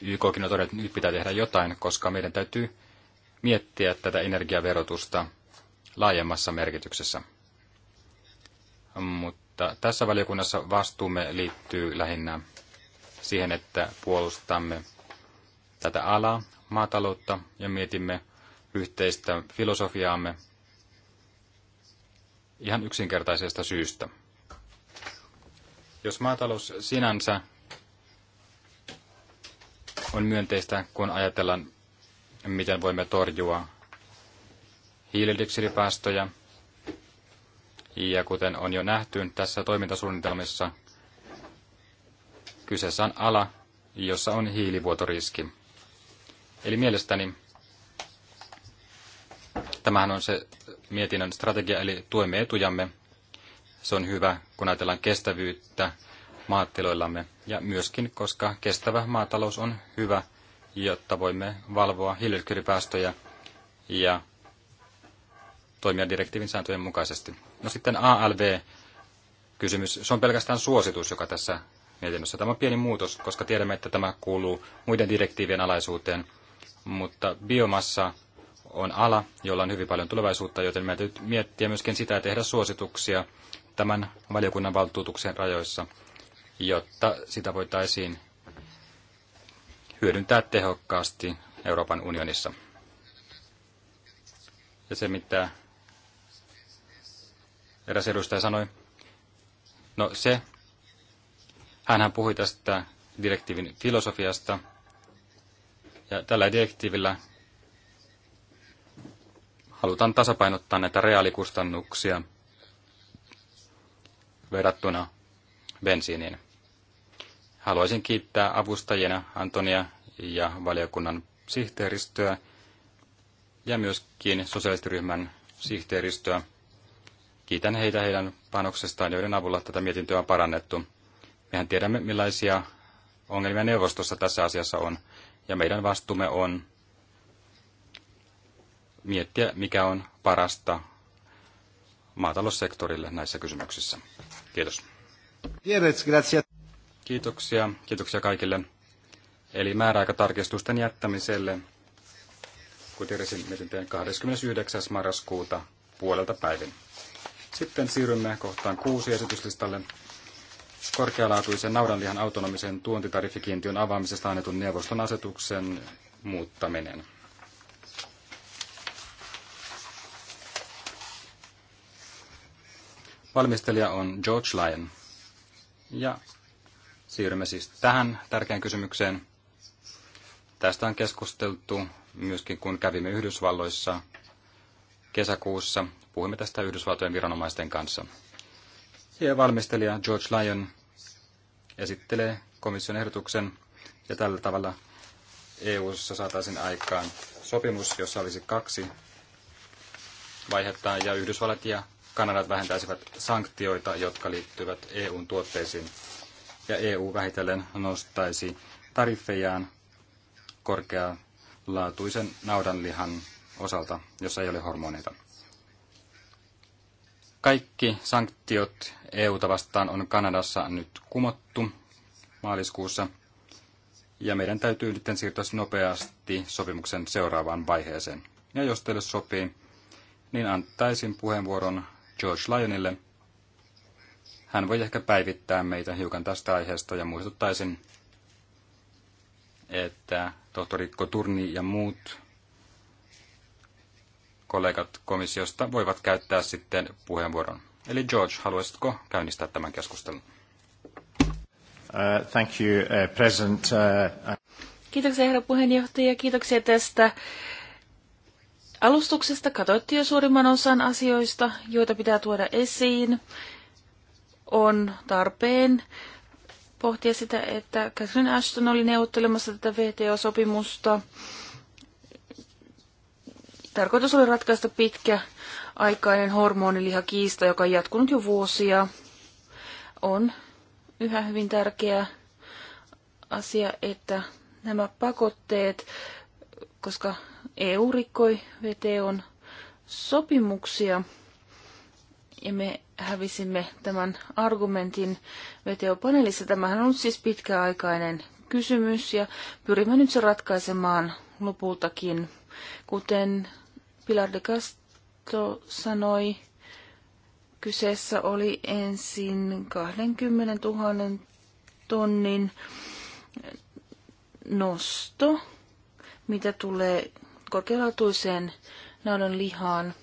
YKkin on todennut, että nyt pitää tehdä jotain, koska meidän täytyy miettiä tätä energiaverotusta laajemmassa merkityksessä. Mutta tässä valiokunnassa vastuumme liittyy lähinnä siihen, että puolustamme tätä alaa, maataloutta ja mietimme yhteistä filosofiaamme ihan yksinkertaisesta syystä. Jos maatalous sinänsä on myönteistä, kun ajatellaan, miten voimme torjua hiilidioksidipäästöjä, ja kuten on jo nähty tässä toimintasuunnitelmissa, kyseessä on ala, jossa on hiilivuotoriski. Eli mielestäni tämähän on se mietinnön strategia, eli tuemme etujamme. Se on hyvä, kun ajatellaan kestävyyttä maatiloillamme ja myöskin, koska kestävä maatalous on hyvä, jotta voimme valvoa hiilidioksidipäästöjä ja toimia direktiivin sääntöjen mukaisesti. No sitten ALV, kysymys. Se on pelkästään suositus, joka tässä mietinnössä. Tämä on pieni muutos, koska tiedämme, että tämä kuuluu muiden direktiivien alaisuuteen, mutta biomassa on ala, jolla on hyvin paljon tulevaisuutta, joten meidän täytyy miettiä myöskin sitä ja tehdä suosituksia tämän valiokunnan valtuutuksen rajoissa, jotta sitä voitaisiin hyödyntää tehokkaasti Euroopan unionissa. Ja se, mitä eräs edustaja sanoi, no se, hänhän puhui tästä direktiivin filosofiasta, ja tällä direktiivillä halutaan tasapainottaa näitä reaalikustannuksia verrattuna bensiiniin. Haluaisin kiittää avustajina Antonia ja valiokunnan sihteeristöä ja myöskin sosiaalistiryhmän sihteeristöä. Kiitän heitä heidän panoksestaan, joiden avulla tätä mietintöä on parannettu. Mehän tiedämme, millaisia ongelmia neuvostossa tässä asiassa on, ja meidän vastuumme on miettiä, mikä on parasta maataloussektorille näissä kysymyksissä. Kiitos. Kiitoksia. Kiitoksia kaikille. Eli määräaikatarkistusten jättämiselle, kuten mietintöjen 29. marraskuuta puolelta päivin. Sitten siirrymme kohtaan kuusi esityslistalle korkealaatuisen naudanlihan autonomisen tuontitariffikiintiön avaamisesta annetun neuvoston asetuksen muuttaminen. Valmistelija on George Lyon. Ja siirrymme siis tähän tärkeään kysymykseen. Tästä on keskusteltu myöskin, kun kävimme Yhdysvalloissa kesäkuussa. Puhuimme tästä Yhdysvaltojen viranomaisten kanssa. Ja valmistelija George Lyon esittelee komission ehdotuksen ja tällä tavalla EU-ssa saataisiin aikaan sopimus, jossa olisi kaksi vaihetta ja Yhdysvallat ja Kanadat vähentäisivät sanktioita, jotka liittyvät EUn tuotteisiin, ja EU vähitellen nostaisi tariffejaan korkealaatuisen naudanlihan osalta, jossa ei ole hormoneita. Kaikki sanktiot EUta vastaan on Kanadassa nyt kumottu maaliskuussa, ja meidän täytyy nyt siirtyä nopeasti sopimuksen seuraavaan vaiheeseen. Ja jos teille sopii, niin antaisin puheenvuoron George Lyonille. Hän voi ehkä päivittää meitä hiukan tästä aiheesta ja muistuttaisin, että tohtori Koturni ja muut kollegat komissiosta voivat käyttää sitten puheenvuoron. Eli George, haluaisitko käynnistää tämän keskustelun? Uh, thank you, uh, President. Uh, uh Kiitoksia herra puheenjohtaja, kiitoksia tästä Alustuksesta katsoitte jo suurimman osan asioista, joita pitää tuoda esiin. On tarpeen pohtia sitä, että Catherine Ashton oli neuvottelemassa tätä VTO-sopimusta. Tarkoitus oli ratkaista pitkä aikainen hormonilihakiista, joka on jatkunut jo vuosia. On yhä hyvin tärkeä asia, että nämä pakotteet, koska EU rikkoi VTOn sopimuksia ja me hävisimme tämän argumentin VTO-paneelissa. Tämähän on siis pitkäaikainen kysymys ja pyrimme nyt se ratkaisemaan lopultakin. Kuten Pilar de Castro sanoi, kyseessä oli ensin 20 000 tonnin nosto, mitä tulee korkealaatuiseen naudan lihaan.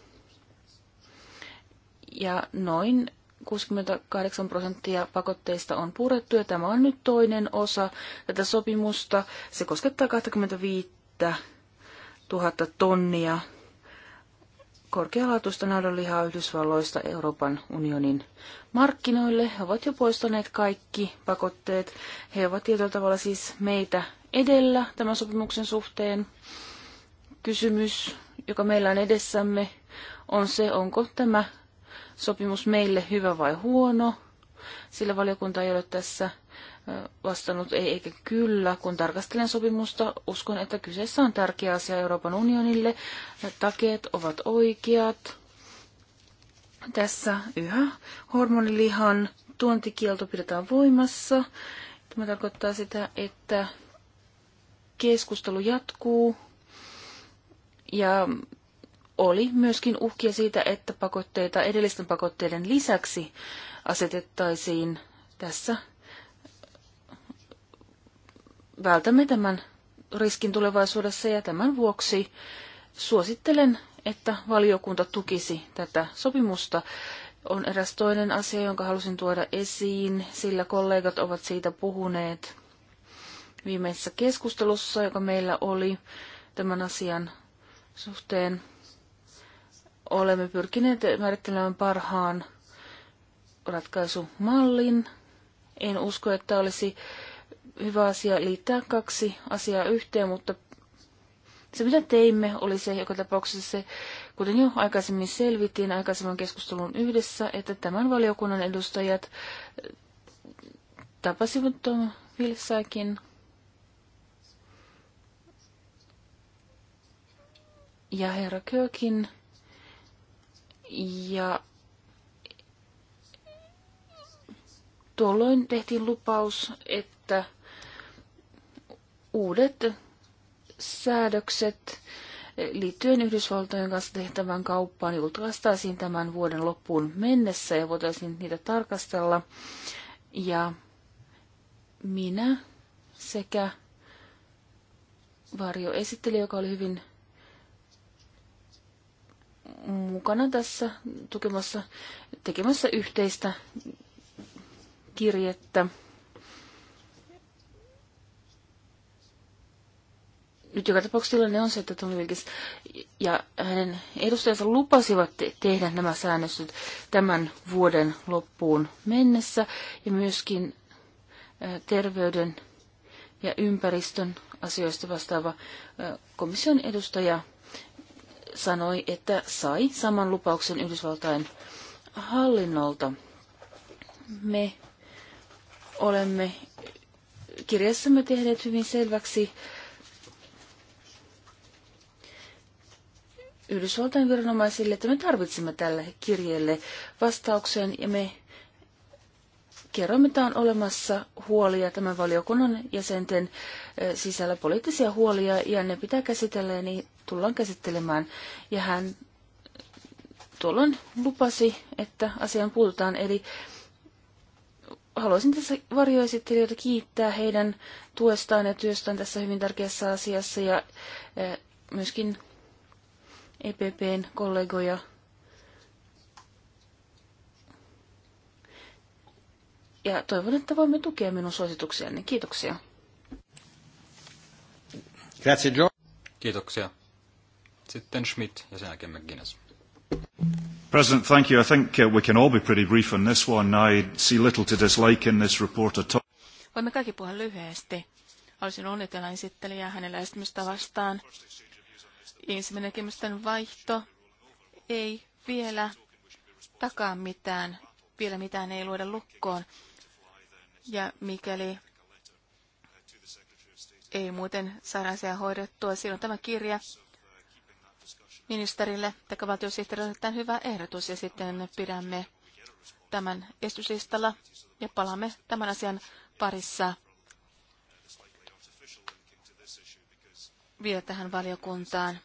Ja noin 68 prosenttia pakotteista on purettu ja tämä on nyt toinen osa tätä sopimusta. Se koskettaa 25 000 tonnia korkealaatuista naudanlihaa Yhdysvalloista Euroopan unionin markkinoille. He ovat jo poistaneet kaikki pakotteet. He ovat tietyllä tavalla siis meitä edellä tämän sopimuksen suhteen kysymys, joka meillä on edessämme, on se, onko tämä sopimus meille hyvä vai huono, sillä valiokunta ei ole tässä vastannut ei eikä kyllä. Kun tarkastelen sopimusta, uskon, että kyseessä on tärkeä asia Euroopan unionille. Takeet ovat oikeat. Tässä yhä hormonilihan tuontikielto pidetään voimassa. Tämä tarkoittaa sitä, että keskustelu jatkuu ja oli myöskin uhkia siitä, että pakotteita edellisten pakotteiden lisäksi asetettaisiin tässä. Vältämme tämän riskin tulevaisuudessa ja tämän vuoksi suosittelen, että valiokunta tukisi tätä sopimusta. On eräs toinen asia, jonka halusin tuoda esiin, sillä kollegat ovat siitä puhuneet viimeisessä keskustelussa, joka meillä oli tämän asian suhteen olemme pyrkineet määrittelemään parhaan ratkaisumallin. En usko, että olisi hyvä asia liittää kaksi asiaa yhteen, mutta se mitä teimme oli se, joka tapauksessa se, kuten jo aikaisemmin selvitin aikaisemman keskustelun yhdessä, että tämän valiokunnan edustajat tapasivat Tom Vilsäkin. ja herra Kökin ja tuolloin tehtiin lupaus, että uudet säädökset liittyen Yhdysvaltojen kanssa tehtävän kauppaan julkaistaisiin tämän vuoden loppuun mennessä ja voitaisiin niitä tarkastella. Ja minä sekä varjoesittelijä, joka oli hyvin mukana tässä tukemassa, tekemässä yhteistä kirjettä. Nyt joka tapauksessa tilanne on se, että Tom Wilkins ja hänen edustajansa lupasivat te- tehdä nämä säännöstöt tämän vuoden loppuun mennessä ja myöskin terveyden ja ympäristön asioista vastaava komission edustaja sanoi, että sai saman lupauksen Yhdysvaltain hallinnolta. Me olemme kirjassamme tehneet hyvin selväksi Yhdysvaltain viranomaisille, että me tarvitsemme tälle kirjeelle vastauksen ja me kerromme, että on olemassa huolia tämän valiokunnan jäsenten sisällä poliittisia huolia ja ne pitää käsitellä ja niin tullaan käsittelemään. Ja hän tuolloin lupasi, että asiaan puututaan. Eli haluaisin tässä varjoesittelijöitä kiittää heidän tuestaan ja työstään tässä hyvin tärkeässä asiassa ja myöskin EPPn kollegoja ja toivon, että voimme tukea minun suosituksiani. Kiitoksia. Grazie, Joe. Kiitoksia. Sitten Schmidt ja sen jälkeen McGuinness. President, thank you. I think uh, we can all be pretty brief on this one. I see little to dislike in this report at all. Voimme kaikki puhua lyhyesti. Olisin onnitella esittelijää hänen lähestymistavastaan. Ensimmäinen näkemysten vaihto ei vielä takaa mitään. Vielä mitään ei luoda lukkoon. Ja mikäli ei muuten saada asiaa hoidettua. Siinä on tämä kirja ministerille tai valtiosihteerille erittäin hyvä ehdotus ja sitten pidämme tämän estyslistalla ja palaamme tämän asian parissa vielä tähän valiokuntaan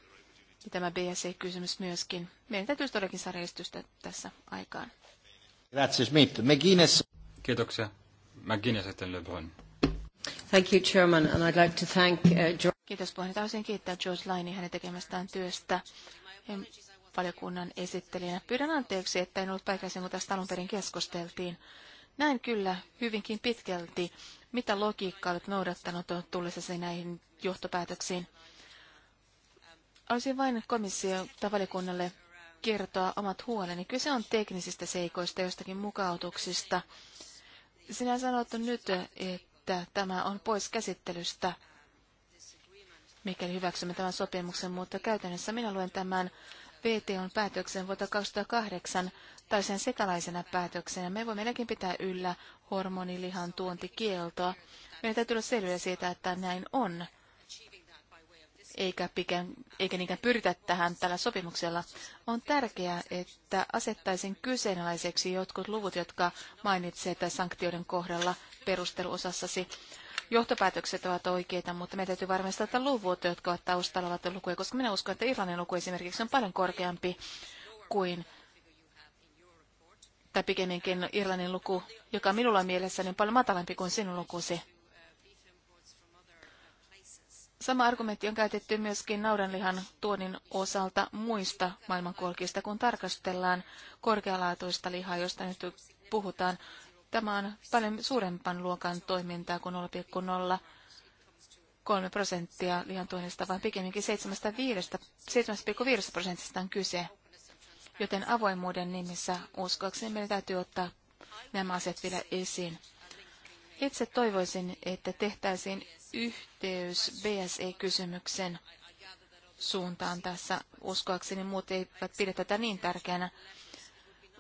ja tämä BSE-kysymys myöskin. Meidän täytyy todellakin saada estystä tässä aikaan. Grazie Smith. McGuinness. Kiitoksia. McGuinness sitten Thank you, Chairman, and I'd like to thank George. Uh, Kiitos puheenjohtaja. Haluaisin kiittää George Laini hänen tekemästään työstä valiokunnan esittelijänä. Pyydän anteeksi, että en ollut paikallisen, kun tästä alun perin keskusteltiin. Näin kyllä hyvinkin pitkälti, mitä logiikkaa olet noudattanut tullessasi näihin johtopäätöksiin. Olisin vain komissio tai valiokunnalle kertoa omat huoleni. Kyse on teknisistä seikoista, jostakin mukautuksista. Sinä sanot nyt, että että tämä on pois käsittelystä, mikäli hyväksymme tämän sopimuksen, mutta käytännössä minä luen tämän VTOn päätöksen vuotta 2008 tai sen sekalaisena päätöksenä. Me voimme meidänkin pitää yllä hormonilihan tuontikieltoa. Meidän täytyy olla selviä siitä, että näin on eikä, pikään, eikä niinkään pyritä tähän tällä sopimuksella, on tärkeää, että asettaisin kyseenalaiseksi jotkut luvut, jotka mainitset sanktioiden kohdalla perusteluosassasi. Johtopäätökset ovat oikeita, mutta meidän täytyy varmistaa, että luvut, jotka ovat taustalla, ovat lukuja, koska minä uskon, että Irlannin luku esimerkiksi on paljon korkeampi kuin tai pikemminkin Irlannin luku, joka minulla on mielessäni on paljon matalampi kuin sinun lukusi Sama argumentti on käytetty myöskin naudanlihan tuonin osalta muista maailmankolkista, kun tarkastellaan korkealaatuista lihaa, josta nyt puhutaan. Tämä on paljon suurempan luokan toimintaa kuin 0,03 prosenttia lihan tuonnista, vaan pikemminkin 7,5 prosentista on kyse. Joten avoimuuden nimissä uskoakseni meidän täytyy ottaa nämä asiat vielä esiin. Itse toivoisin, että tehtäisiin yhteys BSE-kysymyksen suuntaan tässä. Uskoakseni muut eivät pidä tätä niin tärkeänä.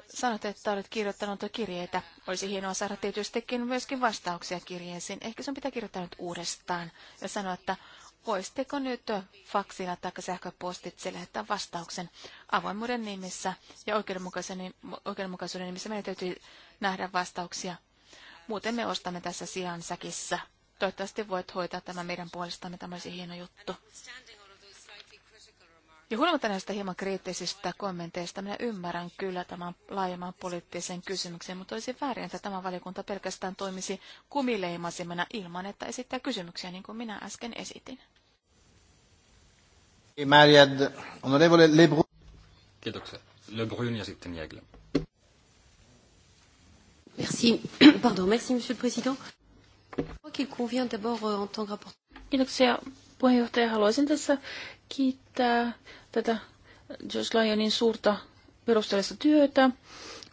Sanoit, että olet kirjoittanut kirjeitä. Olisi hienoa saada tietystikin myöskin vastauksia kirjeisiin. Ehkä sinun pitää kirjoittaa nyt uudestaan ja sanoa, että voisitteko nyt faksilla tai sähköpostitse lähettää vastauksen avoimuuden nimissä ja oikeudenmukaisuuden, nimissä. Meidän täytyy nähdä vastauksia. Muuten me ostamme tässä sijan säkissä. Toivottavasti voit hoitaa tämän meidän puolestamme. Tämä olisi hieno juttu. Ja huolimatta näistä hieman kriittisistä kommenteista, minä ymmärrän kyllä tämän laajemman poliittisen kysymyksen, mutta olisi väärin, että tämä valiokunta pelkästään toimisi kumileimasimena ilman, että esittää kysymyksiä, niin kuin minä äsken esitin. Kiitoksia. Le Brun ja sitten Jäglä. Merci. Pardon, merci, monsieur le président. Euh, Kiitoksia puheenjohtaja. Haluaisin tässä kiittää tätä Josh Lyonin suurta perusteellista työtä.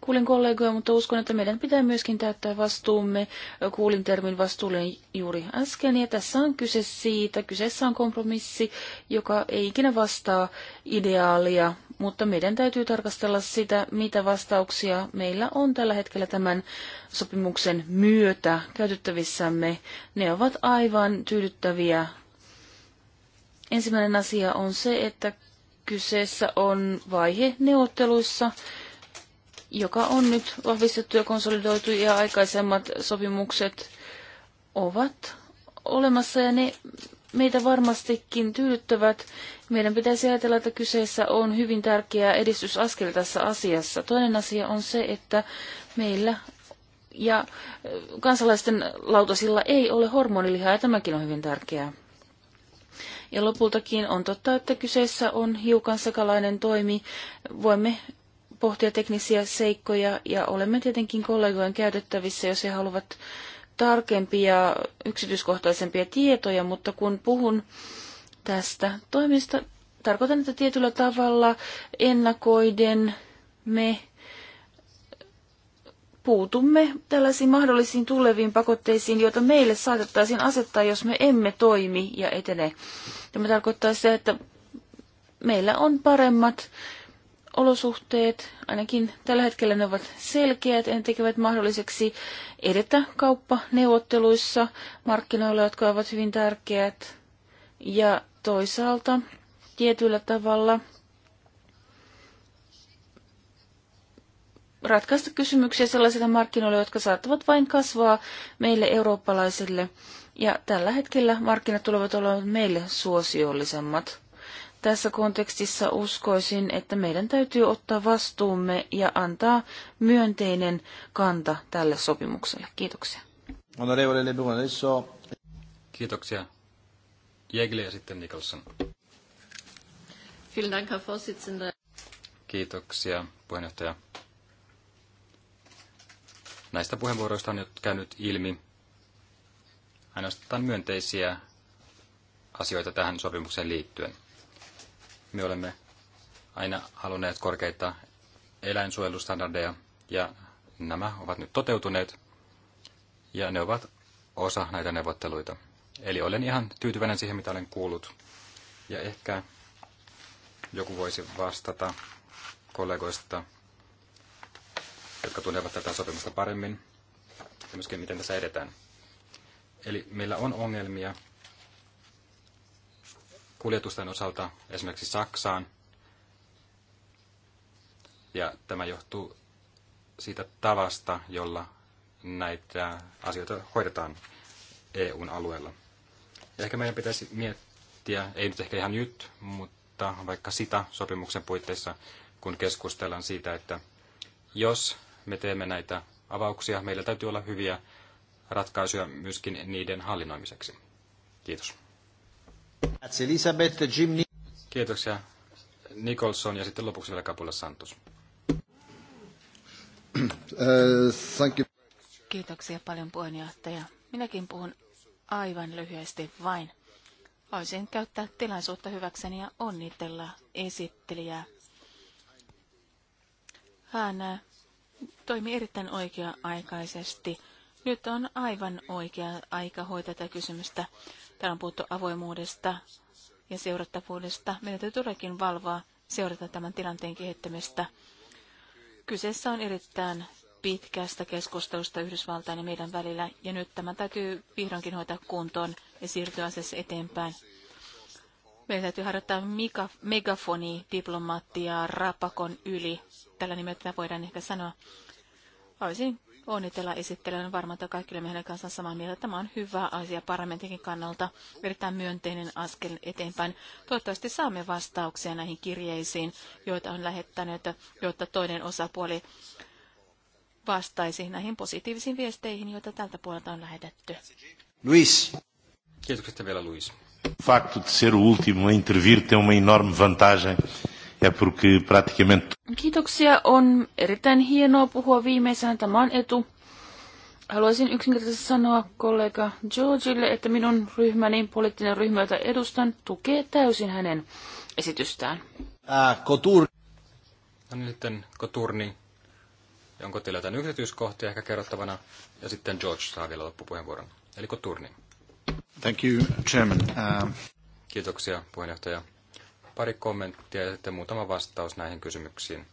Kuulin kollegoja, mutta uskon, että meidän pitää myöskin täyttää vastuumme. Kuulin termin vastuullinen juuri äsken, ja tässä on kyse siitä. Kyseessä on kompromissi, joka ei ikinä vastaa ideaalia, mutta meidän täytyy tarkastella sitä, mitä vastauksia meillä on tällä hetkellä tämän sopimuksen myötä käytettävissämme. Ne ovat aivan tyydyttäviä. Ensimmäinen asia on se, että kyseessä on vaihe neuvotteluissa – joka on nyt vahvistettu ja konsolidoitu ja aikaisemmat sopimukset ovat olemassa ja ne meitä varmastikin tyydyttävät. Meidän pitäisi ajatella, että kyseessä on hyvin tärkeä edistysaskel tässä asiassa. Toinen asia on se, että meillä ja kansalaisten lautasilla ei ole hormonilihaa, ja tämäkin on hyvin tärkeää. Ja lopultakin on totta, että kyseessä on hiukan sekalainen toimi. Voimme pohtia teknisiä seikkoja ja olemme tietenkin kollegojen käytettävissä, jos he haluavat tarkempia, yksityiskohtaisempia tietoja, mutta kun puhun tästä toimista, tarkoitan, että tietyllä tavalla ennakoiden me puutumme tällaisiin mahdollisiin tuleviin pakotteisiin, joita meille saatettaisiin asettaa, jos me emme toimi ja etene. Tämä tarkoittaa sitä, että meillä on paremmat olosuhteet, ainakin tällä hetkellä ne ovat selkeät ja ne tekevät mahdolliseksi edetä kauppaneuvotteluissa markkinoilla, jotka ovat hyvin tärkeät. Ja toisaalta tietyllä tavalla ratkaista kysymyksiä sellaisille markkinoille, jotka saattavat vain kasvaa meille eurooppalaisille. Ja tällä hetkellä markkinat tulevat olemaan meille suosiollisemmat. Tässä kontekstissa uskoisin, että meidän täytyy ottaa vastuumme ja antaa myönteinen kanta tälle sopimukselle. Kiitoksia. Kiitoksia. Jägle ja sitten Nicholson. Kiitoksia, puheenjohtaja. Näistä puheenvuoroista on jo käynyt ilmi ainoastaan myönteisiä asioita tähän sopimukseen liittyen. Me olemme aina halunneet korkeita eläinsuojelustandardeja ja nämä ovat nyt toteutuneet ja ne ovat osa näitä neuvotteluita. Eli olen ihan tyytyväinen siihen, mitä olen kuullut. Ja ehkä joku voisi vastata kollegoista, jotka tuntevat tätä sopimusta paremmin ja myöskin miten tässä edetään. Eli meillä on ongelmia kuljetusten osalta esimerkiksi Saksaan. Ja tämä johtuu siitä tavasta, jolla näitä asioita hoidetaan EUn alueella. Ehkä meidän pitäisi miettiä, ei nyt ehkä ihan nyt, mutta vaikka sitä sopimuksen puitteissa, kun keskustellaan siitä, että jos me teemme näitä avauksia, meillä täytyy olla hyviä ratkaisuja myöskin niiden hallinnoimiseksi. Kiitos. Elisabeth, Jim... Kiitoksia Nicholson ja sitten lopuksi vielä Kapula Santos. Uh, Kiitoksia paljon puheenjohtaja. Minäkin puhun aivan lyhyesti vain. Voisin käyttää tilaisuutta hyväkseni ja onnitella esittelijää. Hän äh, toimi erittäin oikea-aikaisesti. Nyt on aivan oikea aika hoitaa tätä kysymystä. Täällä on puhuttu avoimuudesta ja seurattavuudesta. Meidän täytyy todellakin valvoa seurata tämän tilanteen kehittämistä. Kyseessä on erittäin pitkästä keskustelusta Yhdysvaltain ja meidän välillä, ja nyt tämä täytyy vihdoinkin hoitaa kuntoon ja siirtyä asiassa eteenpäin. Meidän täytyy harjoittaa megafoni diplomaattia rapakon yli. Tällä nimellä voidaan ehkä sanoa. Olisin onnitella esittelijän varmaan, että kaikille meidän kanssa samaa mieltä. Tämä on hyvä asia parlamentinkin kannalta, erittäin myönteinen askel eteenpäin. Toivottavasti saamme vastauksia näihin kirjeisiin, joita on lähettänyt, jotta toinen osapuoli vastaisi näihin positiivisiin viesteihin, joita tältä puolelta on lähetetty. Luis. Kiitoksia vielä, Luis. Fakti, de ser o último a intervir tem uma enorme vantagem ja porque praticamente... Kiitoksia. On erittäin hienoa puhua viimeisään Tämä on etu. Haluaisin yksinkertaisesti sanoa kollega Georgille, että minun ryhmäni, poliittinen ryhmä, jota edustan, tukee täysin hänen esitystään. Ää, kotur... No niin, sitten Koturni, onko teillä jotain yksityiskohtia ehkä kerrottavana, ja sitten George saa vielä loppupuheenvuoron. Eli Koturni. Thank you, Chairman. Uh... Kiitoksia, puheenjohtaja pari kommenttia ja sitten muutama vastaus näihin kysymyksiin.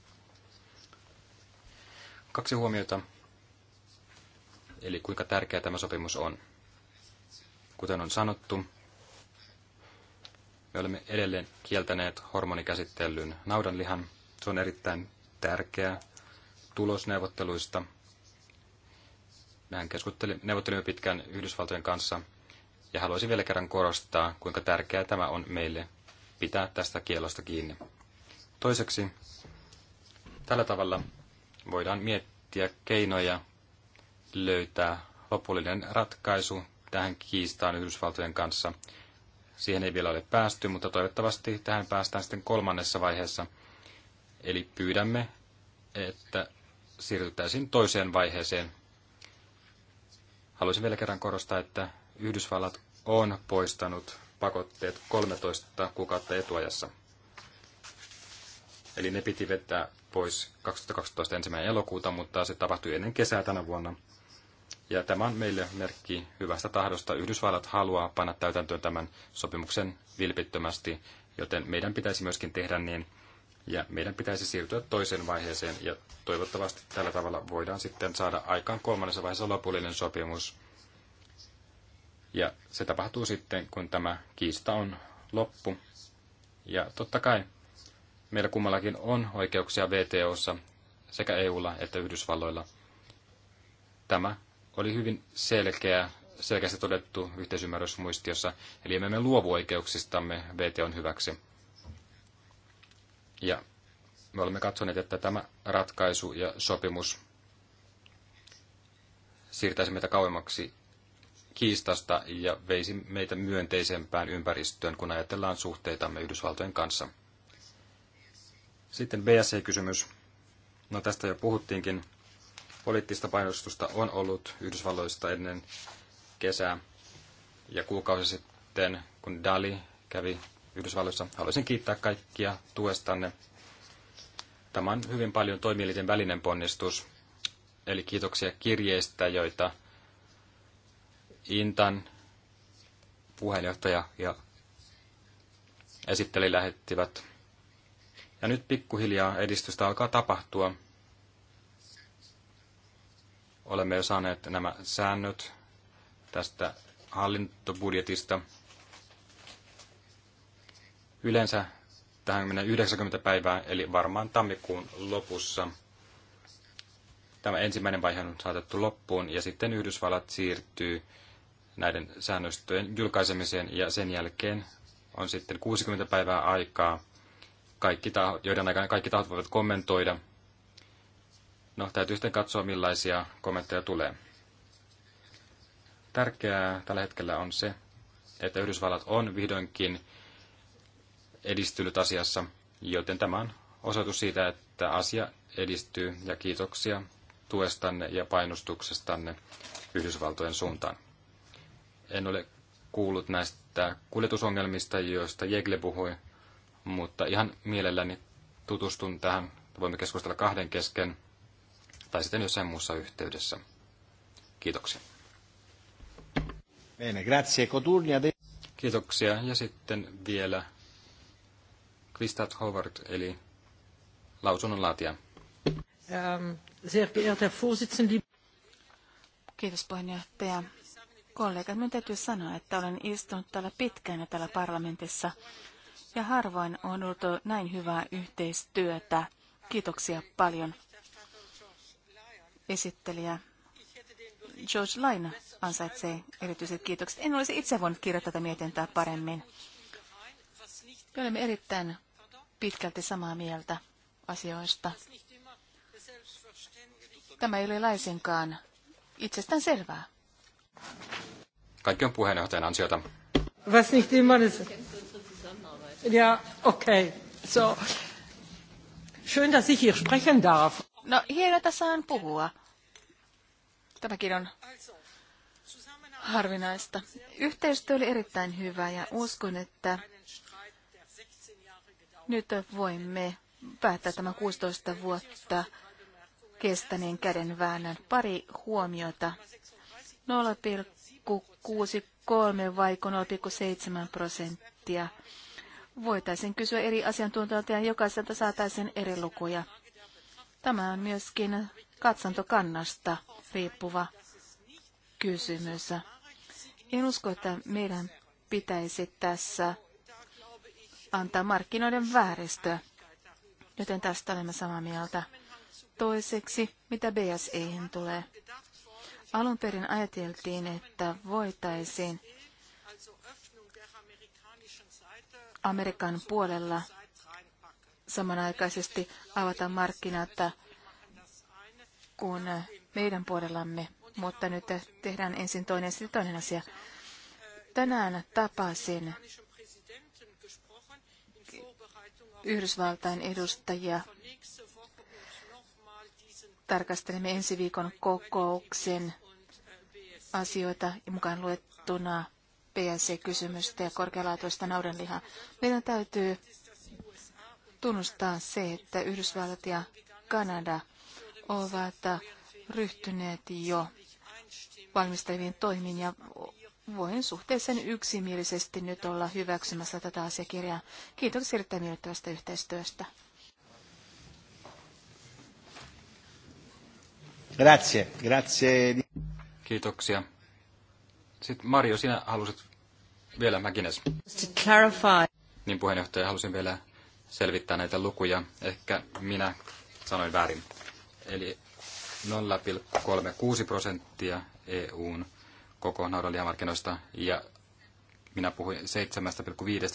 Kaksi huomiota, eli kuinka tärkeä tämä sopimus on. Kuten on sanottu, me olemme edelleen kieltäneet hormonikäsittelyn naudanlihan. Se on erittäin tärkeä tulosneuvotteluista. Mehän neuvottelimme pitkään Yhdysvaltojen kanssa ja haluaisin vielä kerran korostaa, kuinka tärkeää tämä on meille pitää tästä kielosta kiinni. Toiseksi, tällä tavalla voidaan miettiä keinoja löytää lopullinen ratkaisu tähän kiistaan Yhdysvaltojen kanssa. Siihen ei vielä ole päästy, mutta toivottavasti tähän päästään sitten kolmannessa vaiheessa. Eli pyydämme, että siirryttäisiin toiseen vaiheeseen. Haluaisin vielä kerran korostaa, että Yhdysvallat on poistanut pakotteet 13 kuukautta etuajassa. Eli ne piti vetää pois 2012 ensimmäinen elokuuta, mutta se tapahtui ennen kesää tänä vuonna. Ja tämä on meille merkki hyvästä tahdosta. Yhdysvallat haluaa panna täytäntöön tämän sopimuksen vilpittömästi, joten meidän pitäisi myöskin tehdä niin, ja meidän pitäisi siirtyä toiseen vaiheeseen, ja toivottavasti tällä tavalla voidaan sitten saada aikaan kolmannessa vaiheessa lopullinen sopimus, ja se tapahtuu sitten, kun tämä kiista on loppu. Ja totta kai meillä kummallakin on oikeuksia VTOssa sekä EUlla että Yhdysvalloilla. Tämä oli hyvin selkeä, selkeästi todettu yhteisymmärrysmuistiossa, eli emme me luovu oikeuksistamme VTOn hyväksi. Ja me olemme katsoneet, että tämä ratkaisu ja sopimus siirtäisi meitä kauemmaksi kiistasta ja veisi meitä myönteisempään ympäristöön, kun ajatellaan suhteitamme Yhdysvaltojen kanssa. Sitten BSC-kysymys. No tästä jo puhuttiinkin. Poliittista painostusta on ollut Yhdysvalloista ennen kesää ja kuukausi sitten, kun Dali kävi Yhdysvalloissa. Haluaisin kiittää kaikkia tuestanne. Tämä on hyvin paljon toimielinten välinen ponnistus. Eli kiitoksia kirjeistä, joita Intan puheenjohtaja ja esitteli lähettivät. Ja nyt pikkuhiljaa edistystä alkaa tapahtua. Olemme jo saaneet nämä säännöt tästä hallintobudjetista. Yleensä tähän menee 90 päivää, eli varmaan tammikuun lopussa. Tämä ensimmäinen vaihe on saatettu loppuun, ja sitten Yhdysvallat siirtyy näiden säännöstöjen julkaisemiseen ja sen jälkeen on sitten 60 päivää aikaa, kaikki tahot, joiden aikana kaikki tahot voivat kommentoida. No, täytyy sitten katsoa, millaisia kommentteja tulee. Tärkeää tällä hetkellä on se, että Yhdysvallat on vihdoinkin edistynyt asiassa, joten tämä on osoitus siitä, että asia edistyy ja kiitoksia tuestanne ja painostuksestanne Yhdysvaltojen suuntaan. En ole kuullut näistä kuljetusongelmista, joista Jegle puhui, mutta ihan mielelläni tutustun tähän. Voimme keskustella kahden kesken tai sitten jossain muussa yhteydessä. Kiitoksia. Bene, grazie Kiitoksia. Ja sitten vielä Kristat Howard, eli lausunnonlaatija. Ähm, sehr geehrter Vorsitzende, Kiitos puheenjohtaja. Kollegat, minun täytyy sanoa, että olen istunut täällä pitkään täällä parlamentissa ja harvoin on ollut näin hyvää yhteistyötä. Kiitoksia paljon esittelijä George Laina ansaitsee erityiset kiitokset. En olisi itse voinut kirjoittaa tätä mietintää paremmin. Me olemme erittäin pitkälti samaa mieltä asioista. Tämä ei ole laisinkaan itsestään selvää. Kaikki on puheenjohtajan ansiota. Was nicht immer ist. Ja, okay. So. Schön, dass ich hier sprechen darf. No, saan puhua. Tämäkin on harvinaista. Yhteistyö oli erittäin hyvä ja uskon, että nyt voimme päättää tämä 16 vuotta kestäneen kädenväännön. Pari huomiota. 0,63 vai 0,7 prosenttia. Voitaisiin kysyä eri asiantuntijoilta ja jokaiselta saataisiin eri lukuja. Tämä on myöskin katsantokannasta riippuva kysymys. En usko, että meidän pitäisi tässä antaa markkinoiden vääristö, joten tästä olemme samaa mieltä. Toiseksi, mitä BSEihin tulee. Alun perin ajateltiin, että voitaisiin Amerikan puolella samanaikaisesti avata markkinat kuin meidän puolellamme, mutta nyt tehdään ensin toinen sitten toinen asia. Tänään tapasin Yhdysvaltain edustajia. Tarkastelemme ensi viikon kokouksen asioita ja mukaan luettuna PSC-kysymystä ja korkealaatuista naudanlihaa. Meidän täytyy tunnustaa se, että Yhdysvallat ja Kanada ovat ryhtyneet jo valmisteleviin toimiin ja voin suhteellisen yksimielisesti nyt olla hyväksymässä tätä asiakirjaa. Kiitoksia erittäin miellyttävästä yhteistyöstä. Grazie, grazie. Kiitoksia. Sitten Mario, sinä halusit vielä Mäkines. Niin puheenjohtaja, halusin vielä selvittää näitä lukuja. Ehkä minä sanoin väärin. Eli 0,36 prosenttia EUn koko naudanlihamarkkinoista ja minä puhuin 7,5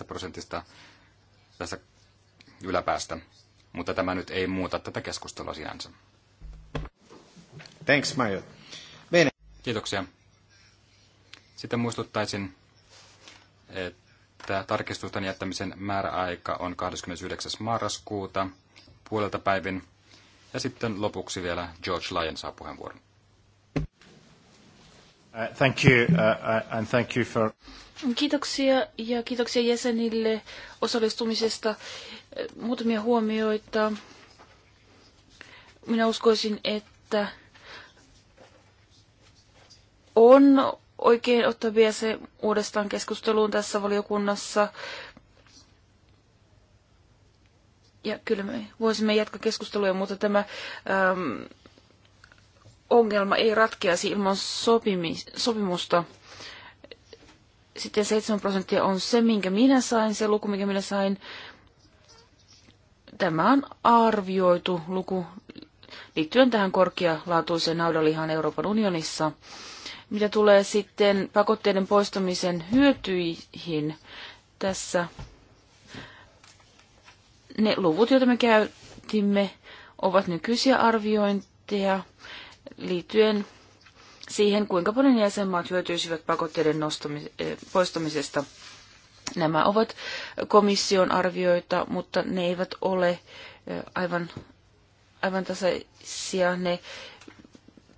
prosentista tässä yläpäästä. Mutta tämä nyt ei muuta tätä keskustelua sinänsä. Thanks, Mario. Kiitoksia. Sitten muistuttaisin, että tarkistusten jättämisen määräaika on 29. marraskuuta puolelta päivin. Ja sitten lopuksi vielä George Lyon saa puheenvuoron. Uh, thank you, uh, uh, and thank you for... Kiitoksia ja kiitoksia jäsenille osallistumisesta. Muutamia huomioita. Minä uskoisin, että on oikein ottavia se uudestaan keskusteluun tässä valiokunnassa. Ja kyllä me voisimme jatkaa keskustelua, mutta tämä äm, ongelma ei ratkeaisi ilman sopimis, sopimusta. Sitten 7 prosenttia on se, minkä minä sain, se luku, minkä minä sain. Tämä on arvioitu luku liittyen tähän korkealaatuiseen naudalihaan Euroopan unionissa. Mitä tulee sitten pakotteiden poistamisen hyötyihin tässä, ne luvut, joita me käytimme, ovat nykyisiä arviointeja liittyen siihen, kuinka paljon jäsenmaat hyötyisivät pakotteiden nostamis- eh, poistamisesta. Nämä ovat komission arvioita, mutta ne eivät ole eh, aivan, aivan tasaisia. Ne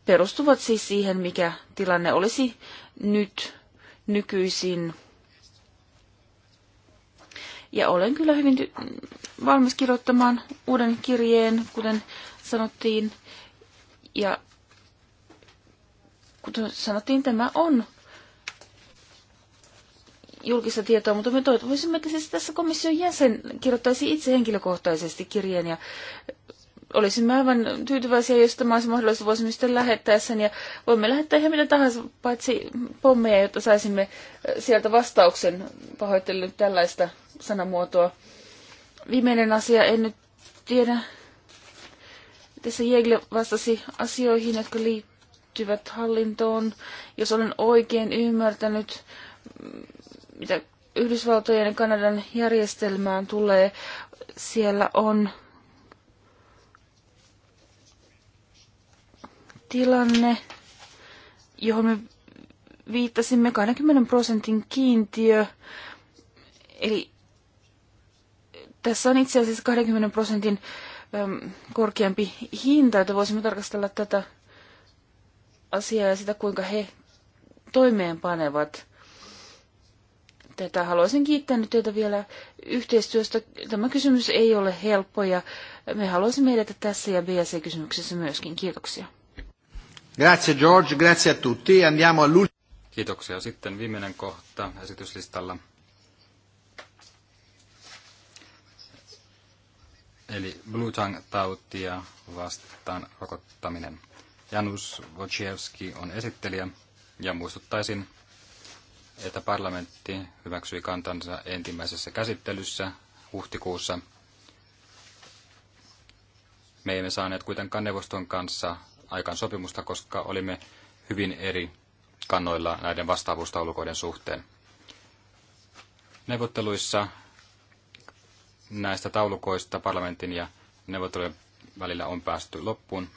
perustuvat siis siihen, mikä tilanne olisi nyt nykyisin. Ja olen kyllä hyvin valmis kirjoittamaan uuden kirjeen, kuten sanottiin. Ja kuten sanottiin, tämä on julkista tietoa, mutta me toivoisimme, että siis tässä komission jäsen kirjoittaisi itse henkilökohtaisesti kirjeen ja olisimme aivan tyytyväisiä, jos tämä olisi mahdollista, voisimme sitten lähettää sen ja voimme lähettää ihan mitä tahansa, paitsi pommeja, jotta saisimme sieltä vastauksen. Pahoittelen tällaista sanamuotoa. Viimeinen asia, en nyt tiedä. Tässä Jegle vastasi asioihin, jotka liittyvät hallintoon. Jos olen oikein ymmärtänyt, mitä Yhdysvaltojen ja Kanadan järjestelmään tulee, siellä on tilanne, johon me viittasimme 20 prosentin kiintiö. Eli tässä on itse asiassa 20 prosentin korkeampi hinta, että voisimme tarkastella tätä asiaa ja sitä, kuinka he toimeenpanevat tätä. Haluaisin kiittää nyt teitä vielä yhteistyöstä. Tämä kysymys ei ole helppo ja me haluaisimme edetä tässä ja BSC-kysymyksessä myöskin. Kiitoksia. Grazie George, grazie a tutti. Andiamo all'ultimo. Kiitoksia. Sitten viimeinen kohta esityslistalla. Eli Blue Tongue-tautia vastaan rokottaminen. Janus Wojciechowski on esittelijä ja muistuttaisin, että parlamentti hyväksyi kantansa ensimmäisessä käsittelyssä huhtikuussa. Me emme saaneet kuitenkaan neuvoston kanssa aikaan sopimusta, koska olimme hyvin eri kannoilla näiden vastaavuustaulukoiden suhteen. Neuvotteluissa näistä taulukoista parlamentin ja neuvottelujen välillä on päästy loppuun.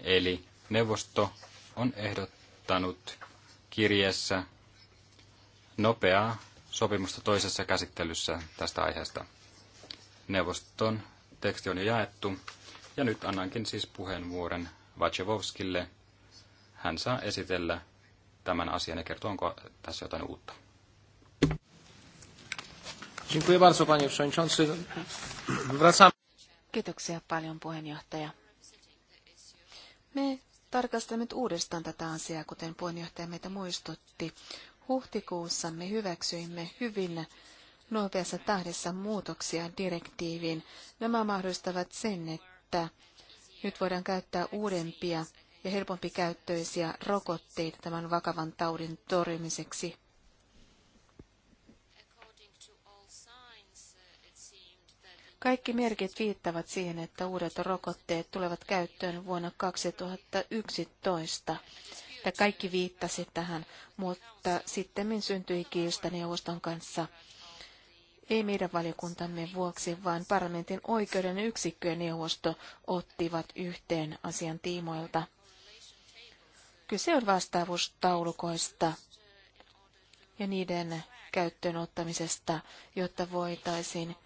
Eli neuvosto on ehdottanut kirjeessä nopeaa sopimusta toisessa käsittelyssä tästä aiheesta. Neuvoston teksti on jo jaettu ja nyt annankin siis puheenvuoron Vachevovskille. Hän saa esitellä tämän asian ja kertoa, onko tässä jotain uutta. Kiitoksia paljon puheenjohtaja. Me tarkastamme nyt uudestaan tätä asiaa, kuten puheenjohtaja meitä muistutti. Huhtikuussa me hyväksyimme hyvin nopeassa tahdissa muutoksia direktiiviin. Nämä mahdollistavat sen, että nyt voidaan käyttää uudempia ja helpompi käyttöisiä rokotteita tämän vakavan taudin torjumiseksi. Kaikki merkit viittavat siihen, että uudet rokotteet tulevat käyttöön vuonna 2011. Ja kaikki viittasi tähän, mutta sitten syntyi kiista neuvoston kanssa – ei meidän valiokuntamme vuoksi, vaan parlamentin oikeuden yksikkö ja neuvosto ottivat yhteen asian tiimoilta. Kyse on vastaavuustaulukoista ja niiden käyttöön ottamisesta, jotta voitaisiin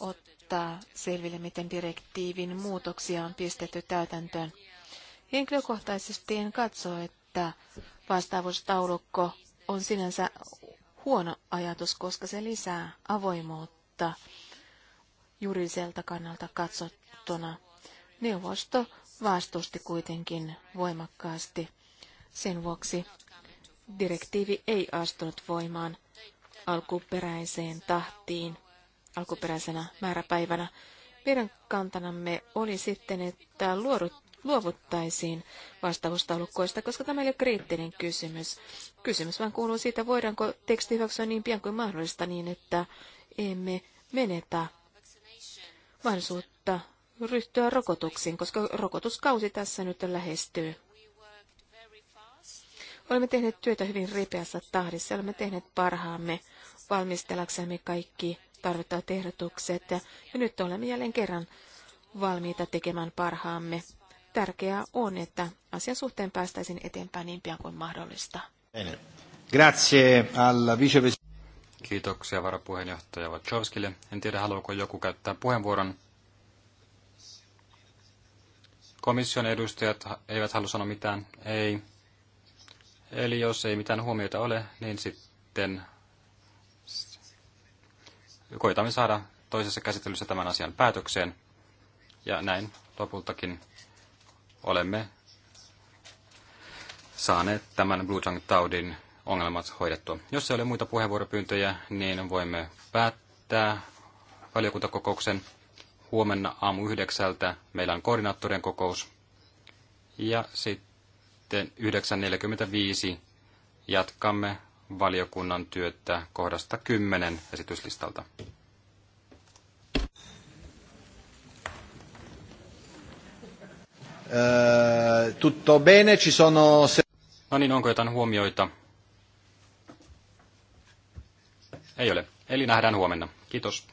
ottaa selville, miten direktiivin muutoksia on pistetty täytäntöön. Henkilökohtaisesti en katso, että vastaavuustaulukko on sinänsä huono ajatus, koska se lisää avoimuutta juridiselta kannalta katsottuna. Neuvosto vastusti kuitenkin voimakkaasti. Sen vuoksi direktiivi ei astunut voimaan alkuperäiseen tahtiin alkuperäisenä määräpäivänä. Meidän kantanamme oli sitten, että luodut luovuttaisiin vastaustaulukkoista, koska tämä ei ole kriittinen kysymys. Kysymys vaan kuuluu siitä, voidaanko teksti hyväksyä niin pian kuin mahdollista niin, että emme menetä mahdollisuutta ryhtyä rokotuksiin, koska rokotuskausi tässä nyt lähestyy. Olemme tehneet työtä hyvin ripeässä tahdissa, olemme tehneet parhaamme valmistelaksemme kaikki tarvittavat ehdotukset ja nyt olemme jälleen kerran valmiita tekemään parhaamme Tärkeää on, että asian suhteen päästäisiin eteenpäin niin pian kuin mahdollista. Grazie alla Kiitoksia varapuheenjohtaja Wachowskille. En tiedä, haluaako joku käyttää puheenvuoron. Komission edustajat eivät halua sanoa mitään. Ei. Eli jos ei mitään huomiota ole, niin sitten koitamme saada toisessa käsittelyssä tämän asian päätökseen. Ja näin lopultakin olemme saaneet tämän Bluetooth-taudin ongelmat hoidettua. Jos ei ole muita puheenvuoropyyntöjä, niin voimme päättää valiokuntakokouksen huomenna aamu yhdeksältä. Meillä on koordinaattorien kokous ja sitten 9.45 jatkamme valiokunnan työtä kohdasta 10 esityslistalta. Eh, tutto bene, ci sono... No niin, onko jotain huomioita? Ei ole. Eli nähdään huomenna. Kiitos.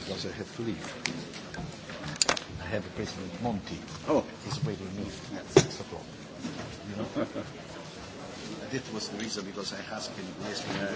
Because I have to leave. I have President Monti. Oh. He's waiting me at six o'clock. You know? That was the reason because I asked him